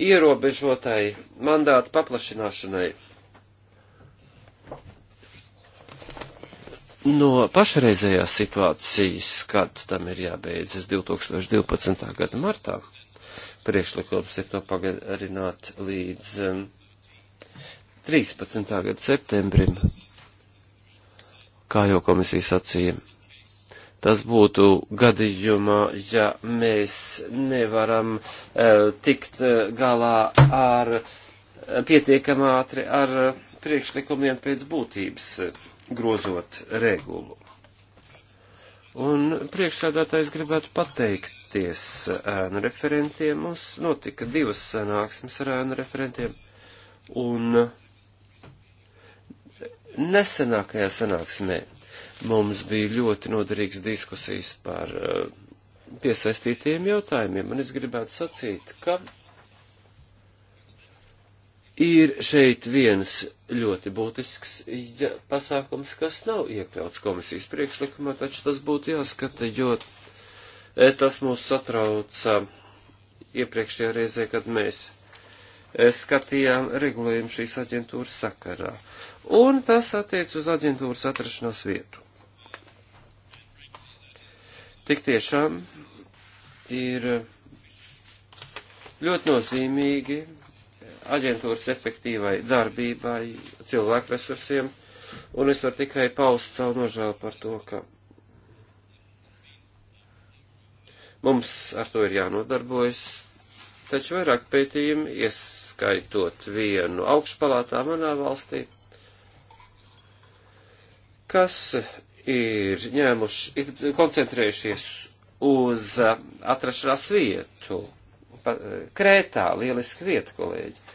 ierobežotai mandātu paplašināšanai. No pašreizējās situācijas, kad tam ir jābeidzas 2012. gada martā, priekšlikums ir to pagarināt līdz 13. Eh, gada septembrim kā jau komisija sacīja. Tas būtu gadījumā, ja mēs nevaram uh, tikt uh, galā ar uh, pietiekam ātri ar uh, priekšlikumiem pēc būtības, uh, grozot regulu. Un priekšsēdētājs gribētu pateikties ēnu referentiem. Mums notika divas sanāksmes ar ēnu referentiem. Un uh, Nesenākajā sanāksmē mums bija ļoti noderīgs diskusijas par eh, piesaistītiem jautājumiem, un es gribētu sacīt, ka ir šeit viens ļoti būtisks ja, pasākums, kas nav iekļauts komisijas priekšlikumā, taču tas būtu jāskata, jo eh, tas mūs satrauca iepriekšējā reizē, kad mēs eh, skatījām regulējumu šīs aģentūras sakarā un tas attiec uz aģentūras atrašanās vietu. Tik tiešām ir ļoti nozīmīgi aģentūras efektīvai darbībai, cilvēku resursiem, un es varu tikai paust savu nožēlu par to, ka mums ar to ir jānodarbojas, taču vairāk pētījumi, ieskaitot vienu augšpalātā manā valstī, kas ir ņēmuši, ir koncentrējušies uz uh, atrašanās vietu. Pa, uh, Krētā, lieliski vieta, kolēģi.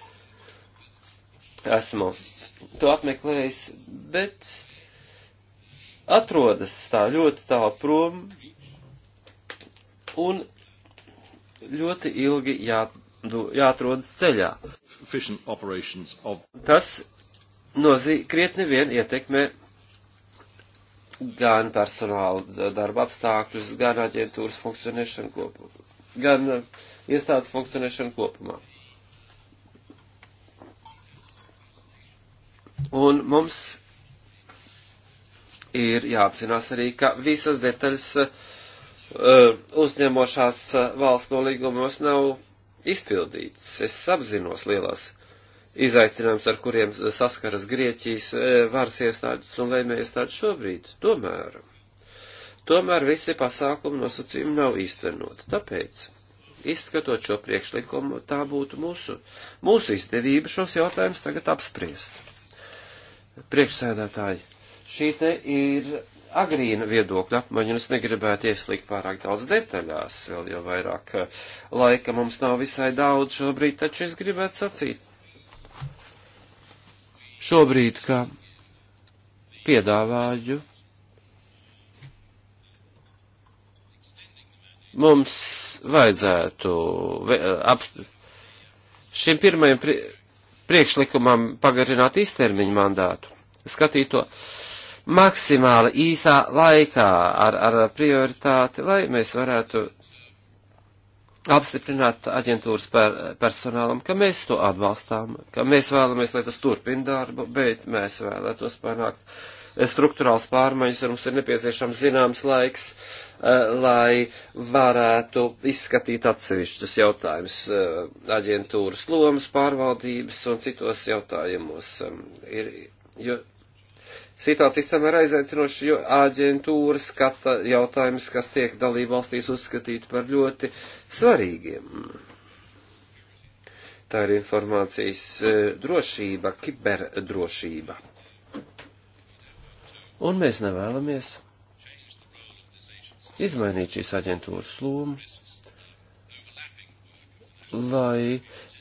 Esmu to apmeklējis, bet atrodas tā ļoti tālu prom un ļoti ilgi jā, nu, jāatrodas ceļā. Tas nozī krietni vien ietekmē gan personāla darba apstākļus, gan aģentūras funkcionēšanu kopumā, gan uh, iestādes funkcionēšanu kopumā. Un mums ir jāapzinās arī, ka visas detaļas uh, uzņemošās uh, valsts nolīgumos nav izpildītas. Es apzinos lielās izaicinājums, ar kuriem saskaras Grieķijas e, varas iestādes un lēmēja iestādes šobrīd. Tomēr, tomēr visi pasākumi nosacījumi nav īstenot. Tāpēc, izskatot šo priekšlikumu, tā būtu mūsu, mūsu izdevība šos jautājumus tagad apspriest. Priekšsēdētāji, šī te ir agrīna viedokļa apmaiņa, un es negribētu ieslīgt pārāk daudz detaļās, vēl jau vairāk e, laika mums nav visai daudz šobrīd, taču es gribētu sacīt šobrīd, ka piedāvāju mums vajadzētu ap, šim pirmajam priekšlikumam pagarināt īstermiņu mandātu, skatīt to maksimāli īsā laikā ar, ar prioritāti, lai mēs varētu apstiprināt aģentūras per, personālam, ka mēs to atbalstām, ka mēs vēlamies, lai tas turpina darbu, bet mēs vēlētos panākt eh, struktūrāls pārmaiņas, un mums ir nepieciešams zināms laiks, eh, lai varētu izskatīt atsevišķus jautājumus eh, aģentūras lomas, pārvaldības un citos jautājumos. Ir, jo Situācija samērā izaicinoša, jo aģentūra skata jautājumus, kas tiek dalībvalstīs uzskatīti par ļoti svarīgiem. Tā ir informācijas e, drošība, kiberdrošība. Un mēs nevēlamies izmainīt šīs aģentūras lomu, lai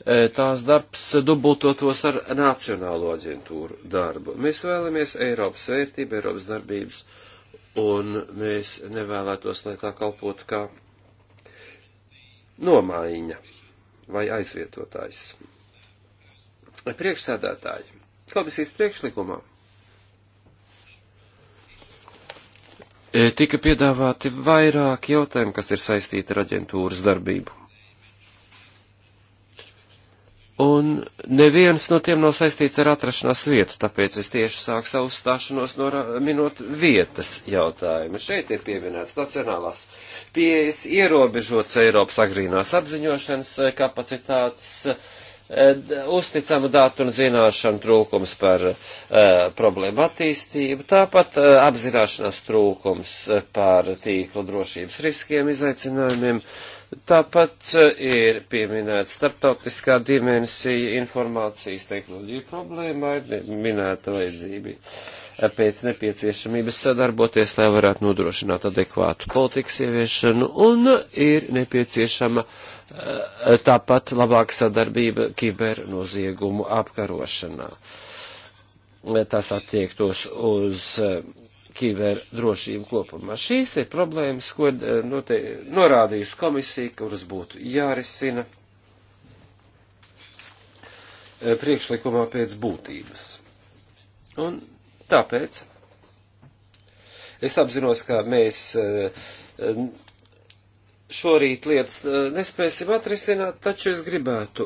E, tās darbs dubultotos ar Nacionālo aģentūru darbu. Mēs vēlamies Eiropas vērtību, Eiropas darbības, un mēs nevēlētos, lai tā kalpotu kā nomaiņa vai aizvietotājs. Priekšsēdētāji, komisijas priekšlikumā e, tika piedāvāti vairāki jautājumi, kas ir saistīti ar aģentūras darbību. Un neviens no tiem nav saistīts ar atrašanās vietu, tāpēc es tieši sāku savu stāšanos no minot vietas jautājumu. Šeit ir pieminēts nacionālās pieejas ierobežots Eiropas agrīnās apziņošanas eh, kapacitātes, eh, uzticamu datu un zināšanu trūkums par uh, problēmu attīstību, tāpat uh, apzināšanās trūkums par tīkla drošības riskiem, izaicinājumiem. Uh, Tāpat eh, ir pieminēta starptautiskā dimensija informācijas tehnoloģija problēmā, ir minēta vajadzība eh, pēc nepieciešamības sadarboties, lai varētu nodrošināt adekvātu politikas ieviešanu, un ir nepieciešama eh, tāpat labāka sadarbība kibernoziegumu apkarošanā. Tas attiektos uz kiberdrošību kopumā. Šīs ir problēmas, ko eh, note, norādījusi komisija, kuras būtu jārisina eh, priekšlikumā pēc būtības. Un tāpēc es apzinos, ka mēs eh, šorīt lietas nespēsim atrisināt, taču es gribētu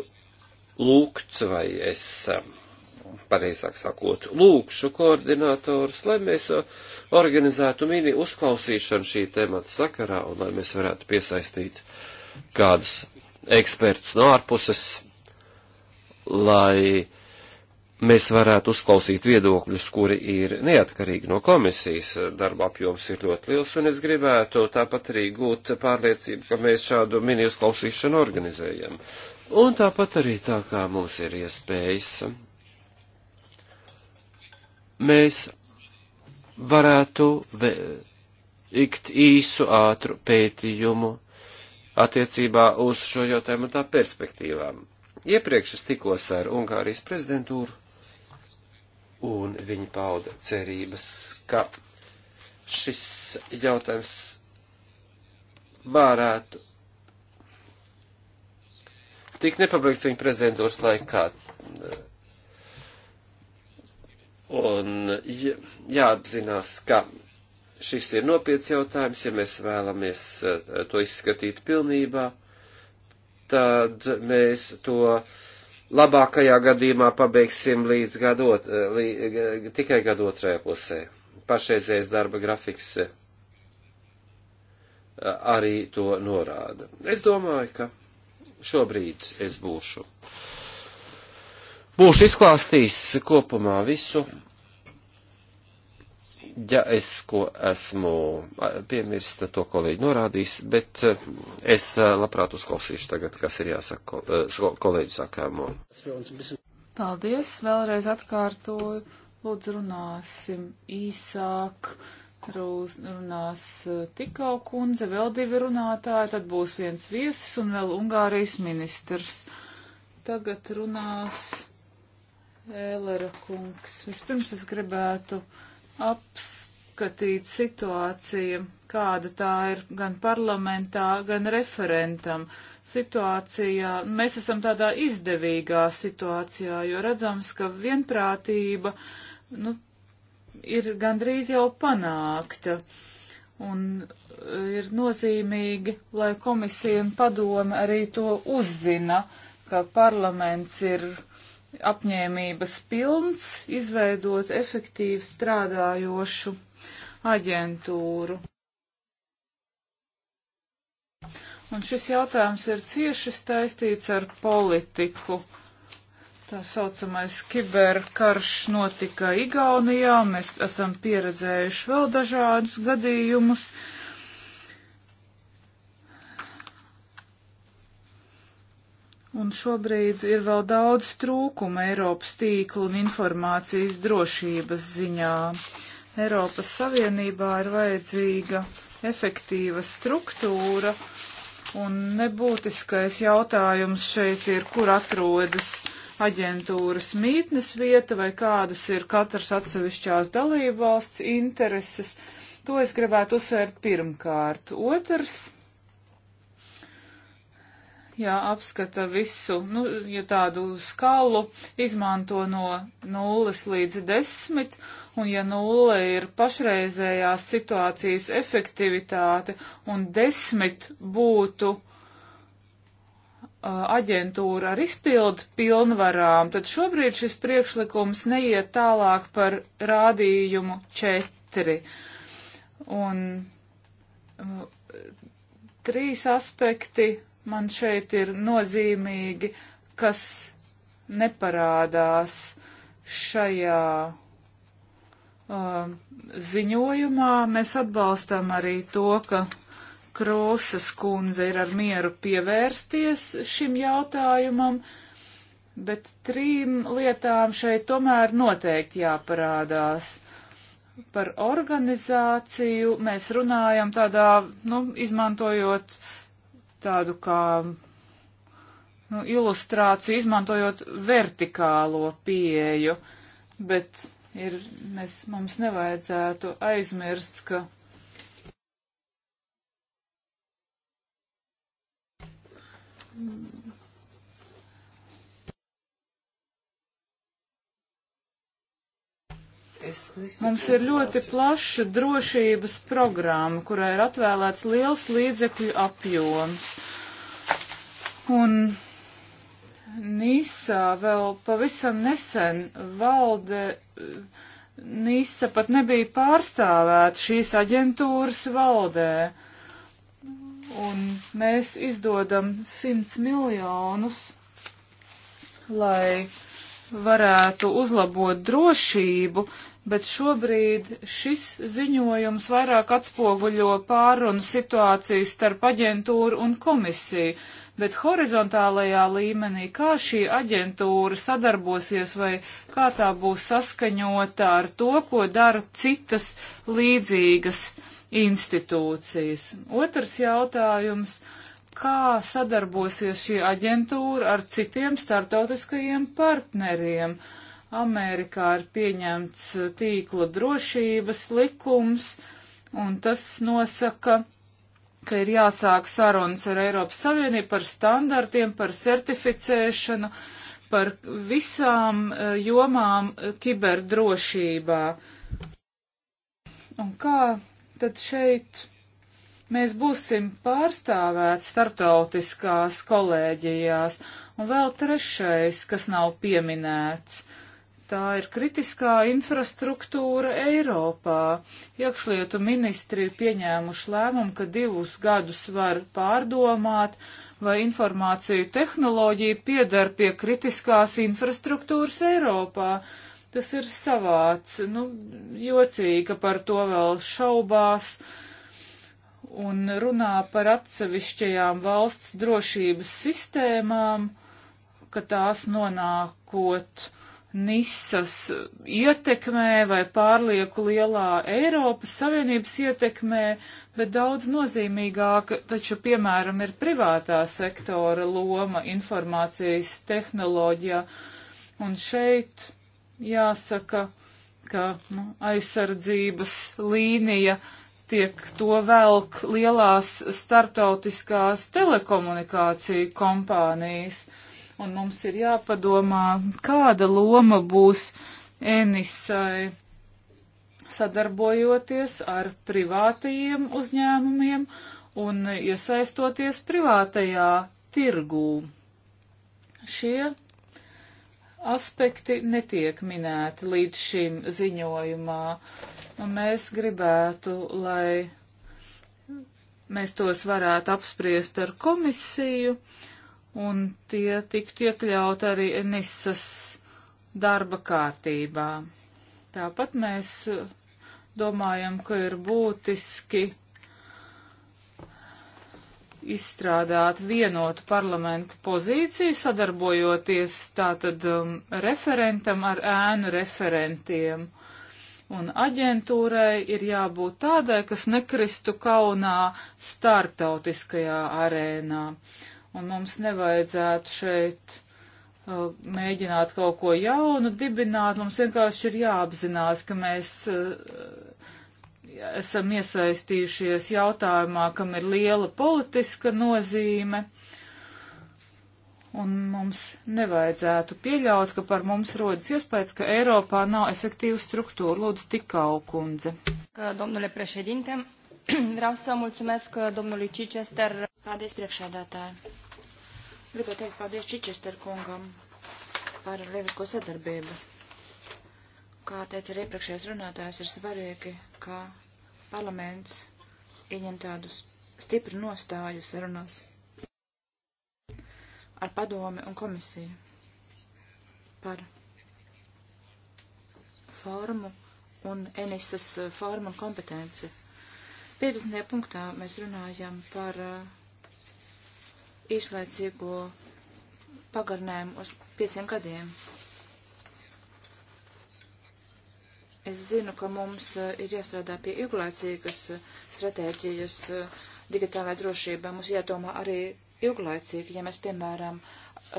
lūgt vai esam. Um, pareizāk sakot, lūkšu koordinatorus, lai mēs uh, organizētu mini uzklausīšanu šī temata sakarā un lai mēs varētu piesaistīt kādus ekspertus no ārpuses, lai mēs varētu uzklausīt viedokļus, kuri ir neatkarīgi no komisijas. Darba apjoms ir ļoti liels, un es gribētu tāpat arī gūt pārliecību, ka mēs šādu mini uzklausīšanu organizējam. Un tāpat arī tā kā mums ir iespējas mēs varētu veikt īsu ātru pētījumu attiecībā uz šo jautājumu tā perspektīvām. Iepriekš es tikos ar Ungārijas prezidentūru, un viņi pauda cerības, ka šis jautājums varētu tik nepabeigts viņa prezidentūras laikā Un jāapzinās, ka šis ir nopietns jautājums, ja mēs vēlamies eh, to izskatīt pilnībā, tad mēs to labākajā gadījumā pabeigsim līdz gadot, eh, lī, eh, tikai gadu otrajā pusē. Pašreizējais darba grafiks arī to norāda. Es domāju, ka šobrīd es būšu Būšu izklāstījis kopumā visu, ja es ko esmu piemirst, tad to kolēģi norādīs, bet es labprāt uzklausīšu tagad, kas ir jāsaka kolēģi sakāmo. Paldies, vēlreiz atkārtoju, lūdzu runāsim īsāk. Rūs, runās tikau kundze, vēl divi runātāji, tad būs viens viesis un vēl Ungārijas ministrs. Tagad runās Ēlera kungs. Vispirms es gribētu apskatīt situāciju, kāda tā ir gan parlamentā, gan referentam. Situācijā, mēs esam tādā izdevīgā situācijā, jo redzams, ka vienprātība, nu, ir gandrīz jau panākta. Un e, ir nozīmīgi, lai komisija un padome arī to uzzina, ka parlaments ir apņēmības pilns izveidot efektīvi strādājošu aģentūru. Un šis jautājums ir cieši saistīts ar politiku. Tā saucamais kiberkarš notika Igaunijā. Mēs esam pieredzējuši vēl dažādus gadījumus. Uh, Un šobrīd ir vēl daudz trūkumu Eiropas tīklu un informācijas drošības ziņā. Eiropas Savienībā ir vajadzīga efektīva struktūra, un nebūtiskais jautājums šeit ir, kur atrodas aģentūras mītnes vieta vai kādas ir katras atsevišķās dalībvalsts intereses. To es gribētu uzsvērt pirmkārt. Otrs jāapskata visu, nu, ja tādu skalu izmanto no nulles līdz desmit, un ja nulle ir pašreizējās situācijas efektivitāte, un desmit būtu uh, aģentūra ar izpildu pilnvarām, tad šobrīd šis priekšlikums neiet tālāk par rādījumu četri. Un uh, trīs aspekti man šeit ir nozīmīgi, kas neparādās šajā uh, ziņojumā. Mēs atbalstam arī to, ka Krūsas kundze ir ar mieru pievērsties šim jautājumam, bet trim lietām šeit tomēr noteikti jāparādās. Par organizāciju mēs runājam tādā, nu, izmantojot uh, tādu kā nu, ilustrāciju, izmantojot vertikālo pieeju, bet ir, mēs, mums nevajadzētu aizmirst, ka Mums ir ļoti plaša drošības programma, kurai ir atvēlēts liels līdzekļu apjoms. Un Nīsā vēl pavisam nesen valde. Nīsa pat nebija pārstāvēta šīs aģentūras valdē. Un mēs izdodam 100 miljonus, lai varētu uzlabot drošību, bet šobrīd šis ziņojums vairāk atspoguļo pārunu situācijas starp aģentūru un komisiju, bet horizontālajā līmenī, kā šī aģentūra sadarbosies vai kā tā būs saskaņota ar to, ko dara citas līdzīgas institūcijas. Otrs jautājums. Kā sadarbosies šī aģentūra ar citiem startautiskajiem partneriem? Uh, Amerikā ir pieņemts uh, tīkla drošības likums, un tas nosaka, ka ir jāsāk sarunas ar Eiropas Savienību par standartiem, par certificēšanu, par visām uh, jomām uh, kiberdrošībā. Un kā tad šeit mēs būsim pārstāvēti starptautiskās kolēģijās? Un vēl trešais, kas nav pieminēts. Uh, Tā ir kritiskā infrastruktūra Eiropā. Iekšlietu ministri ir pieņēmuši lēmumu, ka divus gadus var pārdomāt, vai informāciju tehnoloģija piedar pie kritiskās infrastruktūras Eiropā. Tas ir savāds, nu, jocīgi, ka par to vēl šaubās un runā par atsevišķajām valsts drošības sistēmām, ka tās nonākot Nisas ietekmē vai pārlieku lielā Eiropas Savienības ietekmē, bet daudz nozīmīgāka taču, piemēram, ir privātā sektora loma informācijas tehnoloģijā. Un šeit jāsaka, ka nu, aizsardzības līnija tiek to velk lielās starptautiskās telekomunikāciju kompānijas. Uh, un mums ir jāpadomā, kāda loma būs Enisai sadarbojoties ar privātajiem uzņēmumiem un iesaistoties privātajā tirgū. Šie aspekti netiek minēti līdz šim ziņojumā, un mēs gribētu, lai mēs tos varētu apspriest ar komisiju. Uh, un tie tiktu iekļaut arī Nisas darba kārtībā. Tāpat mēs domājam, ka ir būtiski izstrādāt vienotu parlamentu pozīciju, sadarbojoties tātad um, referentam ar ēnu referentiem. Un aģentūrai ir jābūt tādai, kas nekristu kaunā starptautiskajā arēnā. Uh, un mums nevajadzētu šeit uh, mēģināt kaut ko jaunu dibināt, mums vienkārši ir jāapzinās, ka mēs uh, esam iesaistījušies jautājumā, kam ir liela politiska nozīme, un mums nevajadzētu pieļaut, ka par mums rodas iespējas, ka Eiropā nav efektīva struktūra. Lūdzu, tikau kundze. Domnule președinte, vreau să mulțumesc domnului Cicester. Paldies, priekšsēdētāji. Gribētu teikt paldies Čičester kungam par lielisko sadarbību. Kā teica arī iepriekšējais runātājs, ir svarīgi, ka parlaments ieņem tādu stipru nostāju sarunās ar padomi un komisiju par formu un Enisas formu un kompetenci. 50. punktā mēs runājam par uh, īslaicīgo pagarinājumu uz pieciem gadiem. Es zinu, ka mums eh, ir jāstrādā pie ilglaicīgas eh, stratēģijas eh, digitālajā drošībā. Mums jādomā arī ilglaicīgi, ja mēs, piemēram,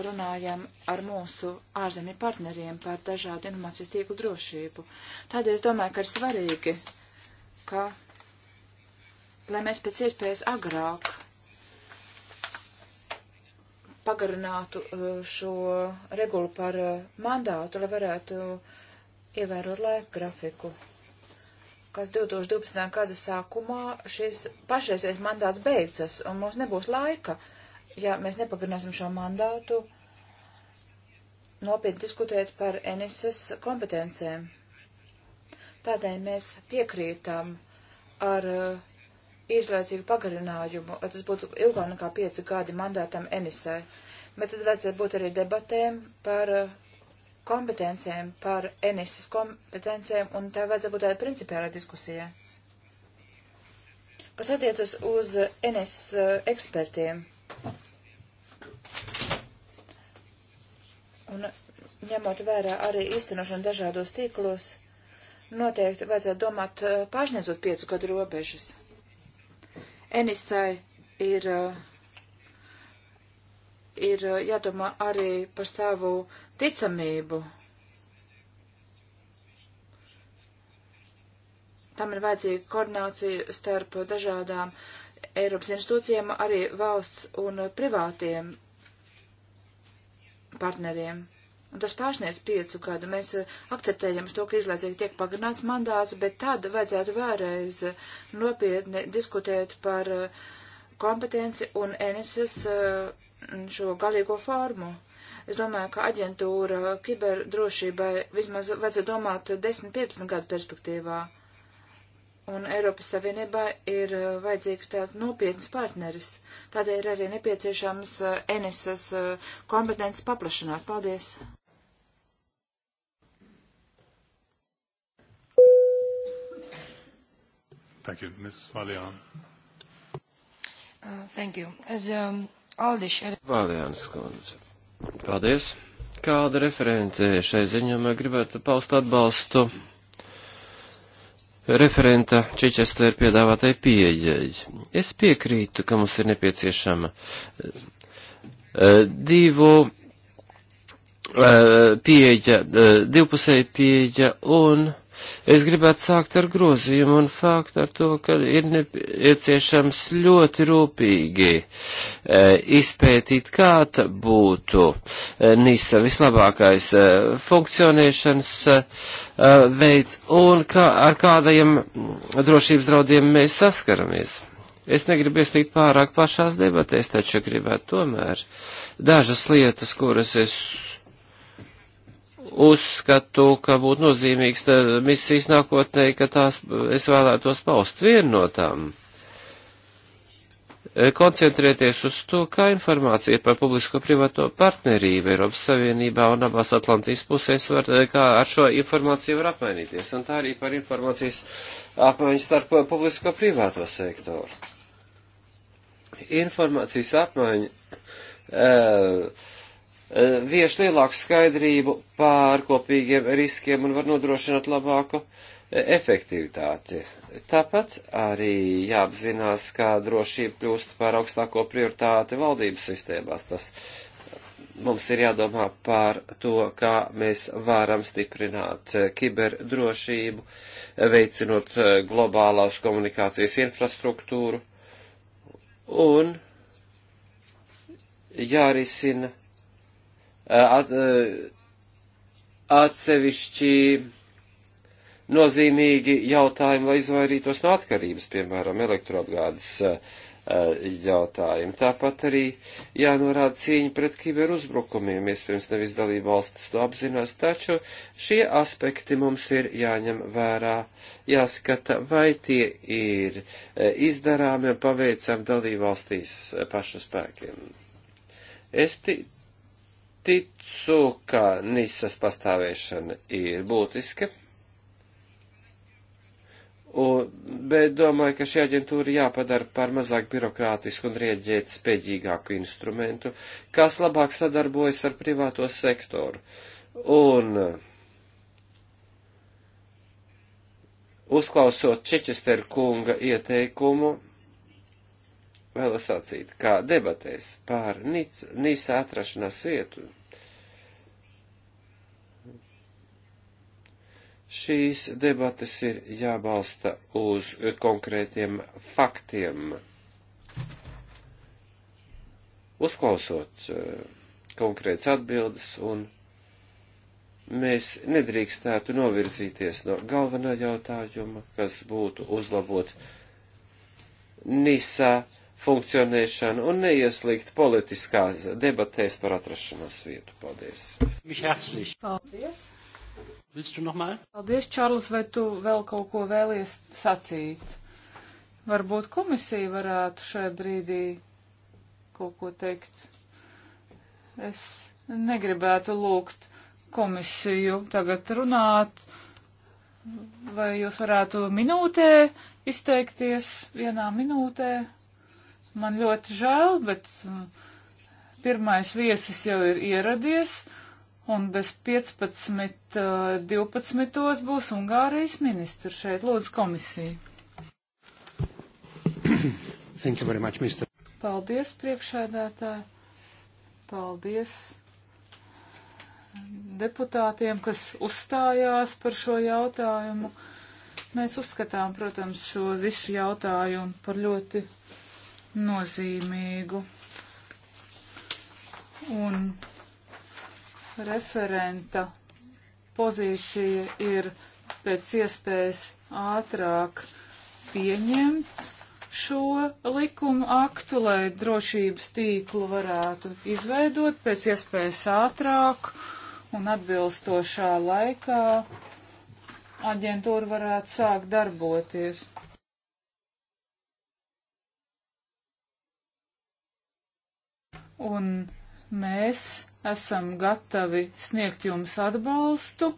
runājam ar mūsu ārzemju partneriem par dažādu informācijas tīklu drošību. Tādēļ es domāju, ka ir svarīgi, ka, lai mēs pēc iespējas agrāk pagarinātu uh, šo regulu par uh, mandātu, lai varētu ievērot laika grafiku. Kas 2012. gada sākumā šis pašreizējais mandāts beidzas, un mums nebūs laika, ja mēs nepagarināsim šo mandātu, nopietni diskutēt par Enises kompetencēm. Tādēļ mēs piekrītam ar uh, īslaicīgu pagarinājumu, lai tas būtu ilgāk nekā pieci gadi mandātam Enisē. Bet tad vajadzētu būt arī debatēm par eh, kompetencijām, par Enisas kompetencijām, un tā vajadzētu būt tāda principiāla diskusija. Kas attiecas uz Enisas eh, ekspertiem. Un ņemot vērā arī īstenošanu dažādos tīklos, noteikti vajadzētu domāt eh, pārsniedzot piecu gadu robežas. Enisai ir, eh, ir eh, jādomā arī par savu ticamību. Tam ir vajadzīga koordinācija starp dažādām Eiropas institūcijām, arī valsts un privātiem partneriem un tas pārsniedz piecu gadu. Mēs eh, akceptējam to, ka izlaicīgi tiek pagarināts mandāts, bet tad vajadzētu vēlreiz eh, nopietni diskutēt par eh, kompetenci un Enises šo galīgo formu. Es domāju, ka aģentūra kiberdrošībai vismaz vajadzētu domāt 10-15 gadu perspektīvā. Un Eiropas Savienībā ir vajadzīgs tāds nopietns partneris. Tādēļ ir arī nepieciešams Enisas kompetences paplašināt. Paldies! Thank you. Ms. Valian. Uh, thank you. As um, Aldi šeit. Valianas kundze. Paldies. Kāda referente šai ziņojumā gribētu paust atbalstu referenta Čičestera piedāvātai pieejai? Es piekrītu, ka mums ir nepieciešama uh, uh divu uh, pieeja, uh, divpusēja pieeja un Es gribētu sākt ar grozījumu un faktu ar to, ka ir nepieciešams ļoti rūpīgi e, izpētīt, kāda būtu e, NISA vislabākais e, funkcionēšanas e, veids un kā, ar kādajiem drošības draudiem mēs saskaramies. Es negribu ieslīgt pārāk plašās debatēs, taču gribētu tomēr dažas lietas, kuras es uzskatu, ka būtu nozīmīgs misijas nākotnē, ka tās es vēlētos paust vienu no tām. E, koncentrēties uz to, kā informācija par publisko-privāto partnerību Eiropas Savienībā un abās Atlantijas pusēs var, e, kā ar šo informāciju var apmainīties, un tā arī par informācijas apmaiņu starp publisko-privāto sektoru. Informācijas apmaiņa. Uh, Eh, vieš lielāku skaidrību pār kopīgiem riskiem un var nodrošināt labāku eh, efektivitāti. Tāpat arī jāapzinās, kā drošība kļūst par augstāko prioritāti valdības sistēmās. Tas mums ir jādomā par to, kā mēs varam stiprināt eh, kiberdrošību, veicinot globālās komunikācijas infrastruktūru un jārisina at, atsevišķi nozīmīgi jautājumi, lai izvairītos no atkarības, piemēram, elektroapgādes jautājumu. Tāpat arī jānorāda cīņa pret kiberuzbrukumiem, iespējams, nevis dalība valstis to apzinās, taču šie aspekti mums ir jāņem vērā, jāskata, vai tie ir izdarāmi un paveicami dalība valstīs pašu spēkiem. Es ticu, ka Nisas pastāvēšana ir būtiska, un, bet domāju, ka šī aģentūra jāpadara par mazāk birokrātisku un rieģēt spēģīgāku instrumentu, kas labāk sadarbojas ar privāto sektoru. Un uzklausot Čečester kunga ieteikumu, vēlos sacīt, kā debatēs pār Nīsa atrašanās vietu. Šīs debates ir jābalsta uz konkrētiem faktiem. Uzklausot eh, konkrēts atbildes un mēs nedrīkstētu novirzīties no galvenā jautājuma, kas būtu uzlabot Nisa funkcionēšanu un neieslīgt politiskās debatēs par atrašanās vietu. Paldies! Paldies! Paldies, Čārlis, vai tu vēl kaut ko vēlies sacīt? Varbūt komisija varētu šai brīdī kaut ko teikt. Es negribētu lūgt komisiju tagad runāt. Vai jūs varētu minūtē izteikties vienā minūtē? Man ļoti žēl, bet um, pirmais viesis jau ir ieradies, un bez 15.12. Uh, būs Ungārijas ministrs šeit. Lūdzu, komisija. Thank you very much, Mr. Paldies, priekšēdētāji. Paldies deputātiem, kas uzstājās par šo jautājumu. Mēs uzskatām, protams, šo visu jautājumu par ļoti nozīmīgu. Un referenta pozīcija ir pēc iespējas ātrāk pieņemt šo likumu aktu, lai drošības tīklu varētu izveidot pēc iespējas ātrāk un atbilstošā laikā aģentūra varētu sākt darboties. un mēs esam gatavi sniegt jums atbalstu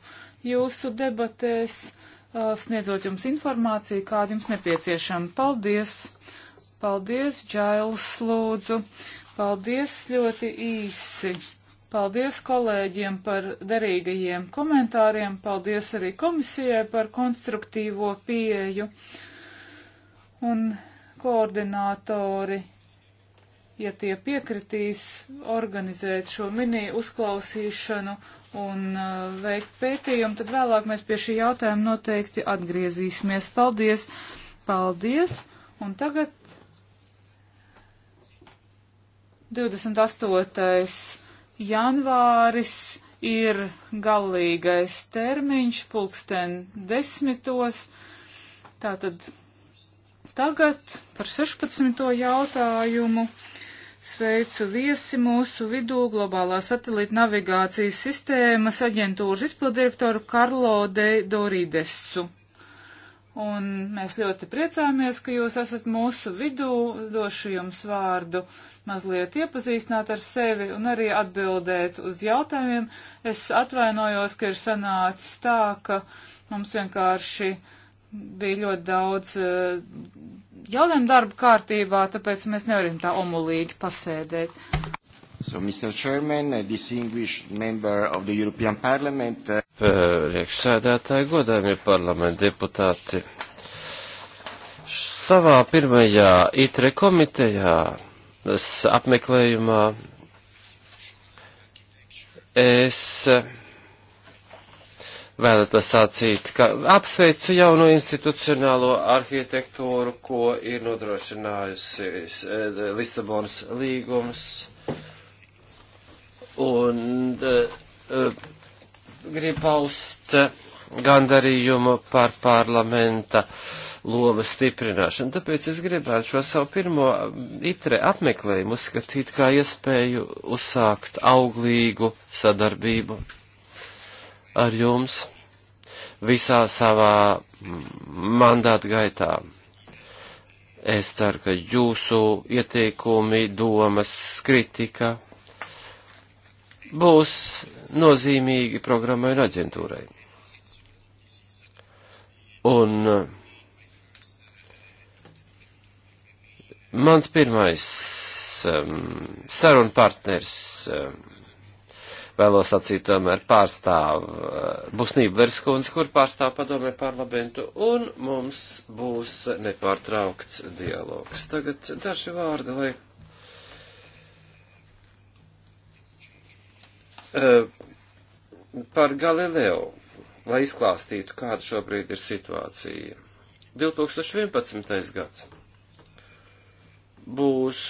jūsu debatēs, sniedzot jums informāciju, kāda jums nepieciešama. Paldies! Paldies, Džails, lūdzu! Paldies ļoti īsi! Paldies kolēģiem par derīgajiem komentāriem, paldies arī komisijai par konstruktīvo pieeju. Un koordinātori ja tie piekritīs organizēt šo mini uzklausīšanu un uh, veikt pētījumu, tad vēlāk mēs pie šī jautājuma noteikti atgriezīsimies. Paldies! Paldies! Un tagad 28. janvāris ir galīgais termiņš, pulksten desmitos. Tātad tagad par 16. jautājumu. Sveicu viesi mūsu vidū globālā satelīta navigācijas sistēmas aģentūras izpildirektoru Karlo de Doridesu. Un mēs ļoti priecāmies, ka jūs esat mūsu vidū, došu jums vārdu mazliet iepazīstināt ar sevi un arī atbildēt uz jautājumiem. Es atvainojos, ka ir sanācis tā, ka mums vienkārši bija ļoti daudz uh, jautājumu darba kārtībā, tāpēc mēs nevaram tā omulīgi pasēdēt. So, Mr. Chairman, uh, distinguished member of the European Parliament. Uh, uh, priekšsēdētāji, godājumie parlamenta deputāti, savā pirmajā ITRE komitejā apmeklējumā es vēlētos sacīt, ka apsveicu jauno institucionālo arhitektūru, ko ir nodrošinājusi eh, Lisabonas līgums. Un eh, grib paust gandarījumu par parlamenta loma stiprināšanu. Tāpēc es gribētu šo savu pirmo mm, itre apmeklējumu uzskatīt kā iespēju uzsākt auglīgu sadarbību ar jums visā savā mandāta gaitā. Es ceru, ka jūsu ieteikumi, domas, kritika būs nozīmīgi programmai un aģentūrai. Un mans pirmais um, sarunpartners um, vēlos sacīt tomēr pārstāv eh, Busnību Verskundz, kur pārstāv padomē parlamentu, un mums būs nepārtraukts dialogs. Tagad daži vārdi, lai. Uh, par Galileo, lai izklāstītu, kāda šobrīd ir situācija. 2011. gads būs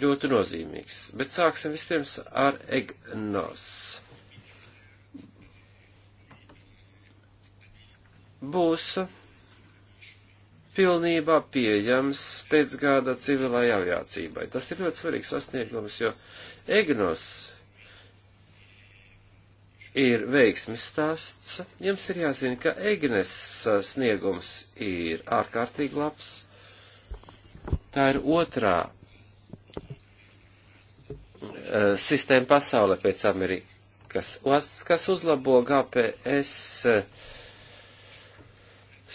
ļoti nozīmīgs. Bet sāksim vispirms ar egnos. Būs pilnībā pieejams pēcgāda civilai aviācībai. Tas ir ļoti svarīgs sasniegums, jo egnos ir veiksmes stāsts. Jums ir jāzina, ka Egnes sniegums ir ārkārtīgi labs. Tā ir otrā Eh, sistēma pasaule pēc Amerikas, kas uzlabo GPS eh,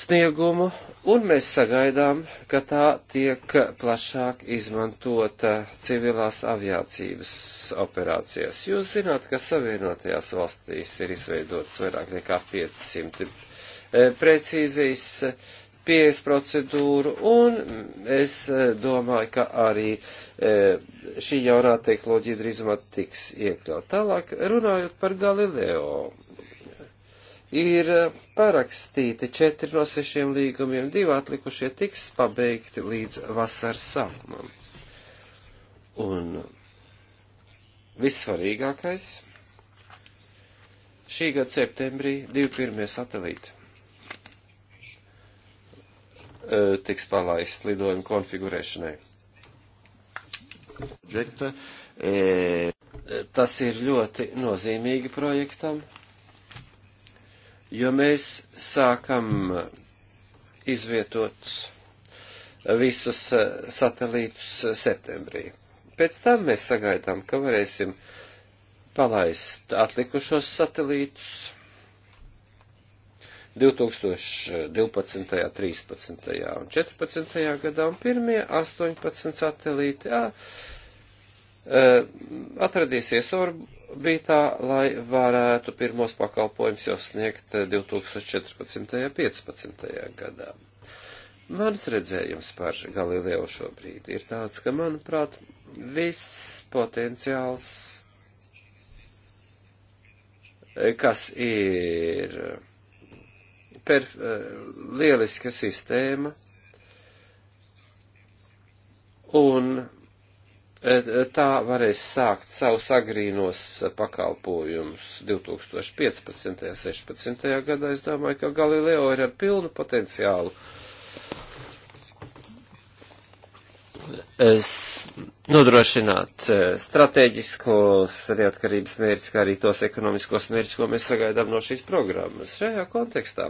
sniegumu, un mēs sagaidām, ka tā tiek plašāk izmantota civilās aviācijas operācijās. Jūs zināt, ka Savienotajās valstīs ir izveidotas vairāk nekā 500 eh, precīzijas pieejas procedūru, un es eh, domāju, ka arī eh, šī jaunā tehnoloģija drīzumā tiks iekļaut. Tālāk, runājot par Galileo, ir eh, parakstīti četri no sešiem līgumiem, divi atlikušie tiks pabeigti līdz vasaras sākumam. Un vissvarīgākais - šī gada septembrī divi pirmie satelīti E, tiks palaists lidojumu konfigurēšanai. E, Tas ir ļoti nozīmīgi projektam, jo mēs sākam izvietot visus e, satelītus septembrī. Pēc tam mēs sagaidām, ka varēsim palaist atlikušos satelītus 2012., 13. un 14. gadā un pirmie 18 satelīti jā, atradīsies orbītā, lai varētu pirmos pakalpojumus jau sniegt 2014. un 15. gadā. Mans redzējums par Galileo šobrīd ir tāds, ka, manuprāt, viss potenciāls, kas ir per, eh, lieliska sistēma, un eh, tā varēs sākt savus agrīnos pakalpojumus 2015. un 16. gadā. Es domāju, ka Galileo ir ar pilnu potenciālu nodrošināt e, strateģiskos neatkarības mērķus, kā arī tos ekonomiskos mērķus, ko mēs sagaidām no šīs programmas. Šajā kontekstā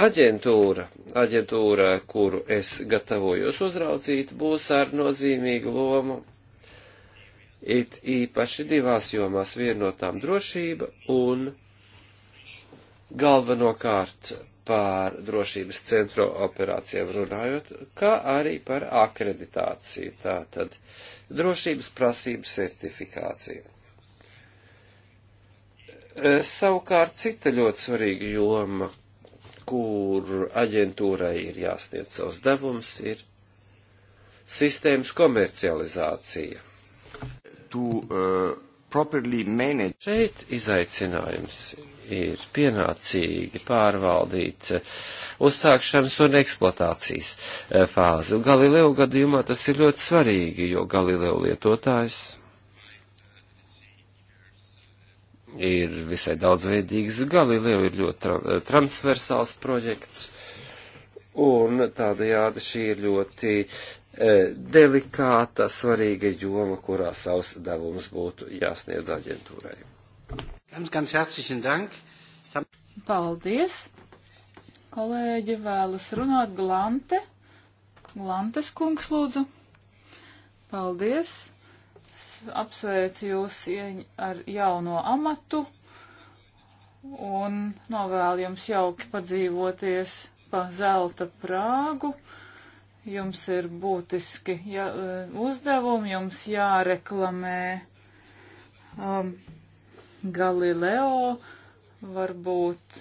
aģentūra, aģentūra, kuru es gatavojos uzraudzīt, būs ar nozīmīgu lomu it īpaši divās jomās vienotām drošība un galvenokārt par drošības centro operācijām runājot, kā arī par akreditāciju, tātad drošības prasību certifikāciju. E, savukārt cita ļoti svarīga joma, kur aģentūrai ir jāsniedz savs devums, ir sistēmas komercializācija. Tu, uh Šeit izaicinājums ir pienācīgi pārvaldīt eh, uzsākšanas un eksploatācijas eh, fāzi. Galileo gadījumā tas ir ļoti svarīgi, jo Galileo lietotājs ir visai daudzveidīgs. Galileo ir ļoti tra eh, transversāls projekts. Un tādējādi šī ir ļoti E, delikāta, svarīga joma, kurā savs devums būtu jāsniedz aģentūrai. Ganz, ganz herzlichen Dank. Paldies. Kolēģi vēlas runāt Glante. Glantes kungs lūdzu. Paldies. Es apsveicu jūs ar jauno amatu un novēlu jums jauki padzīvoties pa zelta prāgu jums ir būtiski ja, eh, uzdevumi, jums jāreklamē um, Galileo, varbūt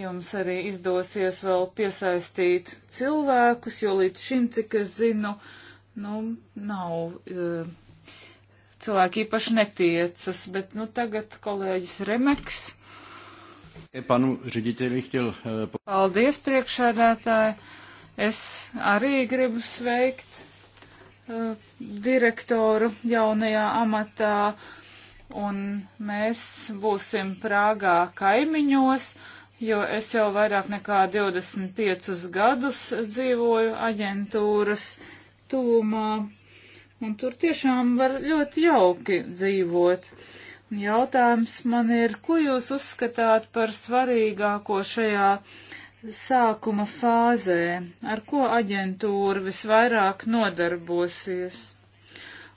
jums arī izdosies vēl piesaistīt cilvēkus, jo līdz šim, cik es zinu, nu, nav. Uh, Cilvēki īpaši netiecas, bet nu tagad kolēģis Remeks. Panu, eh, Paldies, priekšēdētāji. Es arī gribu sveikt uh, direktoru jaunajā amatā, un mēs būsim Prāgā kaimiņos, jo es jau vairāk nekā 25 gadus dzīvoju aģentūras tuvumā, un tur tiešām var ļoti jauki dzīvot. Jautājums man ir, ko jūs uzskatāt par svarīgāko šajā? sākuma fāzē, ar ko aģentūra visvairāk nodarbosies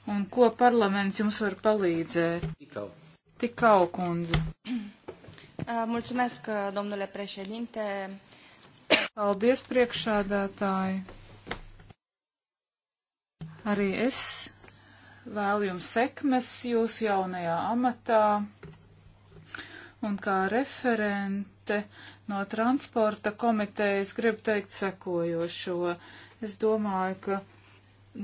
un ko parlaments jums var palīdzēt? Tikau. Tikau, kundze. Uh, mulțumesc, domnule președinte. Paldies, priekšādātāji. Arī es vēlu jums sekmes jūsu jaunajā amatā. Un kā referente No transporta komitejas gribu teikt sekojošo. Es domāju, ka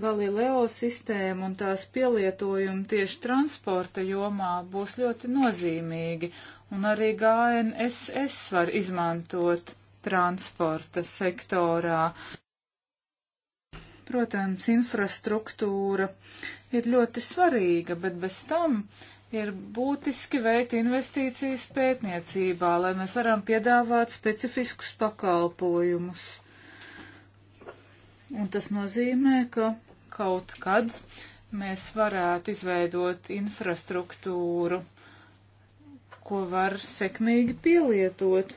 Galileo sistēma un tās pielietojumi tieši transporta jomā būs ļoti nozīmīgi, un arī GNSS var izmantot transporta sektorā. Protams, infrastruktūra ir ļoti svarīga, bet bez tam ir būtiski veikt investīcijas pētniecībā, lai mēs varam piedāvāt specifiskus pakalpojumus. Un tas nozīmē, ka kaut kad mēs varētu izveidot infrastruktūru, ko var sekmīgi pielietot,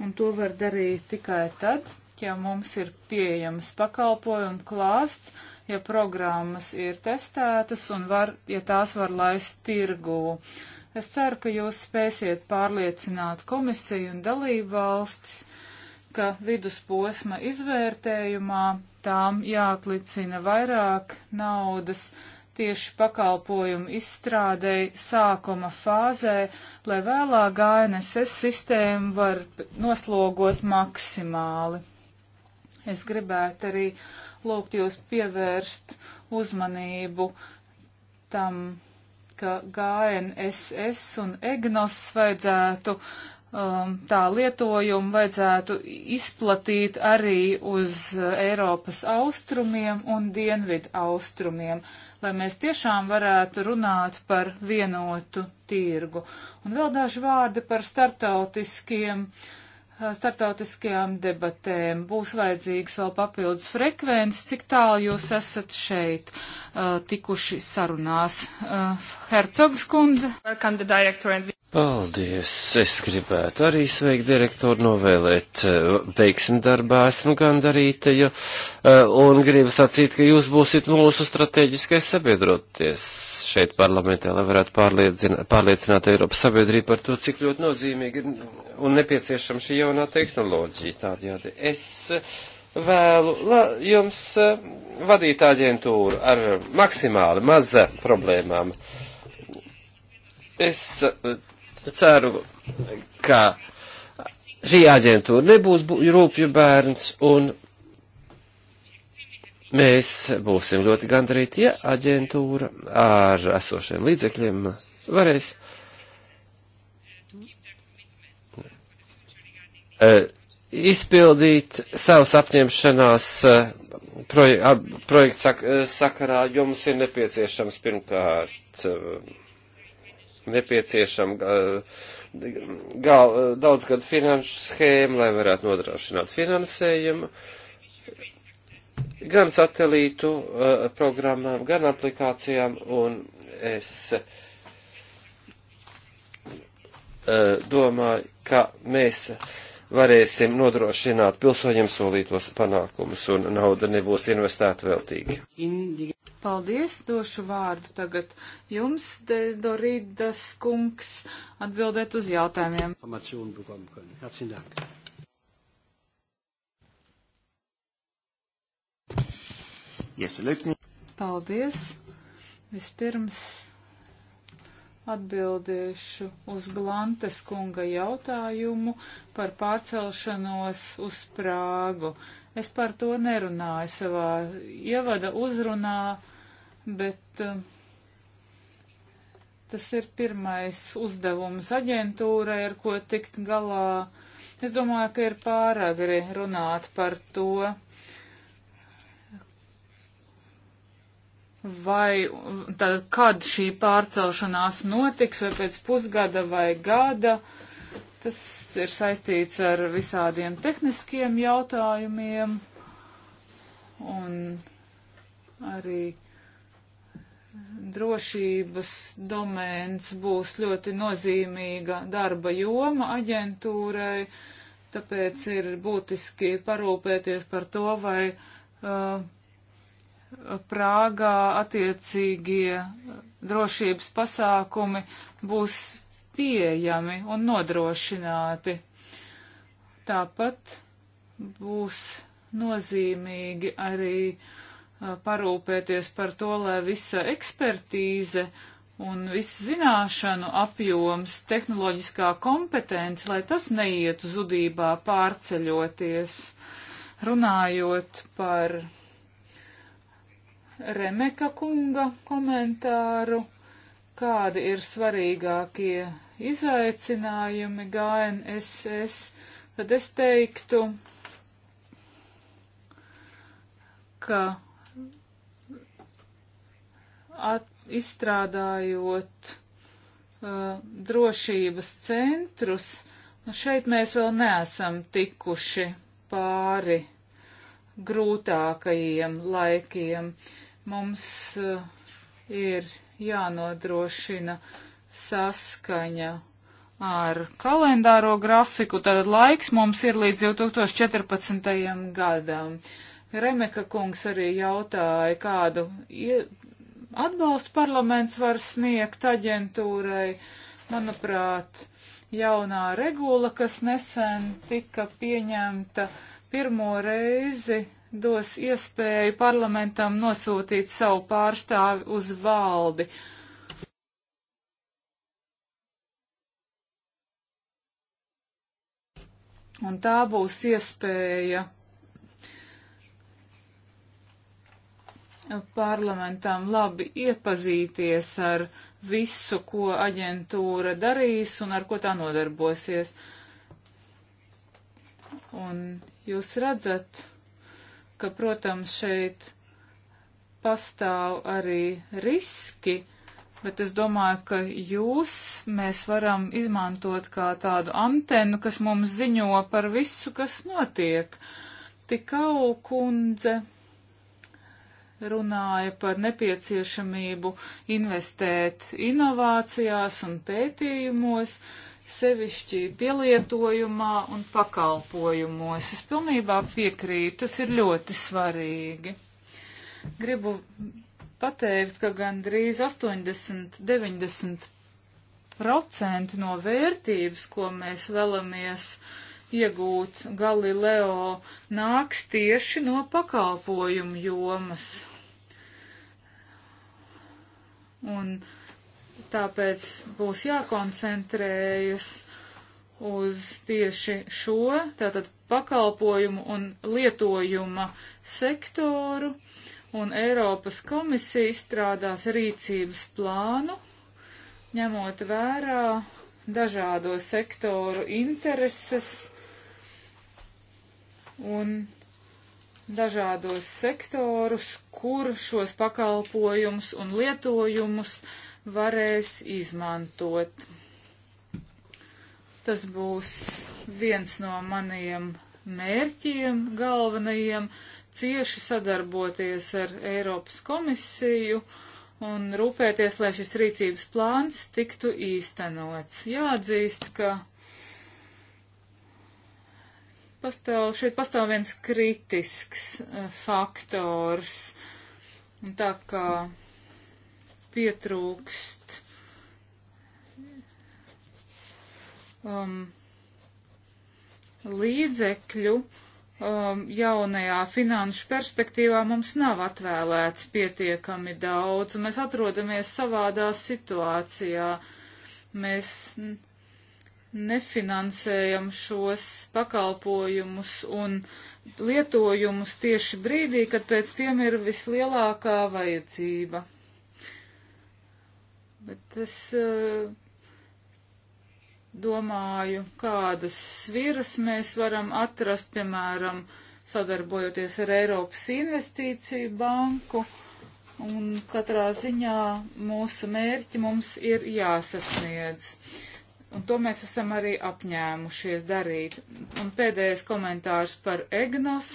un to var darīt tikai tad, ja mums ir pieejams pakalpojumu klāsts, ja programmas ir testētas un var, ja tās var laist tirgū. Es ceru, ka jūs spēsiet pārliecināt komisiju un dalību valstis, ka vidusposma izvērtējumā tām jāatlicina vairāk naudas tieši pakalpojumu izstrādēji sākuma fāzē, lai vēlāk ANSS sistēmu var noslogot maksimāli. Es gribētu arī lūgt jūs pievērst uzmanību tam, ka GNSS un EGNOS vajadzētu um, tā lietojumu vajadzētu izplatīt arī uz uh, Eiropas austrumiem un dienvidu austrumiem, lai mēs tiešām varētu runāt par vienotu tirgu. Un vēl daži vārdi par startautiskiem uh, Eh, startautiskajām debatēm. Būs vajadzīgs vēl papildus frekvences, cik tālu jūs esat šeit uh, tikuši sarunās. Uh, Hercogs kundze. And... Paldies! Es gribētu arī sveikt direktoru, novēlēt eh, veiksmi darbā, esmu gandarīta, jo, eh, un gribu sacīt, ka jūs būsiet mūsu strateģiskais sabiedroties šeit parlamentā, lai varētu pārliecināt, pārliecināt Eiropas sabiedrību par to, cik ļoti nozīmīgi un nepieciešama šī jaunā tehnoloģija. Tādējādi es vēlu la, jums eh, vadīt aģentūru ar maksimāli maza problēmām. Es ceru, ka šī aģentūra nebūs rūpju bērns un mēs būsim ļoti gandrīt, ja aģentūra ar esošiem līdzekļiem varēs e, izpildīt savus apņemšanās e, projektu e, sakarā, jo mums ir nepieciešams pirmkārt nepieciešama daudzgad finanšu schēma, lai varētu nodrošināt finansējumu gan satelītu programmām, gan aplikācijām, un es domāju, ka mēs varēsim nodrošināt pilsoņiem solītos panākumus, un nauda nebūs investēta veltīgi paldies. Došu vārdu tagad jums, Dorīdas kungs, atbildēt uz jautājumiem. Paldies. Vispirms atbildēšu uz Glantes kunga jautājumu par pārcelšanos uz Prāgu. Es par to nerunāju savā ievada uzrunā bet uh, tas ir pirmais uzdevums aģentūrai, ar ko tikt galā. Es domāju, ka ir pāragri runāt par to, vai tad, kad šī pārcelšanās notiks, vai pēc pusgada vai gada. Tas ir saistīts ar visādiem tehniskiem jautājumiem un arī drošības domēns būs ļoti nozīmīga darba joma aģentūrai, tāpēc ir būtiski parūpēties par to, vai uh, Prāgā attiecīgie drošības pasākumi būs pieejami un nodrošināti. Tāpat būs nozīmīgi arī uh, parūpēties par to, lai visa ekspertīze un viss zināšanu apjoms, tehnoloģiskā kompetence, lai tas neietu zudībā pārceļoties. Runājot par Remeka kunga komentāru, kādi ir svarīgākie izaicinājumi GNSS, tad es teiktu, ka at, izstrādājot uh, drošības centrus, nu šeit mēs vēl neesam tikuši pāri grūtākajiem laikiem. Mums uh, ir jānodrošina saskaņa ar kalendāro grafiku, tad laiks mums ir līdz 2014. gadam. Remeka kungs arī jautāja, kādu atbalstu parlaments var sniegt aģentūrai. Manuprāt, jaunā regula, kas nesen tika pieņemta pirmo reizi, dos iespēju parlamentam nosūtīt savu pārstāvi uz valdi. Un tā būs iespēja parlamentam labi iepazīties ar visu, ko aģentūra darīs un ar ko tā nodarbosies. Un jūs redzat, ka, protams, šeit pastāv arī riski, bet es domāju, ka jūs mēs varam izmantot kā tādu antenu, kas mums ziņo par visu, kas notiek. Tikau kundze runāja par nepieciešamību investēt inovācijās un pētījumos, sevišķi pielietojumā un pakalpojumos. Es pilnībā piekrītu, tas ir ļoti svarīgi. Gribu pateikt, ka gandrīz 80-90% no vērtības, ko mēs vēlamies uh, iegūts Galileo, nāks tieši no pakalpojumu jomas. Un tāpēc būs jākoncentrējas uz tieši šo, tātad pakalpojumu un lietojuma sektoru, un Eiropas komisija izstrādās rīcības plānu, ņemot vērā dažādo sektoru intereses un dažādos sektorus, kur šos pakalpojumus un lietojumus varēs izmantot. Tas būs viens no maniem mērķiem galvenajiem - cieši sadarboties ar Eiropas komisiju un rūpēties, lai šis rīcības plāns tiktu īstenots. Jāatzīst, ka Pastāv, šeit pastāv viens kritisks uh, faktors. Un tā kā pietrūkst. Um, līdzekļu um, jaunajā finanšu perspektīvā mums nav atvēlēts pietiekami daudz, un mēs atrodamies savādā situācijā. Mēs n, nefinansējam šos pakalpojumus un lietojumus tieši brīdī, kad pēc tiem ir vislielākā vajadzība. Bet es uh, domāju, kādas sviras mēs varam atrast, piemēram, sadarbojoties ar Eiropas investīciju banku. Un katrā ziņā mūsu mērķi mums ir jāsasniedz. Uh, Un to mēs esam arī apņēmušies darīt. Un pēdējais komentārs par EGNAS.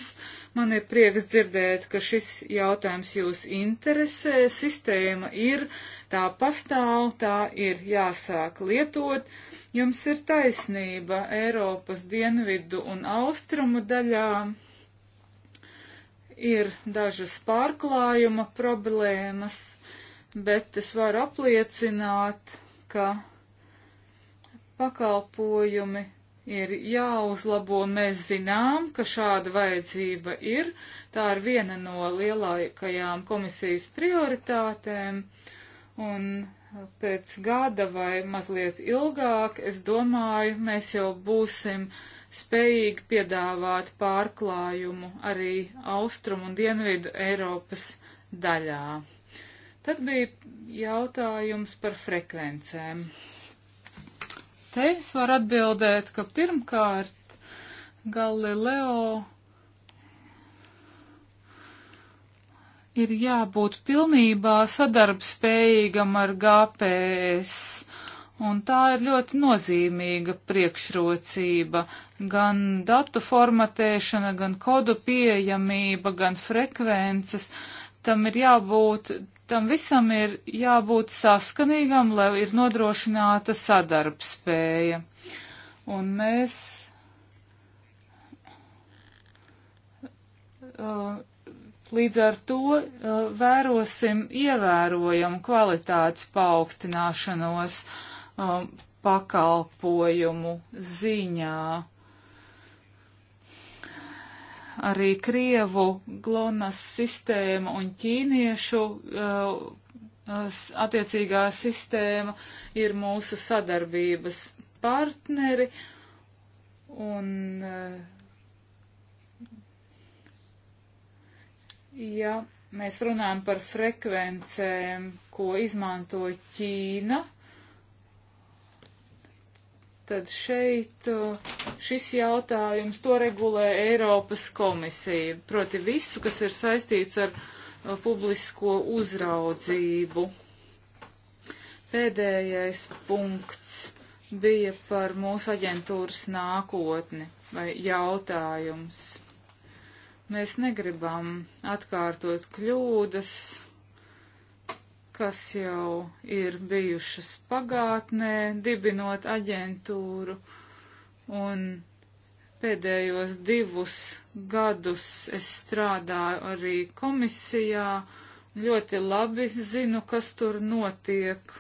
Man ir prieks dzirdēt, ka šis jautājums jūs interesē. Sistēma ir, tā pastāv, tā ir jāsāk lietot. Jums ir taisnība Eiropas dienvidu un austrumu daļā. Ir dažas pārklājuma problēmas, bet es varu apliecināt, ka pakalpojumi ir jāuzlabo, un mēs zinām, ka šāda vajadzība ir. Tā ir viena no lielākajām komisijas prioritātēm, un pēc gada vai mazliet ilgāk, es domāju, mēs jau būsim spējīgi piedāvāt pārklājumu arī austrumu un dienvidu Eiropas daļā. Tad bija jautājums par frekvencēm. Te es varu atbildēt, ka pirmkārt Galileo ir jābūt pilnībā sadarbspējīgam ar GPS, un tā ir ļoti nozīmīga priekšrocība - gan datu formatēšana, gan kodu pieejamība, gan frekvences. Tam ir jābūt Tam visam ir jābūt saskanīgam, lai ir nodrošināta sadarbspēja. Un mēs uh, Līdz ar to uh, vērosim ievērojamu kvalitātes paaugstināšanos um, pakalpojumu ziņā arī Krievu glonas sistēma un ķīniešu uh, uh attiecīgā sistēma ir mūsu sadarbības partneri. Un, uh, ja mēs runājam par frekvencēm, ko izmanto Ķīna, uh, Tātad šeit uh, šis jautājums to regulē Eiropas komisija, proti visu, kas ir saistīts ar uh, publisko uzraudzību. Pēdējais punkts bija par mūsu aģentūras nākotni vai jautājums. Mēs negribam atkārtot kļūdas, kas jau ir bijušas pagātnē, dibinot aģentūru. Un pēdējos divus gadus es strādāju arī komisijā, ļoti labi zinu, kas tur notiek.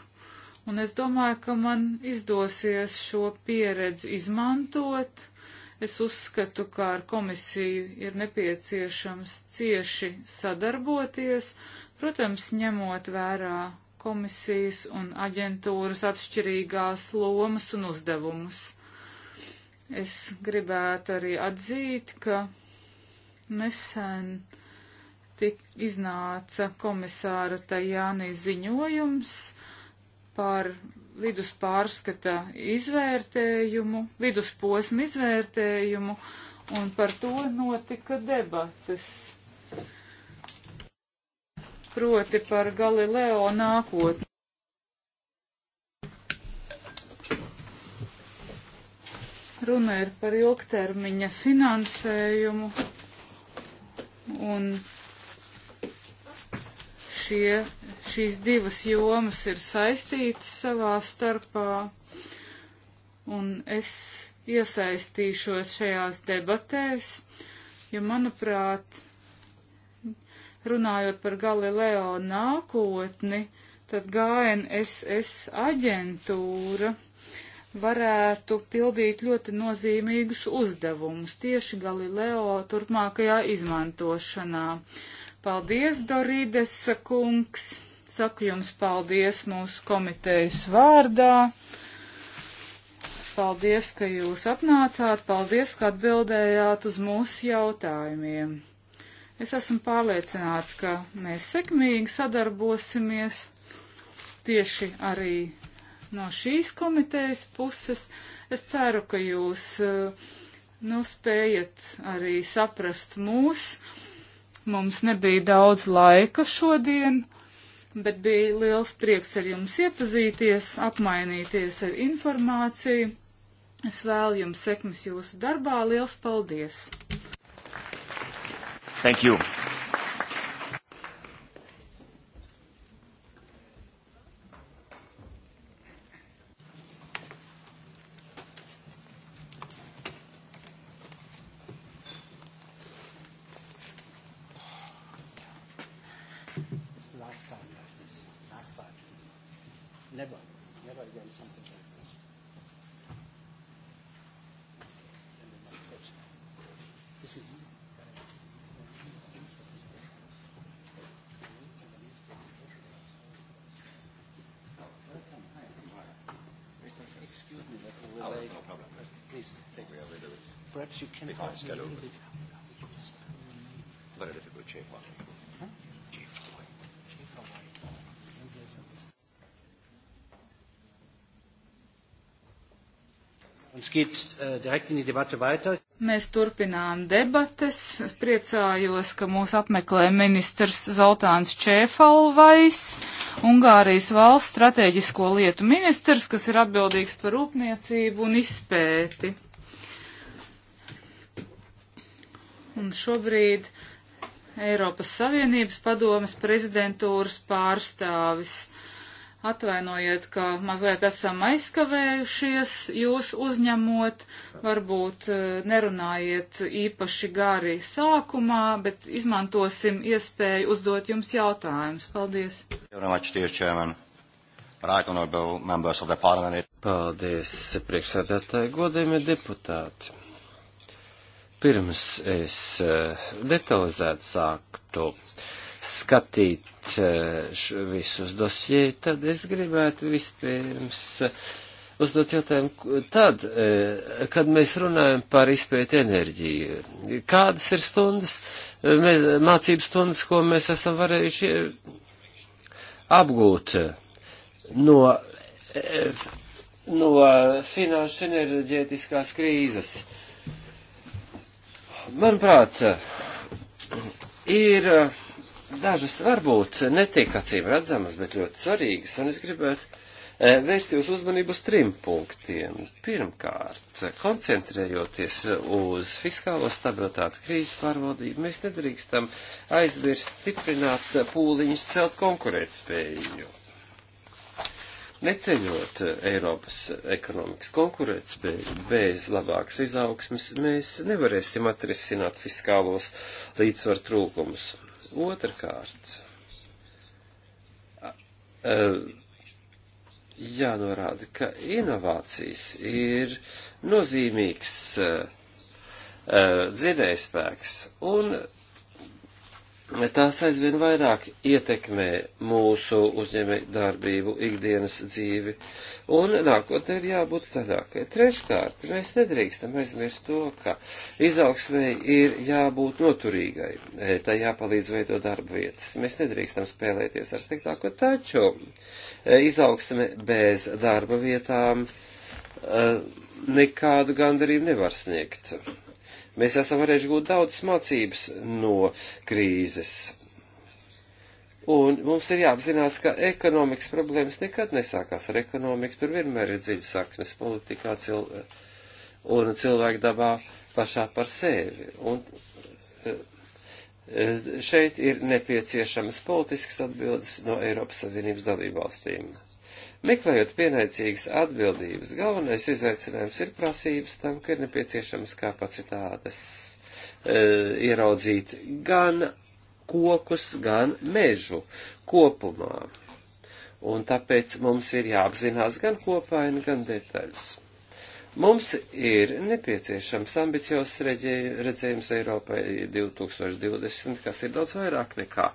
Un es domāju, ka man izdosies šo pieredzi izmantot. Es uzskatu, ka ar komisiju ir nepieciešams cieši sadarboties, Protams, ņemot vērā komisijas un aģentūras atšķirīgās lomas un uzdevumus. Es gribētu arī atzīt, ka nesen tik iznāca komisāra Tajāni ziņojums par vidus pārskata izvērtējumu, vidusposmu izvērtējumu, un par to notika debatas proti par Galileo nākotni. Runa ir par ilgtermiņa finansējumu un šie, šīs divas jomas ir saistītas savā starpā, un es iesaistīšos šajās debatēs, jo, manuprāt, runājot par Galileo nākotni, tad GNSS aģentūra varētu pildīt ļoti nozīmīgus uzdevumus tieši Galileo turpmākajā izmantošanā. Paldies, Dorīdes kungs! Saku jums paldies mūsu komitejas vārdā. Paldies, ka jūs atnācāt, paldies, ka atbildējāt uz mūsu jautājumiem. Es esmu pārliecināts, ka mēs sekmīgi sadarbosimies tieši arī no šīs komitejas puses. Es ceru, ka jūs eh, nu, spējat arī saprast mūs. Mums nebija daudz laika šodien, bet bija liels prieks ar jums iepazīties, apmainīties ar informāciju. Es vēlu jums sekmes jūsu darbā. Liels paldies! Thank you. Pascal Aube. Guarda che poi c'è qua. Mēs turpinām debates. Es priecājos, ka mūs apmeklē ministrs Zoltāns Čēfalvais, Ungārijas valsts strateģisko lietu ministrs, kas ir atbildīgs par rūpniecību un izpēti. un šobrīd Eiropas Savienības padomas prezidentūras pārstāvis. Atvainojiet, ka mazliet esam aizkavējušies jūs uzņemot, varbūt eh, nerunājiet īpaši gari sākumā, bet izmantosim iespēju uzdot jums jautājumus. Paldies! Paldies, priekšsēdētāji, godējumie deputāti! Pirms es eh, detalizēt sāktu skatīt eh, visus dosjē, tad es gribētu vispirms eh, uzdot jautājumu, tad, kad mēs runājam par izpēti enerģiju, kādas ir stundas, mēs, mācības stundas, ko mēs esam varējuši apgūt no, no finanšu enerģētiskās krīzes? Manuprāt, ir eh, dažas varbūt netiek acīm redzamas, bet ļoti svarīgas, un es gribētu eh, vērst jūs uzmanību uz trim punktiem. Pirmkārt, koncentrējoties uz fiskālo stabilitāti krīzes pārvaldību, mēs nedrīkstam aizmirst stiprināt pūliņus celt konkurētspēju. Neceļot eh, Eiropas ekonomikas konkurētspēju bez labākas izaugsmes, mēs nevarēsim atrisināt fiskālos līdzsvaru trūkumus. Otrakārt, eh, jānorāda, ka inovācijas ir nozīmīgs eh, dzinējspēks un tās aizvien vairāk ietekmē mūsu uzņēmēju darbību, ikdienas dzīvi, un nākotnē ir jābūt zaļākai. Treškārt, mēs nedrīkstam aizmirst to, ka izaugsmēji ir jābūt noturīgai, tā jāpalīdz veidot darba vietas. Mēs nedrīkstam spēlēties ar sliktāko, taču e, izaugsme bez darba vietām e, nekādu gandarību nevar sniegt. Mēs esam varējuši gūt daudzas mācības no krīzes. Un mums ir jāapzinās, ka ekonomikas problēmas nekad nesākās ar ekonomiku, tur vienmēr ir dziļas saknes politikā cil un cilvēku dabā pašā par sevi. Un eh, eh, šeit ir nepieciešamas politiskas atbildes no Eiropas Savienības dalībvalstīm. Meklējot pienaicīgas atbildības, galvenais izaicinājums ir prasības tam, ka ir nepieciešams kapacitātes e, ieraudzīt gan kokus, gan mežu kopumā. Un tāpēc mums ir jāapzinās gan kopaini, gan detaļas. Mums ir nepieciešams ambiciozs redzējums Eiropai 2020, kas ir daudz vairāk nekā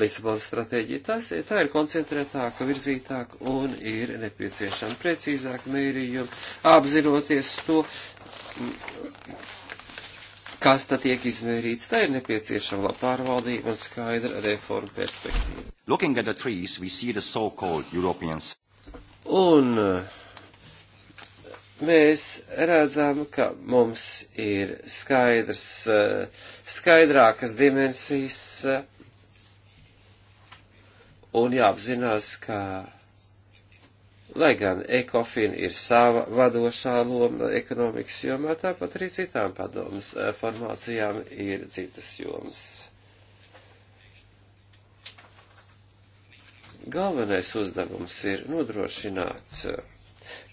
Lisabonas stratēģija. Tas, tā ir koncentrētāka, virzītāka un ir nepieciešama precīzāka mērījuma, apzinoties to, kas tad tiek izmērīts. Tā ir nepieciešama laba pārvaldība un skaidra reforma perspektīva. Trees, Europeans... Un uh, mēs redzam, ka mums ir skaidrs, eh, skaidrākas dimensijas eh, un jāapzinās, ka, lai gan ECOFIN ir sava vadošā loma ekonomikas jomā, tāpat arī citām padomas eh, formācijām ir citas jomas. Galvenais uzdevums ir nodrošināt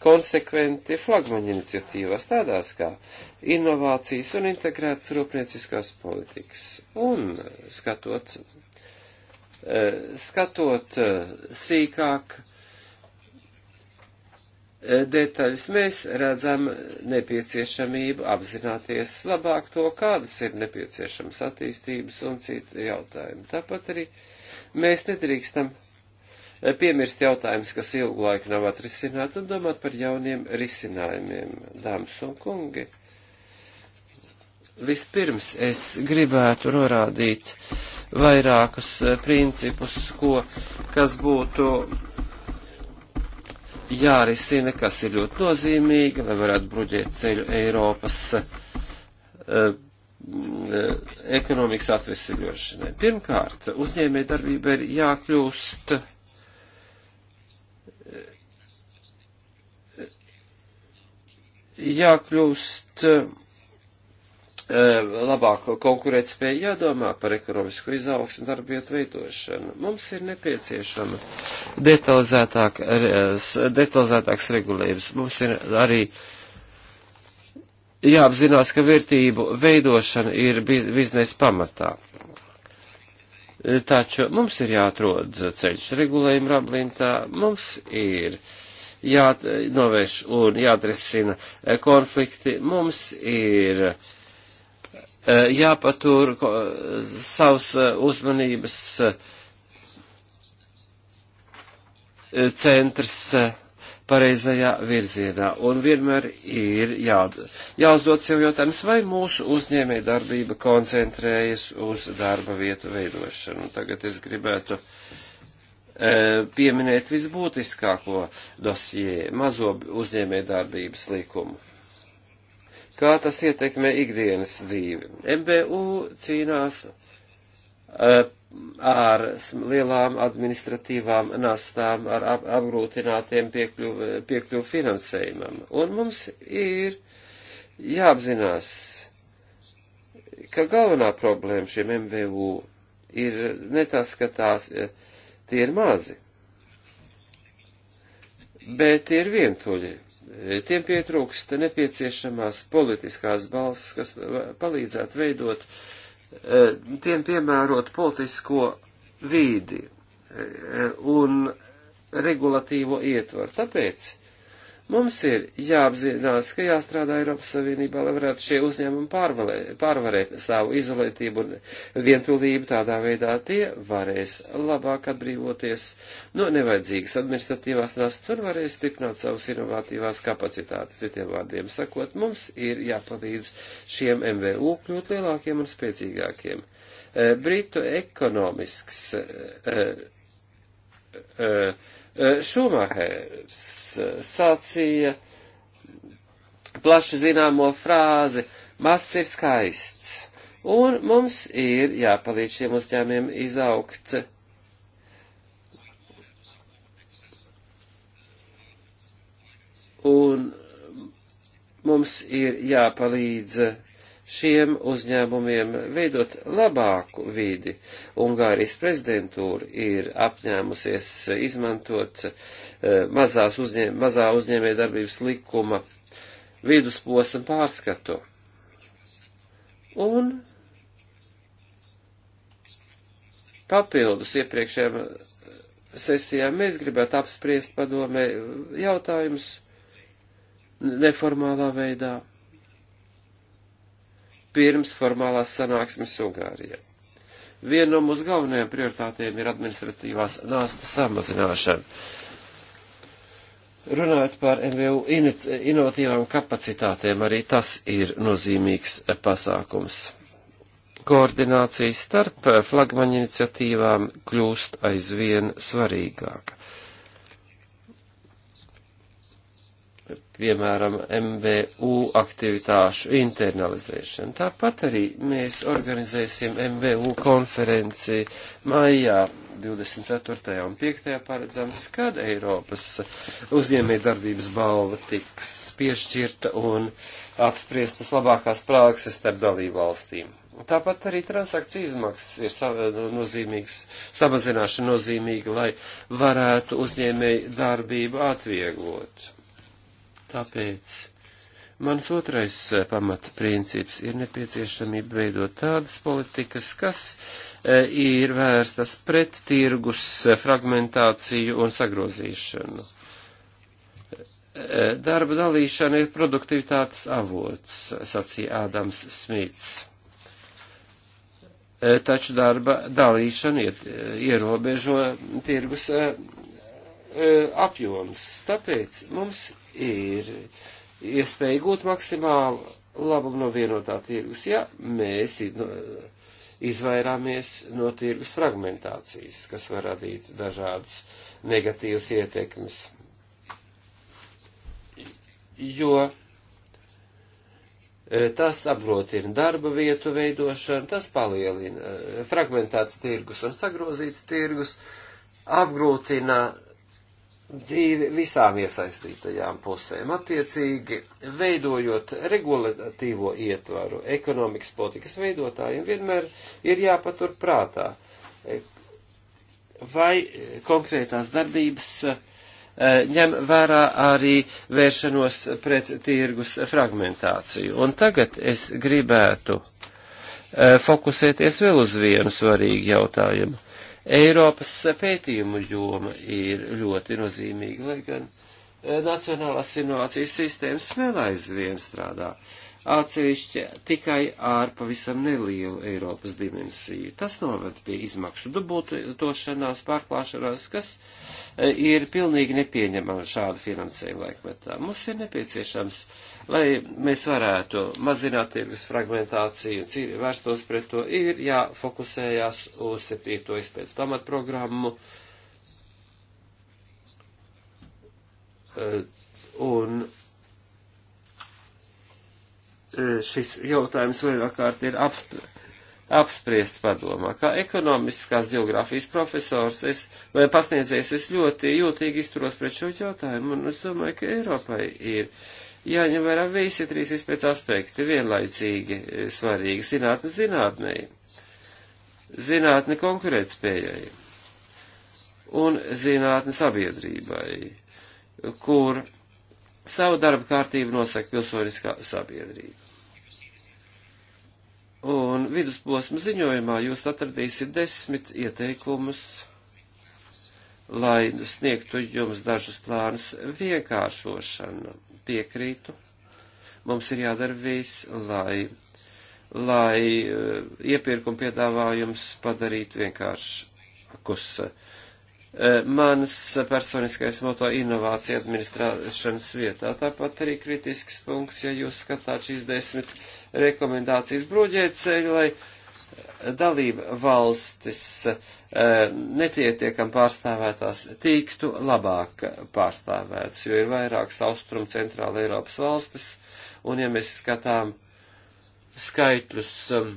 konsekventi flagmaņa iniciatīvās tādās kā inovācijas un integrētas rūpnieciskās politikas. Un skatot, eh, skatot eh, sīkāk eh, detaļas, mēs redzam nepieciešamību apzināties labāk to, kādas ir nepieciešamas attīstības un citi jautājumi. Tāpat arī mēs nedrīkstam piemirst jautājumus, kas ilgu laiku nav atrisināti, un domāt par jauniem risinājumiem, dāmas un kungi. Vispirms es gribētu norādīt vairākus eh, principus, ko, kas būtu jārisina, kas ir ļoti nozīmīgi, lai varētu bruģēt ceļu Eiropas uh, ekonomikas atvesļošanai. Pirmkārt, uzņēmē darbība ir jākļūst uh, jākļūst eh, labāk konkurētspēja jādomā par ekonomisku izaugsmu darbietu veidošanu. Mums ir nepieciešama detalizētāk, detalizētāks regulējums. Mums ir arī jāapzinās, ka vērtību veidošana ir biznesa pamatā. Taču mums ir jāatrod ceļš regulējuma rablintā, mums ir uh, jānovērš un jāatrisina konflikti. Mums ir e, jāpatur savas e, uzmanības e, centrs pareizajā virzienā. Un vienmēr ir jā, jāuzdod sev jautājums, vai mūsu uzņēmē darbība koncentrējas uz darba vietu veidošanu. Tagad es gribētu uh, E, pieminēt visbūtiskāko dosjē - mazo uzņēmē darbības likumu. Kā tas ietekmē ikdienas dzīvi? MBU cīnās e, ar lielām administratīvām nastām, ar ap, apgrūtinātiem piekļuvu piekļuv finansējumam. Un mums ir jāapzinās, ka galvenā problēma šiem MVU ir ne tas, ka tās uh, Tie ir mazi. Bet tie ir vientuļi. Tiem pietrūkst nepieciešamās politiskās balss, kas palīdzētu veidot, eh, tiem piemērot politisko vīdi eh, un regulatīvo ietvaru. Tāpēc Mums ir jāapzinās, ka jāstrādā Eiropas Savienībā, lai varētu šie uzņēmumi pārvalē, pārvarēt savu izolētību un vientulību. Tādā veidā tie varēs labāk atbrīvoties no nevajadzīgas administratīvās nastas un varēs stiprināt savas inovatīvās kapacitātes. Citiem vārdiem sakot, mums ir jāpalīdz šiem MVU kļūt lielākiem un spēcīgākiem. Eh, Britu ekonomisks. Uh, uh, uh, Šumahers sacīja plaši zināmo frāzi - mazs ir skaists, un mums ir jāpalīdz šiem uzņēmiem izaugt. Un mums ir jāpalīdz šiem uzņēmumiem veidot labāku vidi. Ungārijas prezidentūra ir apņēmusies izmantot eh, mazās uzņēm, mazā uzņēmē darbības likuma vidusposma pārskatu. Un papildus iepriekšējām sesijām mēs gribētu apspriest padomē jautājumus neformālā veidā pirms formālās sanāksmes Ungārijā. Viena no mūsu galvenajām prioritātēm ir administratīvās nāstas samazināšana. Runājot par MVU inovatīvām kapacitātēm, arī tas ir nozīmīgs pasākums. Koordinācija starp flagmaņa iniciatīvām kļūst aizvien svarīgāka. piemēram, MVU aktivitāšu internalizēšanu. Tāpat arī mēs organizēsim MVU konferenci maijā 24. un 5. paredzams, kad Eiropas uzņēmējdarbības balva tiks piešķirta un apspriestas labākās prakses starp dalību valstīm. Tāpat arī transakciju izmaksas ir nozīmīgs, samazināšana nozīmīga, lai varētu uzņēmēju darbību atvieglot. Tāpēc mans otrais eh, pamatprincips ir nepieciešamība veidot tādas politikas, kas eh, ir vērstas pret tirgus eh, fragmentāciju un sagrozīšanu. Darba dalīšana ir produktivitātes avots, sacīja Ādams Smits taču darba dalīšana ierobežo tirgus apjoms. Tāpēc mums ir iespēja gūt maksimālu labumu no vienotā tirgus, ja mēs izvairāmies no tirgus fragmentācijas, kas var radīt dažādus negatīvus ietekmes. Jo e, tas apgrotina darba vietu veidošanu, tas palielina e, fragmentāts tirgus un sagrozīts tirgus, apgrūtina dzīvi visām iesaistītajām pusēm, attiecīgi veidojot regulatīvo ietvaru ekonomikas politikas veidotājiem, vienmēr ir jāpatur prātā, e, vai konkrētās darbības e, ņem vērā arī vēršanos pret tirgus fragmentāciju. Un tagad es gribētu e, fokusēties vēl uz vienu svarīgu jautājumu Eiropas pētījumu joma ir ļoti nozīmīga, lai gan eh, nacionālās inovācijas sistēmas vēl aizvien strādā. Uh, atsevišķi tikai ar pavisam nelielu Eiropas dimensiju. Tas noved pie izmaksu dubultošanās, pārklāšanās, kas e, ir pilnīgi nepieņemama šādu finansējumu laikmetā. Mums ir nepieciešams, lai mēs varētu mazināt tirgus fragmentāciju, vērstos pret to, ir jāfokusējās uz septīto izpēc pamatprogrammu. E, un E, šis jautājums vairāk kārt ir apspriests apspriest padomā. Kā ekonomiskās geogrāfijas profesors es, vai pasniedzējs es ļoti jūtīgi izturos pret šo jautājumu, un es domāju, ka Eiropai ir jāņem vērā visi trīs izpēc aspekti vienlaicīgi e, svarīgi - zinātne zinātnei, zinātne konkurētspējai un zinātne sabiedrībai, kur Savu darba kārtību nosaka pilsoniskā sabiedrība. Un vidusposma ziņojumā jūs atradīsiet desmit ieteikumus, lai sniegtu jums dažus plānus vienkāršošanu. Piekrītu. Mums ir jādara viss, lai lai eh, iepirkuma piedāvājums padarītu vienkāršus. E, mans personiskais moto inovācija administrēšanas vietā. Tāpat arī kritisks punkts, ja jūs skatāt šīs desmit rekomendācijas broģēt ceļu, lai dalība valstis e, netietiekam pārstāvētās tiktu labāk pārstāvētas, jo ir vairākas austrum centrāla Eiropas valstis, un ja mēs skatām skaitļus um,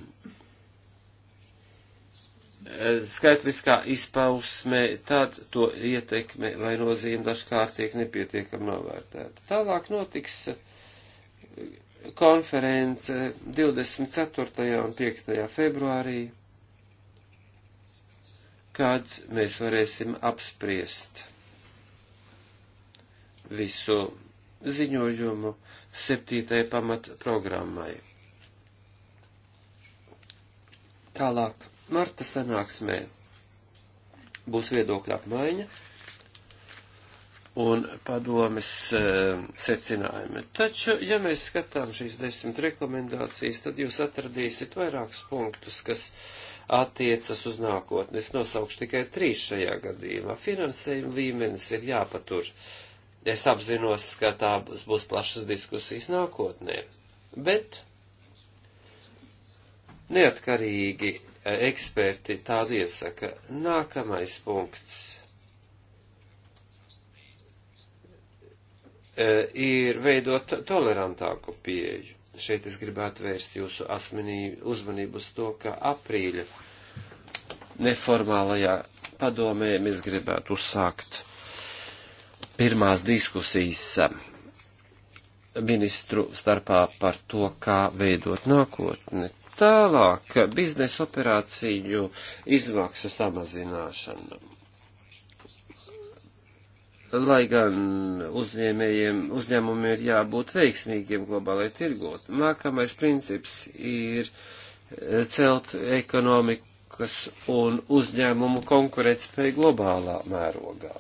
skaitliskā izpausmē, tad to ietekme vai nozīme dažkārt tiek nepietiekami novērtēta. Tālāk notiks konference 24. un 5. februārī, kad mēs varēsim apspriest visu ziņojumu septītajai pamatprogrammai. Tālāk Marta sanāksmē būs viedokļa apmaiņa un padomes e, secinājumi. Taču, ja mēs skatām šīs desmit rekomendācijas, tad jūs atradīsiet vairākus punktus, kas attiecas uz nākotni. Es nosaukšu tikai trīs šajā gadījumā. Finansējuma līmenis ir jāpatur. Es apzinos, ka tās būs plašas diskusijas nākotnē. Bet neatkarīgi eksperti tādu iesaka. Nākamais punkts e, ir veidot tolerantāku pieeju. Šeit es gribētu vērst jūsu uzmanību uz to, ka aprīļa neformālajā padomē mēs gribētu uzsākt pirmās diskusijas e, ministru starpā par to, kā veidot nākotni, Tālāk, biznesa operāciju izmaksu samazināšana. Lai gan uzņēmējiem, uzņēmumiem ir jābūt veiksmīgiem globālai tirgot. Nākamais princips ir eh, celt ekonomikas un uzņēmumu konkurētspēju globālā mērogā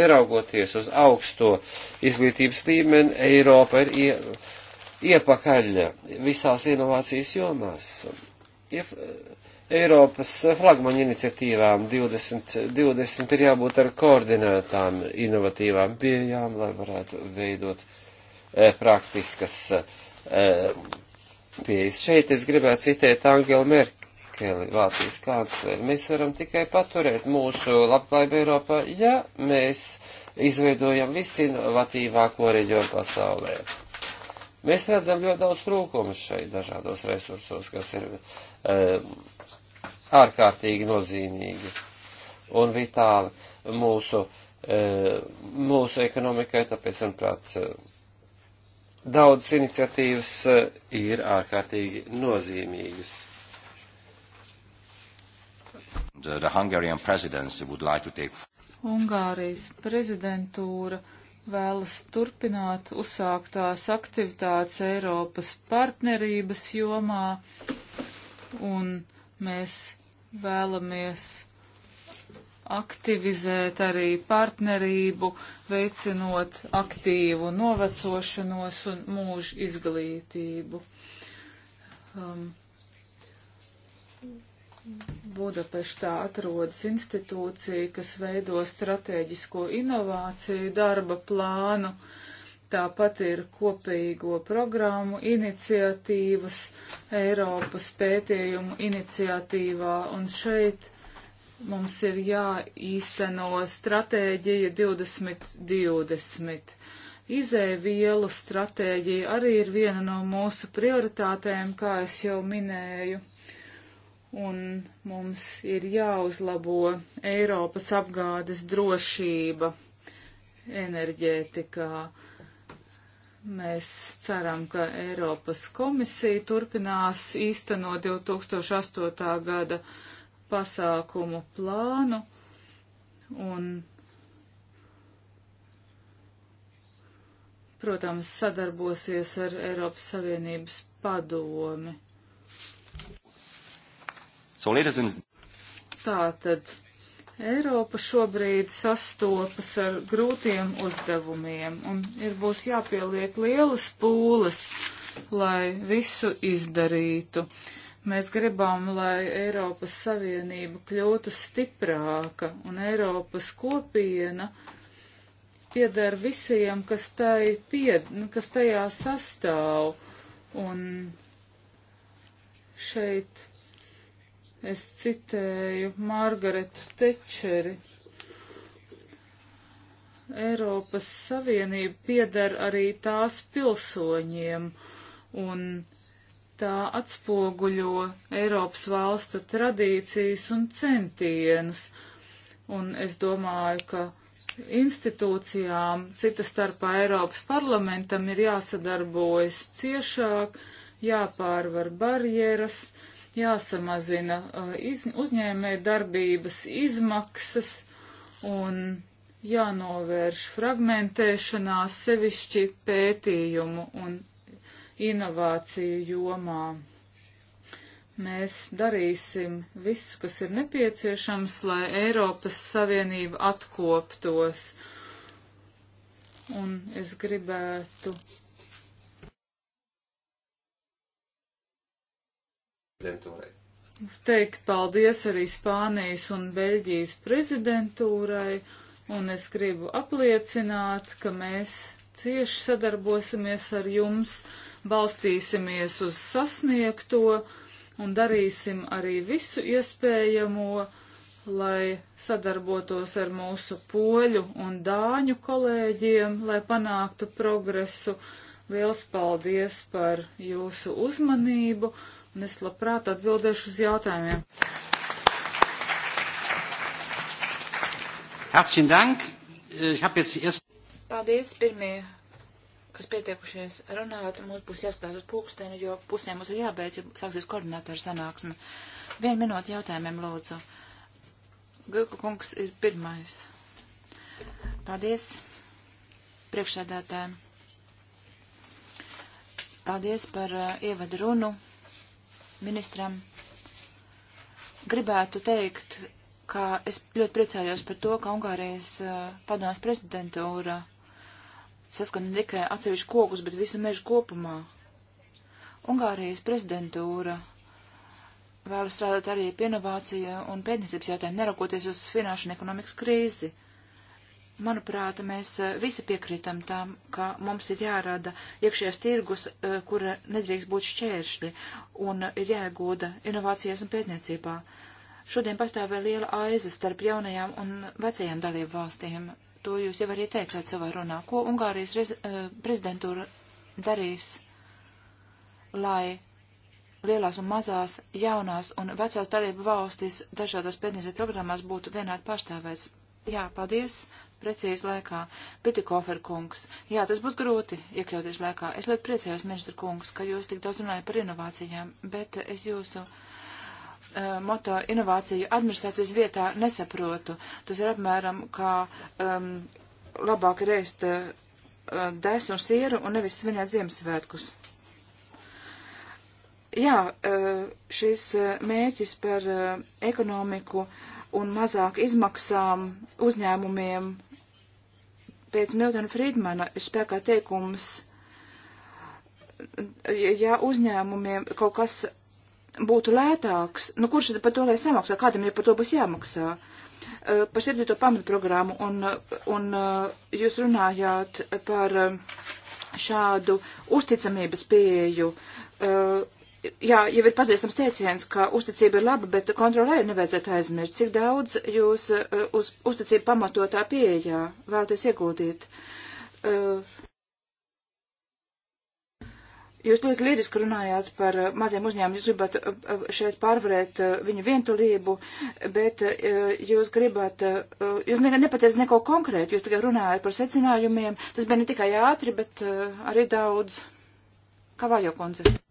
neraugoties uz augsto izglītības līmeni, Eiropa ir iepakaļ visās inovācijas jomās. Ja Eiropas flagmaņa iniciatīvām 20, 20 ir jābūt ar koordinētām inovatīvām pieejām, lai varētu veidot e, praktiskas e, pieejas. Šeit es gribētu citēt Angelu Merkeli, Vācijas kancleri. Mēs varam tikai paturēt mūsu labklājību Eiropā, ja mēs izveidojam visinovatīvāko reģionu pasaulē. Mēs redzam ļoti daudz trūkumus šai dažādos resursos, kas ir e, ārkārtīgi nozīmīgi un vitāli mūsu, e, mūsu ekonomikai, tāpēc, manuprāt, e, daudz iniciatīvas e, ir ārkārtīgi nozīmīgas. The, the Hungarian presidency would like to take. Ungārijas prezidentūra vēlas turpināt uzsāktās aktivitātes Eiropas partnerības jomā, un mēs vēlamies aktivizēt arī partnerību, veicinot aktīvu novecošanos un mūža izglītību. Um, Budapeštā atrodas institūcija, kas veido strateģisko inovāciju darba plānu. Tāpat ir kopīgo programmu iniciatīvas Eiropas pētījumu iniciatīvā, un šeit mums ir jāīsteno stratēģija 2020. Izēvielu stratēģija arī ir viena no mūsu prioritātēm, kā es jau minēju un mums ir jāuzlabo Eiropas apgādes drošība enerģētikā. Mēs ceram, ka Eiropas komisija turpinās īstenot 2008. gada pasākumu plānu un, protams, sadarbosies ar Eiropas Savienības padomi. So, ladies and... Tātad Eiropa šobrīd sastopas ar grūtiem uzdevumiem un ir būs jāpieliek lielas pūles, lai visu izdarītu. Mēs gribam, lai Eiropas Savienība kļūtu stiprāka un Eiropas kopiena pieder visiem, kas, tai pied, kas tajā sastāv. Un šeit Es citēju Margaretu Tečeri. Eiropas Savienība piedar arī tās pilsoņiem, un tā atspoguļo Eiropas valstu tradīcijas un centienus. Un es domāju, ka institūcijām, cita starpā Eiropas parlamentam, ir jāsadarbojas ciešāk, jāpārvar barjeras, uh, jāsamazina uh, iz, uzņēmē darbības izmaksas un jānovērš fragmentēšanās sevišķi pētījumu un inovāciju jomā. Mēs darīsim visu, kas ir nepieciešams, lai Eiropas Savienība atkoptos. Un es gribētu prezidentūrai. Teikt paldies arī Spānijas un Beļģijas prezidentūrai, un es gribu apliecināt, ka mēs cieši sadarbosimies ar jums, balstīsimies uz sasniegto un darīsim arī visu iespējamo, lai sadarbotos ar mūsu poļu un dāņu kolēģiem, lai panāktu progresu. Liels paldies par jūsu uzmanību un es labprāt atbildēšu uz jautājumiem. Herzlichen Dank. Ich habe jetzt die erste. Paldies, pirmie, kas pietiekušies runāt, mums būs jāspēj uz pulksteni, jo pusē mums ir jābeidz, jo sāksies koordinātāra sanāksme. Vienu minūti jautājumiem lūdzu. Gilka kungs ir pirmais. Paldies, priekšsēdētājiem. Paldies par uh, ievadu runu ministram. Gribētu teikt, ka es ļoti priecājos par to, ka Ungārijas eh, padomās prezidentūra saskana ne tikai atsevišķu kokus, bet visu mežu kopumā. Ungārijas prezidentūra vēlas strādāt arī pie inovācija un pētniecības jautājumiem, neraugoties uz finanšu un ekonomikas krīzi. Manuprāt, mēs eh, visi piekrītam tam, ka mums ir jārada iekšējais tirgus, eh, kura nedrīkst būt šķēršļi, un ir jāiegūda inovācijas un pētniecībā. Šodien pastāv vēl liela aiza starp jaunajām un vecajām dalību valstīm. To jūs jau arī teicāt savā runā. Ko Ungārijas rez, eh, prezidentūra darīs, lai lielās un mazās, jaunās un vecās dalību valstis dažādās pētniecības programmās būtu vienādi pārstāvēts Jā, paldies. Precīzi laikā. Pitikofer kungs. Jā, tas būs grūti iekļauties laikā. Es ļoti priecājos, ministra kungs, ka jūs tik daudz runājat par inovācijām, bet es jūsu uh, moto inovāciju administrācijas vietā nesaprotu. Tas ir apmēram kā um, labāk reist uh, eh, desu un sieru un nevis svinēt Ziemassvētkus. Jā, uh, šis mērķis par ekonomiku uh, un mazāk izmaksām uzņēmumiem. Pēc Miltona Friedmana ir spēkā teikums, ja uzņēmumiem kaut kas būtu lētāks, nu kurš tad par to lai samaksā, kādam jau par to būs jāmaksā? Eh, par septīto pamatprogrammu un, un eh, jūs runājāt par eh, šādu uzticamības pieeju. Uh, jā, jau ir pazīstams teiciens, ka uzticība ir laba, bet kontrolē nevajadzētu aizmirst, cik daudz jūs uh, uz uzticību pamatotā pieejā vēlaties ieguldīt. Uh, jūs ļoti lieliski runājāt par uh, maziem uzņēmumiem, jūs gribat uh, uh, šeit pārvarēt uh, viņu vientulību, bet uh, jūs gribat, uh, uh jūs ne, nepateicat neko konkrētu, jūs tikai runājat par secinājumiem, tas bija ne tikai ātri, bet uh, arī daudz. Kā vājo koncepts?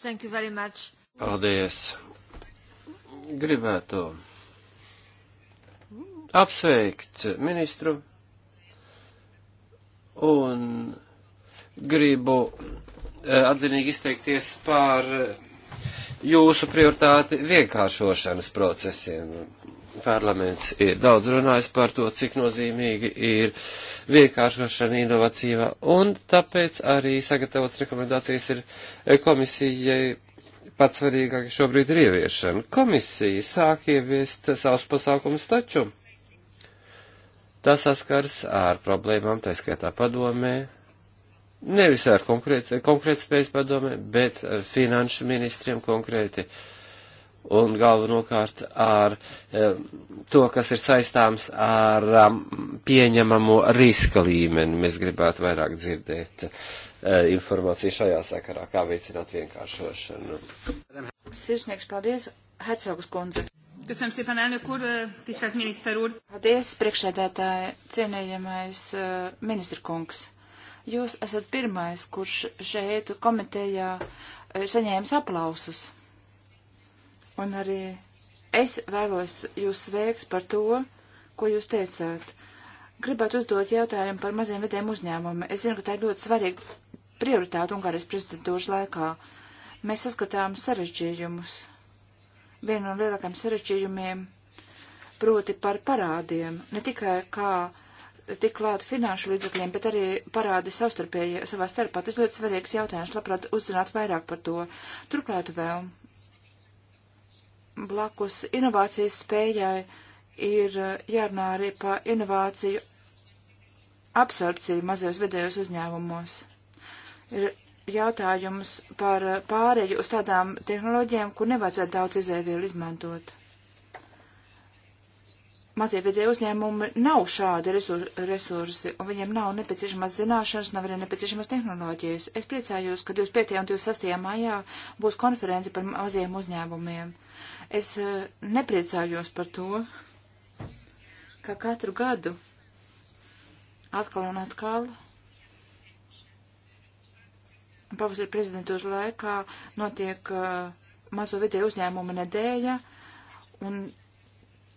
Thank you very much. Paldies. Gribētu apsveikt ministru un gribu eh, atzinīgi izteikties par jūsu prioritāti vienkāršošanas procesiem Parlaments ir daudz runājis par to, cik nozīmīgi ir vienkāršošana inovatīva, un tāpēc arī sagatavotas rekomendācijas ir eh, komisijai pats svarīgākais šobrīd ir ieviešana. Komisija sāk ieviest savus pasākumus taču. Tas saskars ar problēmām, tā skaitā padomē, nevis ar konkrētspējas padomē, bet eh, finanšu ministriem konkrēti. Uh, un galvenokārt ar e, to, kas ir saistāms ar um, pieņemamo riska līmeni. Mēs gribētu vairāk dzirdēt e, informāciju šajā sakarā, kā veicināt vienkāršošanu. Sirsnieks, paldies, Hercogs kundze. Köszönöm szépen, elnök úr, tisztelt miniszter úr. Paldies, priekšsēdētāji, cienējamais eh, ministra kungs. Jūs esat pirmais, kurš šeit komitejā saņēmis aplausus Un arī es vēlos jūs sveikt par to, ko jūs teicāt. Gribētu uzdot jautājumu par maziem vidiem uzņēmumiem. Es zinu, ka tā ir ļoti svarīga prioritāte Ungārijas prezidentūras laikā. Mēs saskatām sarežģījumus. Vienu no lielākajiem sarežģījumiem proti par parādiem, ne tikai kā tik klāt finanšu līdzekļiem, bet arī parādi savstarpēji savā starpā. Tas ļoti svarīgs jautājums, labprāt uzzināt vairāk par to. Turklāt vēl Blakus inovācijas spējai ir eh, jārunā arī par inovāciju absorpciju mazajos vidējos uzņēmumos. Ir jautājums par eh, pāreju uz tādām tehnoloģijām, kur nevajadzētu daudz izēvielu izmantot mazie vidēji uzņēmumi nav šādi resursi, un viņiem nav nepieciešamas zināšanas, nav arī nepieciešamas tehnoloģijas. Es priecājos, ka 25. un 26. maijā būs konference par maziem uzņēmumiem. Es eh, nepriecājos par to, ka katru gadu atkal un atkal pavasara prezidentūras laikā notiek uh, mazo vidēju uzņēmumu nedēļa, un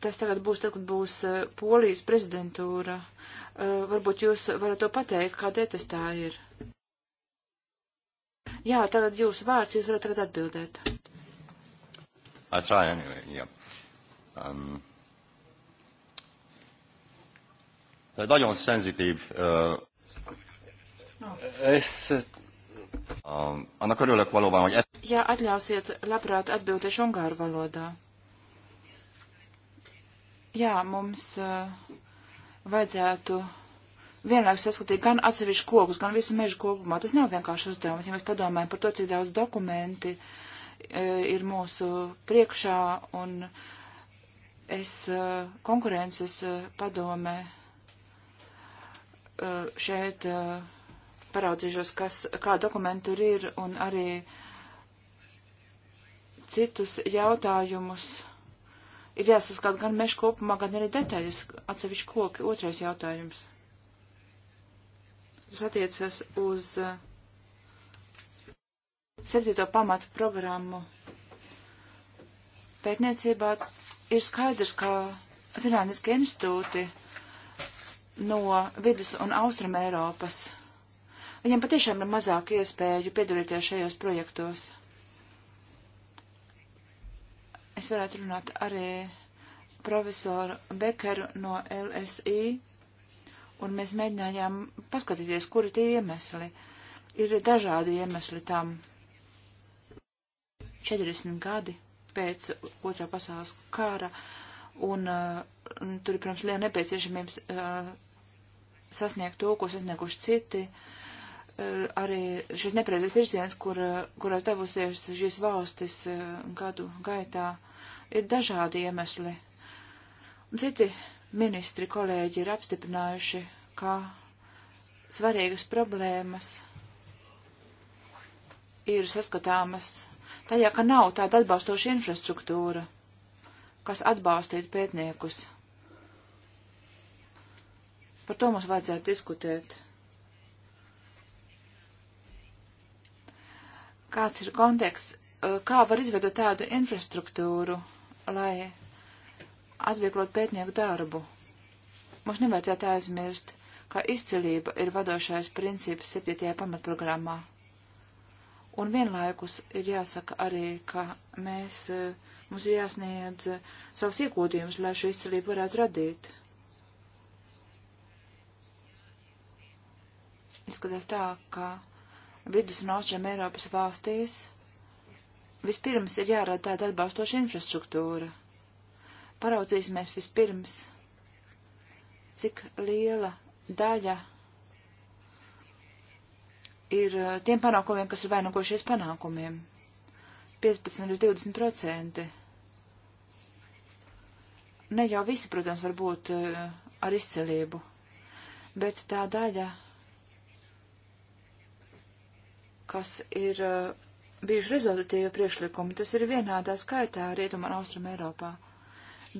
tas tagad būs, tad, kad būs eh, Polijas prezidentūra. Eh, varbūt jūs varat to pateikt, kādēļ tas tā ir. Jā, tagad jūsu vārds, jūs varat tagad atbildēt. I try anyway, yeah. Um, nagyon szenzitív. Uh, es Um, annak örülök valóban, hogy... Ja, atļausiet, labprāt atbildēšu ungāru valodā. Jā, mums uh, vajadzētu vienlaikus saskatīt gan atsevišķu kokus, gan visu mežu kopumā. Tas nav vienkārši uzdevums, ja mēs padomājam par to, cik daudz dokumenti uh, ir mūsu priekšā, un es uh, konkurences uh, padomē uh, šeit uh, paraudzīšos, kas, kā dokumenti tur ir, un arī citus jautājumus ir jāsaskat gan meža kopumā, gan arī detaļas atsevišķi koki. Otrais jautājums. Tas attiecas uz eh, septīto pamatu programmu. Pētniecībā ir skaidrs, ka zinātniski institūti no vidus un austrum Eiropas. Viņiem patiešām ir mazāk iespēju piedalīties šajos projektos es varētu runāt arī profesoru Bekeru no LSI, un mēs mēģinājām paskatīties, kuri tie iemesli. Ir dažādi iemesli tam. 40 gadi pēc otrā pasaules kara, un, uh, un tur ir, protams, liela nepieciešamības uh, sasniegt to, ko sasnieguši citi. Uh, arī šis nepreizes virziens, kur, uh, kurās devusies šīs valstis uh, gadu gaitā. Uh, ir dažādi iemesli. Un citi ministri kolēģi ir apstiprinājuši, ka svarīgas problēmas ir saskatāmas tajā, ka nav tāda atbalstoša infrastruktūra, kas atbalstītu pētniekus. Par to mums vajadzētu diskutēt. Kāds ir konteksts, kā var izveidot tādu infrastruktūru? lai atvieglot pētnieku darbu. Mums nevajadzētu aizmirst, ka izcilība ir vadošais princips 7. pamatprogrammā. Un vienlaikus ir jāsaka arī, ka mēs, e, mums ir jāsniedz e, savus iegūtījumus, lai šo izcilību varētu radīt. Izskatās tā, ka vidus un austriem Eiropas valstīs Vispirms ir jārada tāda atbalstoša infrastruktūra. Paraudzīsimies vispirms, cik liela daļa ir uh, tiem panākumiem, kas ir vainagojušies panākumiem. 15 līdz 20 procenti. Ne jau visi, protams, var būt uh, ar izcelību, bet tā daļa, kas ir uh, bijuši rezultatīvi priekšlikumi. Tas ir vienādā skaitā Rietumā un Austrum Eiropā.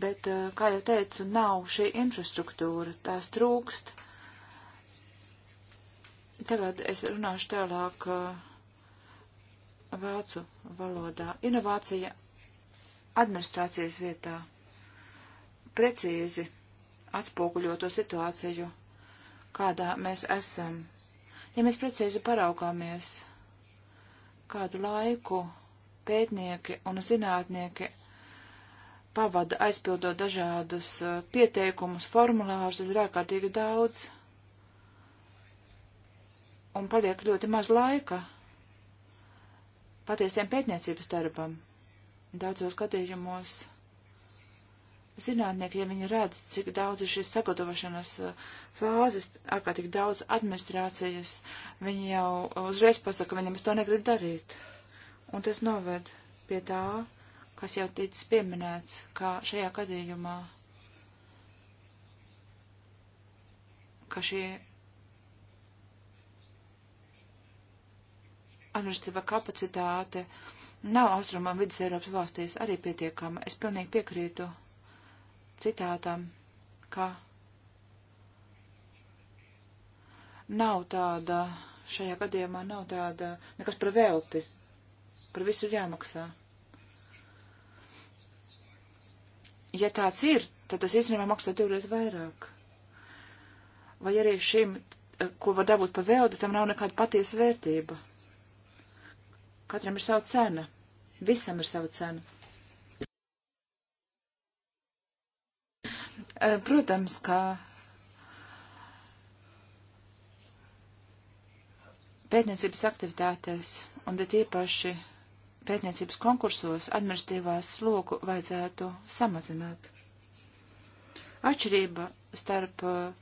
Bet, eh, kā jau teicu, nav šī infrastruktūra, tās trūkst. Tagad es runāšu tālāk eh, vācu valodā. Inovācija administrācijas vietā precīzi atspoguļo to situāciju, kādā mēs esam. Ja mēs precīzi paraugāmies kādu laiku pētnieki un zinātnieki pavada aizpildot dažādus eh, pieteikumus, formulārus, ir ārkārtīgi daudz, un paliek ļoti maz laika patiesiem pētniecības darbam. Daudzos gadījumos zinātnieki, ja viņi redz, cik daudz ir šīs sagatavošanas uh, fāzes, ārkārtīgi daudz administrācijas, viņi jau uzreiz pasaka, viņam es to negribu darīt. Un tas noved pie tā, kas jau ticis pieminēts, kā šajā gadījumā, ka šī administratīva kapacitāte nav Austrumā vidus Eiropas valstīs arī pietiekama. Es pilnīgi piekrītu citātam, ka nav tāda, šajā gadījumā nav tāda, nekas par velti, par visu jāmaksā. Ja tāds ir, tad tas īstenībā maksā divreiz vairāk. Vai arī šim, ko var dabūt par velti, tam nav nekāda patiesa vērtība. Katram ir sava cena. Visam ir sava cena. Eh, protams, ka pētniecības aktivitātēs un tad īpaši pētniecības konkursos administratīvās slogu vajadzētu samazināt. Atšķirība starp uh,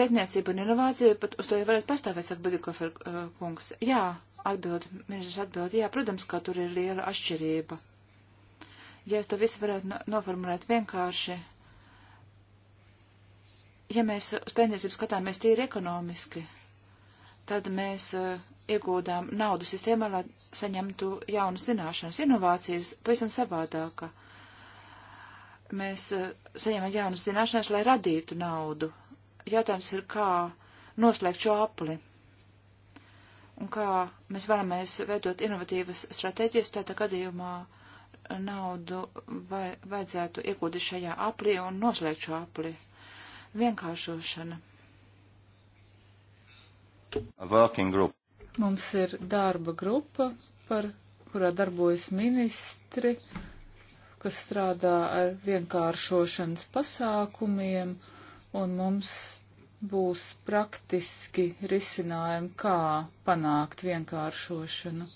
pētniecību un inovāciju, pat uz to jau varētu pastāvēt, saka Budikofer uh, kungs. Jā, atbild, ministrs atbild, jā, protams, ka tur ir liela atšķirība ja to visu varētu no noformulēt vienkārši, ja mēs uz pētniecību skatāmies tīri ekonomiski, tad mēs uh, iegūdām naudu sistēmā, lai saņemtu jaunas zināšanas, inovācijas, pavisam savādāka. Mēs uh, saņemam jaunas zināšanas, lai radītu naudu. Jautājums ir, kā noslēgt šo apli un kā mēs vēlamies veidot inovatīvas stratēģijas tādā gadījumā. Tā naudu vai, vajadzētu iegūt šajā aplī un noslēgt šo aplī. Vienkāršošana. Mums ir darba grupa, par, kurā darbojas ministri, kas strādā ar vienkāršošanas pasākumiem, un mums būs praktiski risinājumi, kā panākt vienkāršošanu.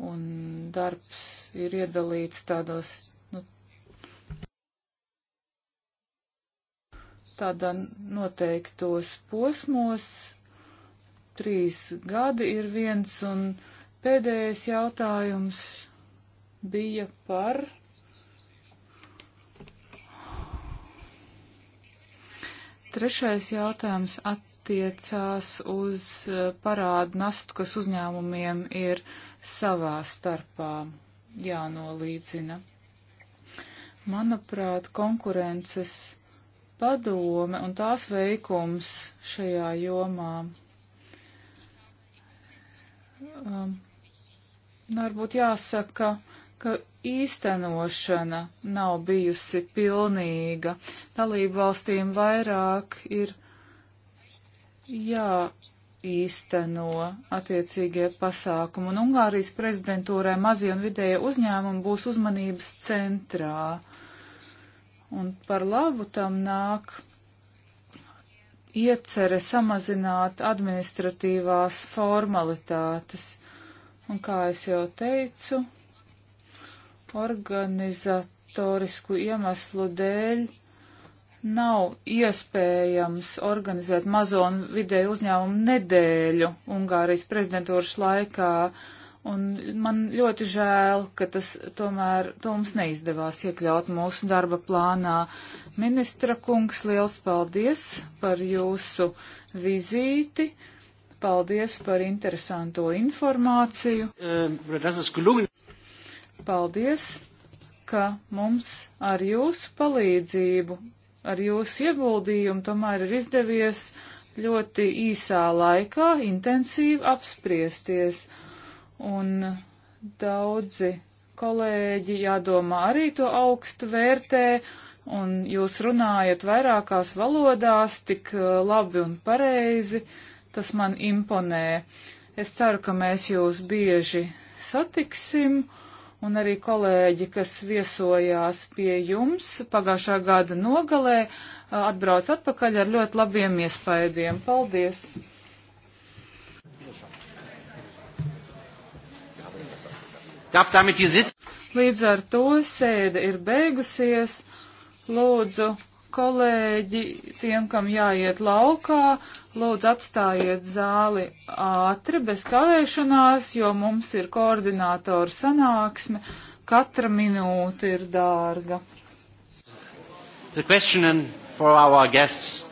un darbs ir iedalīts tādos, nu, tādā noteiktos posmos. Trīs gadi ir viens, un pēdējais jautājums bija par. Trešais jautājums attiecās uz eh, parādu nastu, kas uzņēmumiem ir uh, savā starpā jānolīdzina. Manuprāt, konkurences padome un tās veikums šajā jomā um, nu, varbūt jāsaka, ka īstenošana nav bijusi pilnīga. Dalību valstīm vairāk ir jā īsteno attiecīgie pasākumi. Un Ungārijas prezidentūrai mazie un vidēja uzņēmumi būs uzmanības centrā. Un par labu tam nāk iecere samazināt administratīvās formalitātes. Un kā es jau teicu, organizatorisku iemeslu dēļ nav iespējams organizēt mazo un vidēju uzņēmumu nedēļu Ungārijas prezidentūras laikā. Un man ļoti žēl, ka tas tomēr to mums neizdevās iekļaut mūsu darba plānā. Ministra kungs, liels paldies par jūsu vizīti. Paldies par interesanto informāciju. Paldies, ka mums ar jūsu palīdzību ar jūsu ieguldījumu tomēr ir izdevies ļoti īsā laikā intensīvi apspriesties. Un daudzi kolēģi, jādomā, arī to augstu vērtē, un jūs runājat vairākās valodās tik uh, labi un pareizi. Tas man imponē. Es ceru, ka mēs jūs bieži satiksim un arī kolēģi, kas viesojās pie jums pagājušā gada nogalē, atbrauc atpakaļ ar ļoti labiem iespaidiem. Paldies! Līdz ar to sēde ir beigusies. Lūdzu, kolēģi, tiem, kam jāiet laukā, lūdzu atstājiet zāli ātri, bez kavēšanās, jo mums ir koordinātora sanāksme. Katra minūte ir dārga. The question for our guests